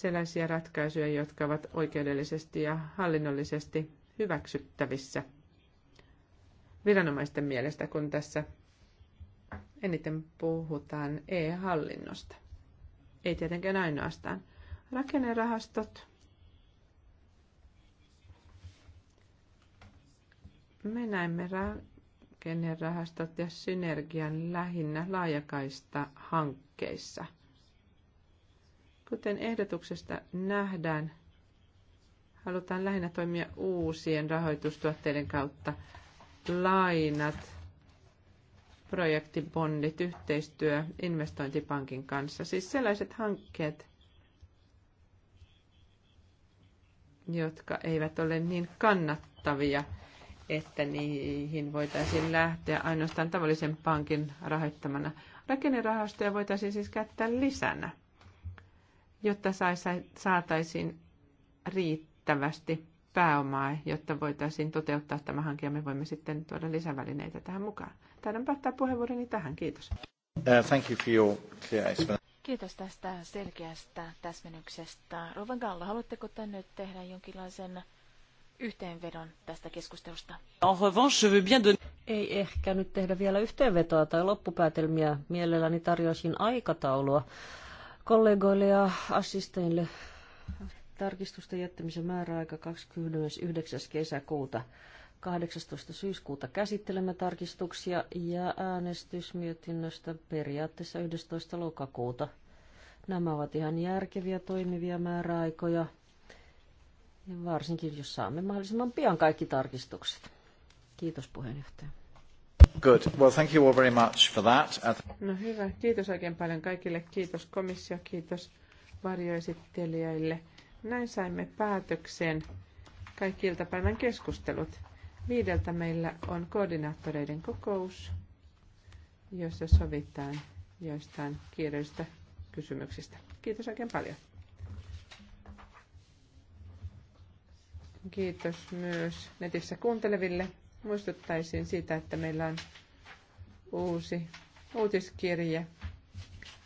sellaisia ratkaisuja, jotka ovat oikeudellisesti ja hallinnollisesti hyväksyttävissä viranomaisten mielestä, kun tässä eniten puhutaan e-hallinnosta. Ei tietenkään ainoastaan. Rakennerahastot. Me näemme rakennerahastot ja synergian lähinnä laajakaista hankkeissa – Kuten ehdotuksesta nähdään, halutaan lähinnä toimia uusien rahoitustuotteiden kautta. Lainat, projektibondit, yhteistyö investointipankin kanssa. Siis sellaiset hankkeet, jotka eivät ole niin kannattavia, että niihin voitaisiin lähteä ainoastaan tavallisen pankin rahoittamana. Rakennerahastoja voitaisiin siis käyttää lisänä jotta saataisiin riittävästi pääomaa, jotta voitaisiin toteuttaa tämä hanke ja me voimme sitten tuoda lisävälineitä tähän mukaan. Taidan päättää puheenvuoroni tähän. Kiitos. Uh, thank you for your clear Kiitos tästä selkeästä täsmennyksestä. Rovan Gallo, haluatteko tänne tehdä jonkinlaisen yhteenvedon tästä keskustelusta? En revanche, je veux bien Ei ehkä nyt tehdä vielä yhteenvetoa tai loppupäätelmiä. Mielelläni tarjoaisin aikataulua kollegoille ja assisteille. Tarkistusten jättämisen määräaika 29. kesäkuuta. 18. syyskuuta käsittelemme tarkistuksia ja äänestysmietinnöstä periaatteessa 11. lokakuuta. Nämä ovat ihan järkeviä toimivia määräaikoja, varsinkin jos saamme mahdollisimman pian kaikki tarkistukset. Kiitos puheenjohtaja. Good. Well, thank you all very much for that. No hyvä, kiitos oikein paljon kaikille. Kiitos komissio, kiitos varjoesittelijöille. Näin saimme päätöksen kaikki iltapäivän keskustelut. Viideltä meillä on koordinaattoreiden kokous, jossa sovitaan joistain kiireistä kysymyksistä. Kiitos oikein paljon. Kiitos myös netissä kuunteleville. Muistuttaisin siitä, että meillä on uusi uutiskirje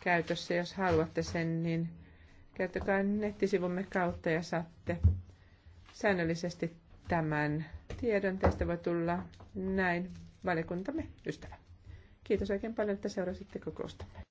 käytössä, jos haluatte sen, niin käyttäkää nettisivumme kautta ja saatte säännöllisesti tämän tiedon. Teistä voi tulla näin valiokuntamme ystävä. Kiitos oikein paljon, että seurasitte kokoustamme.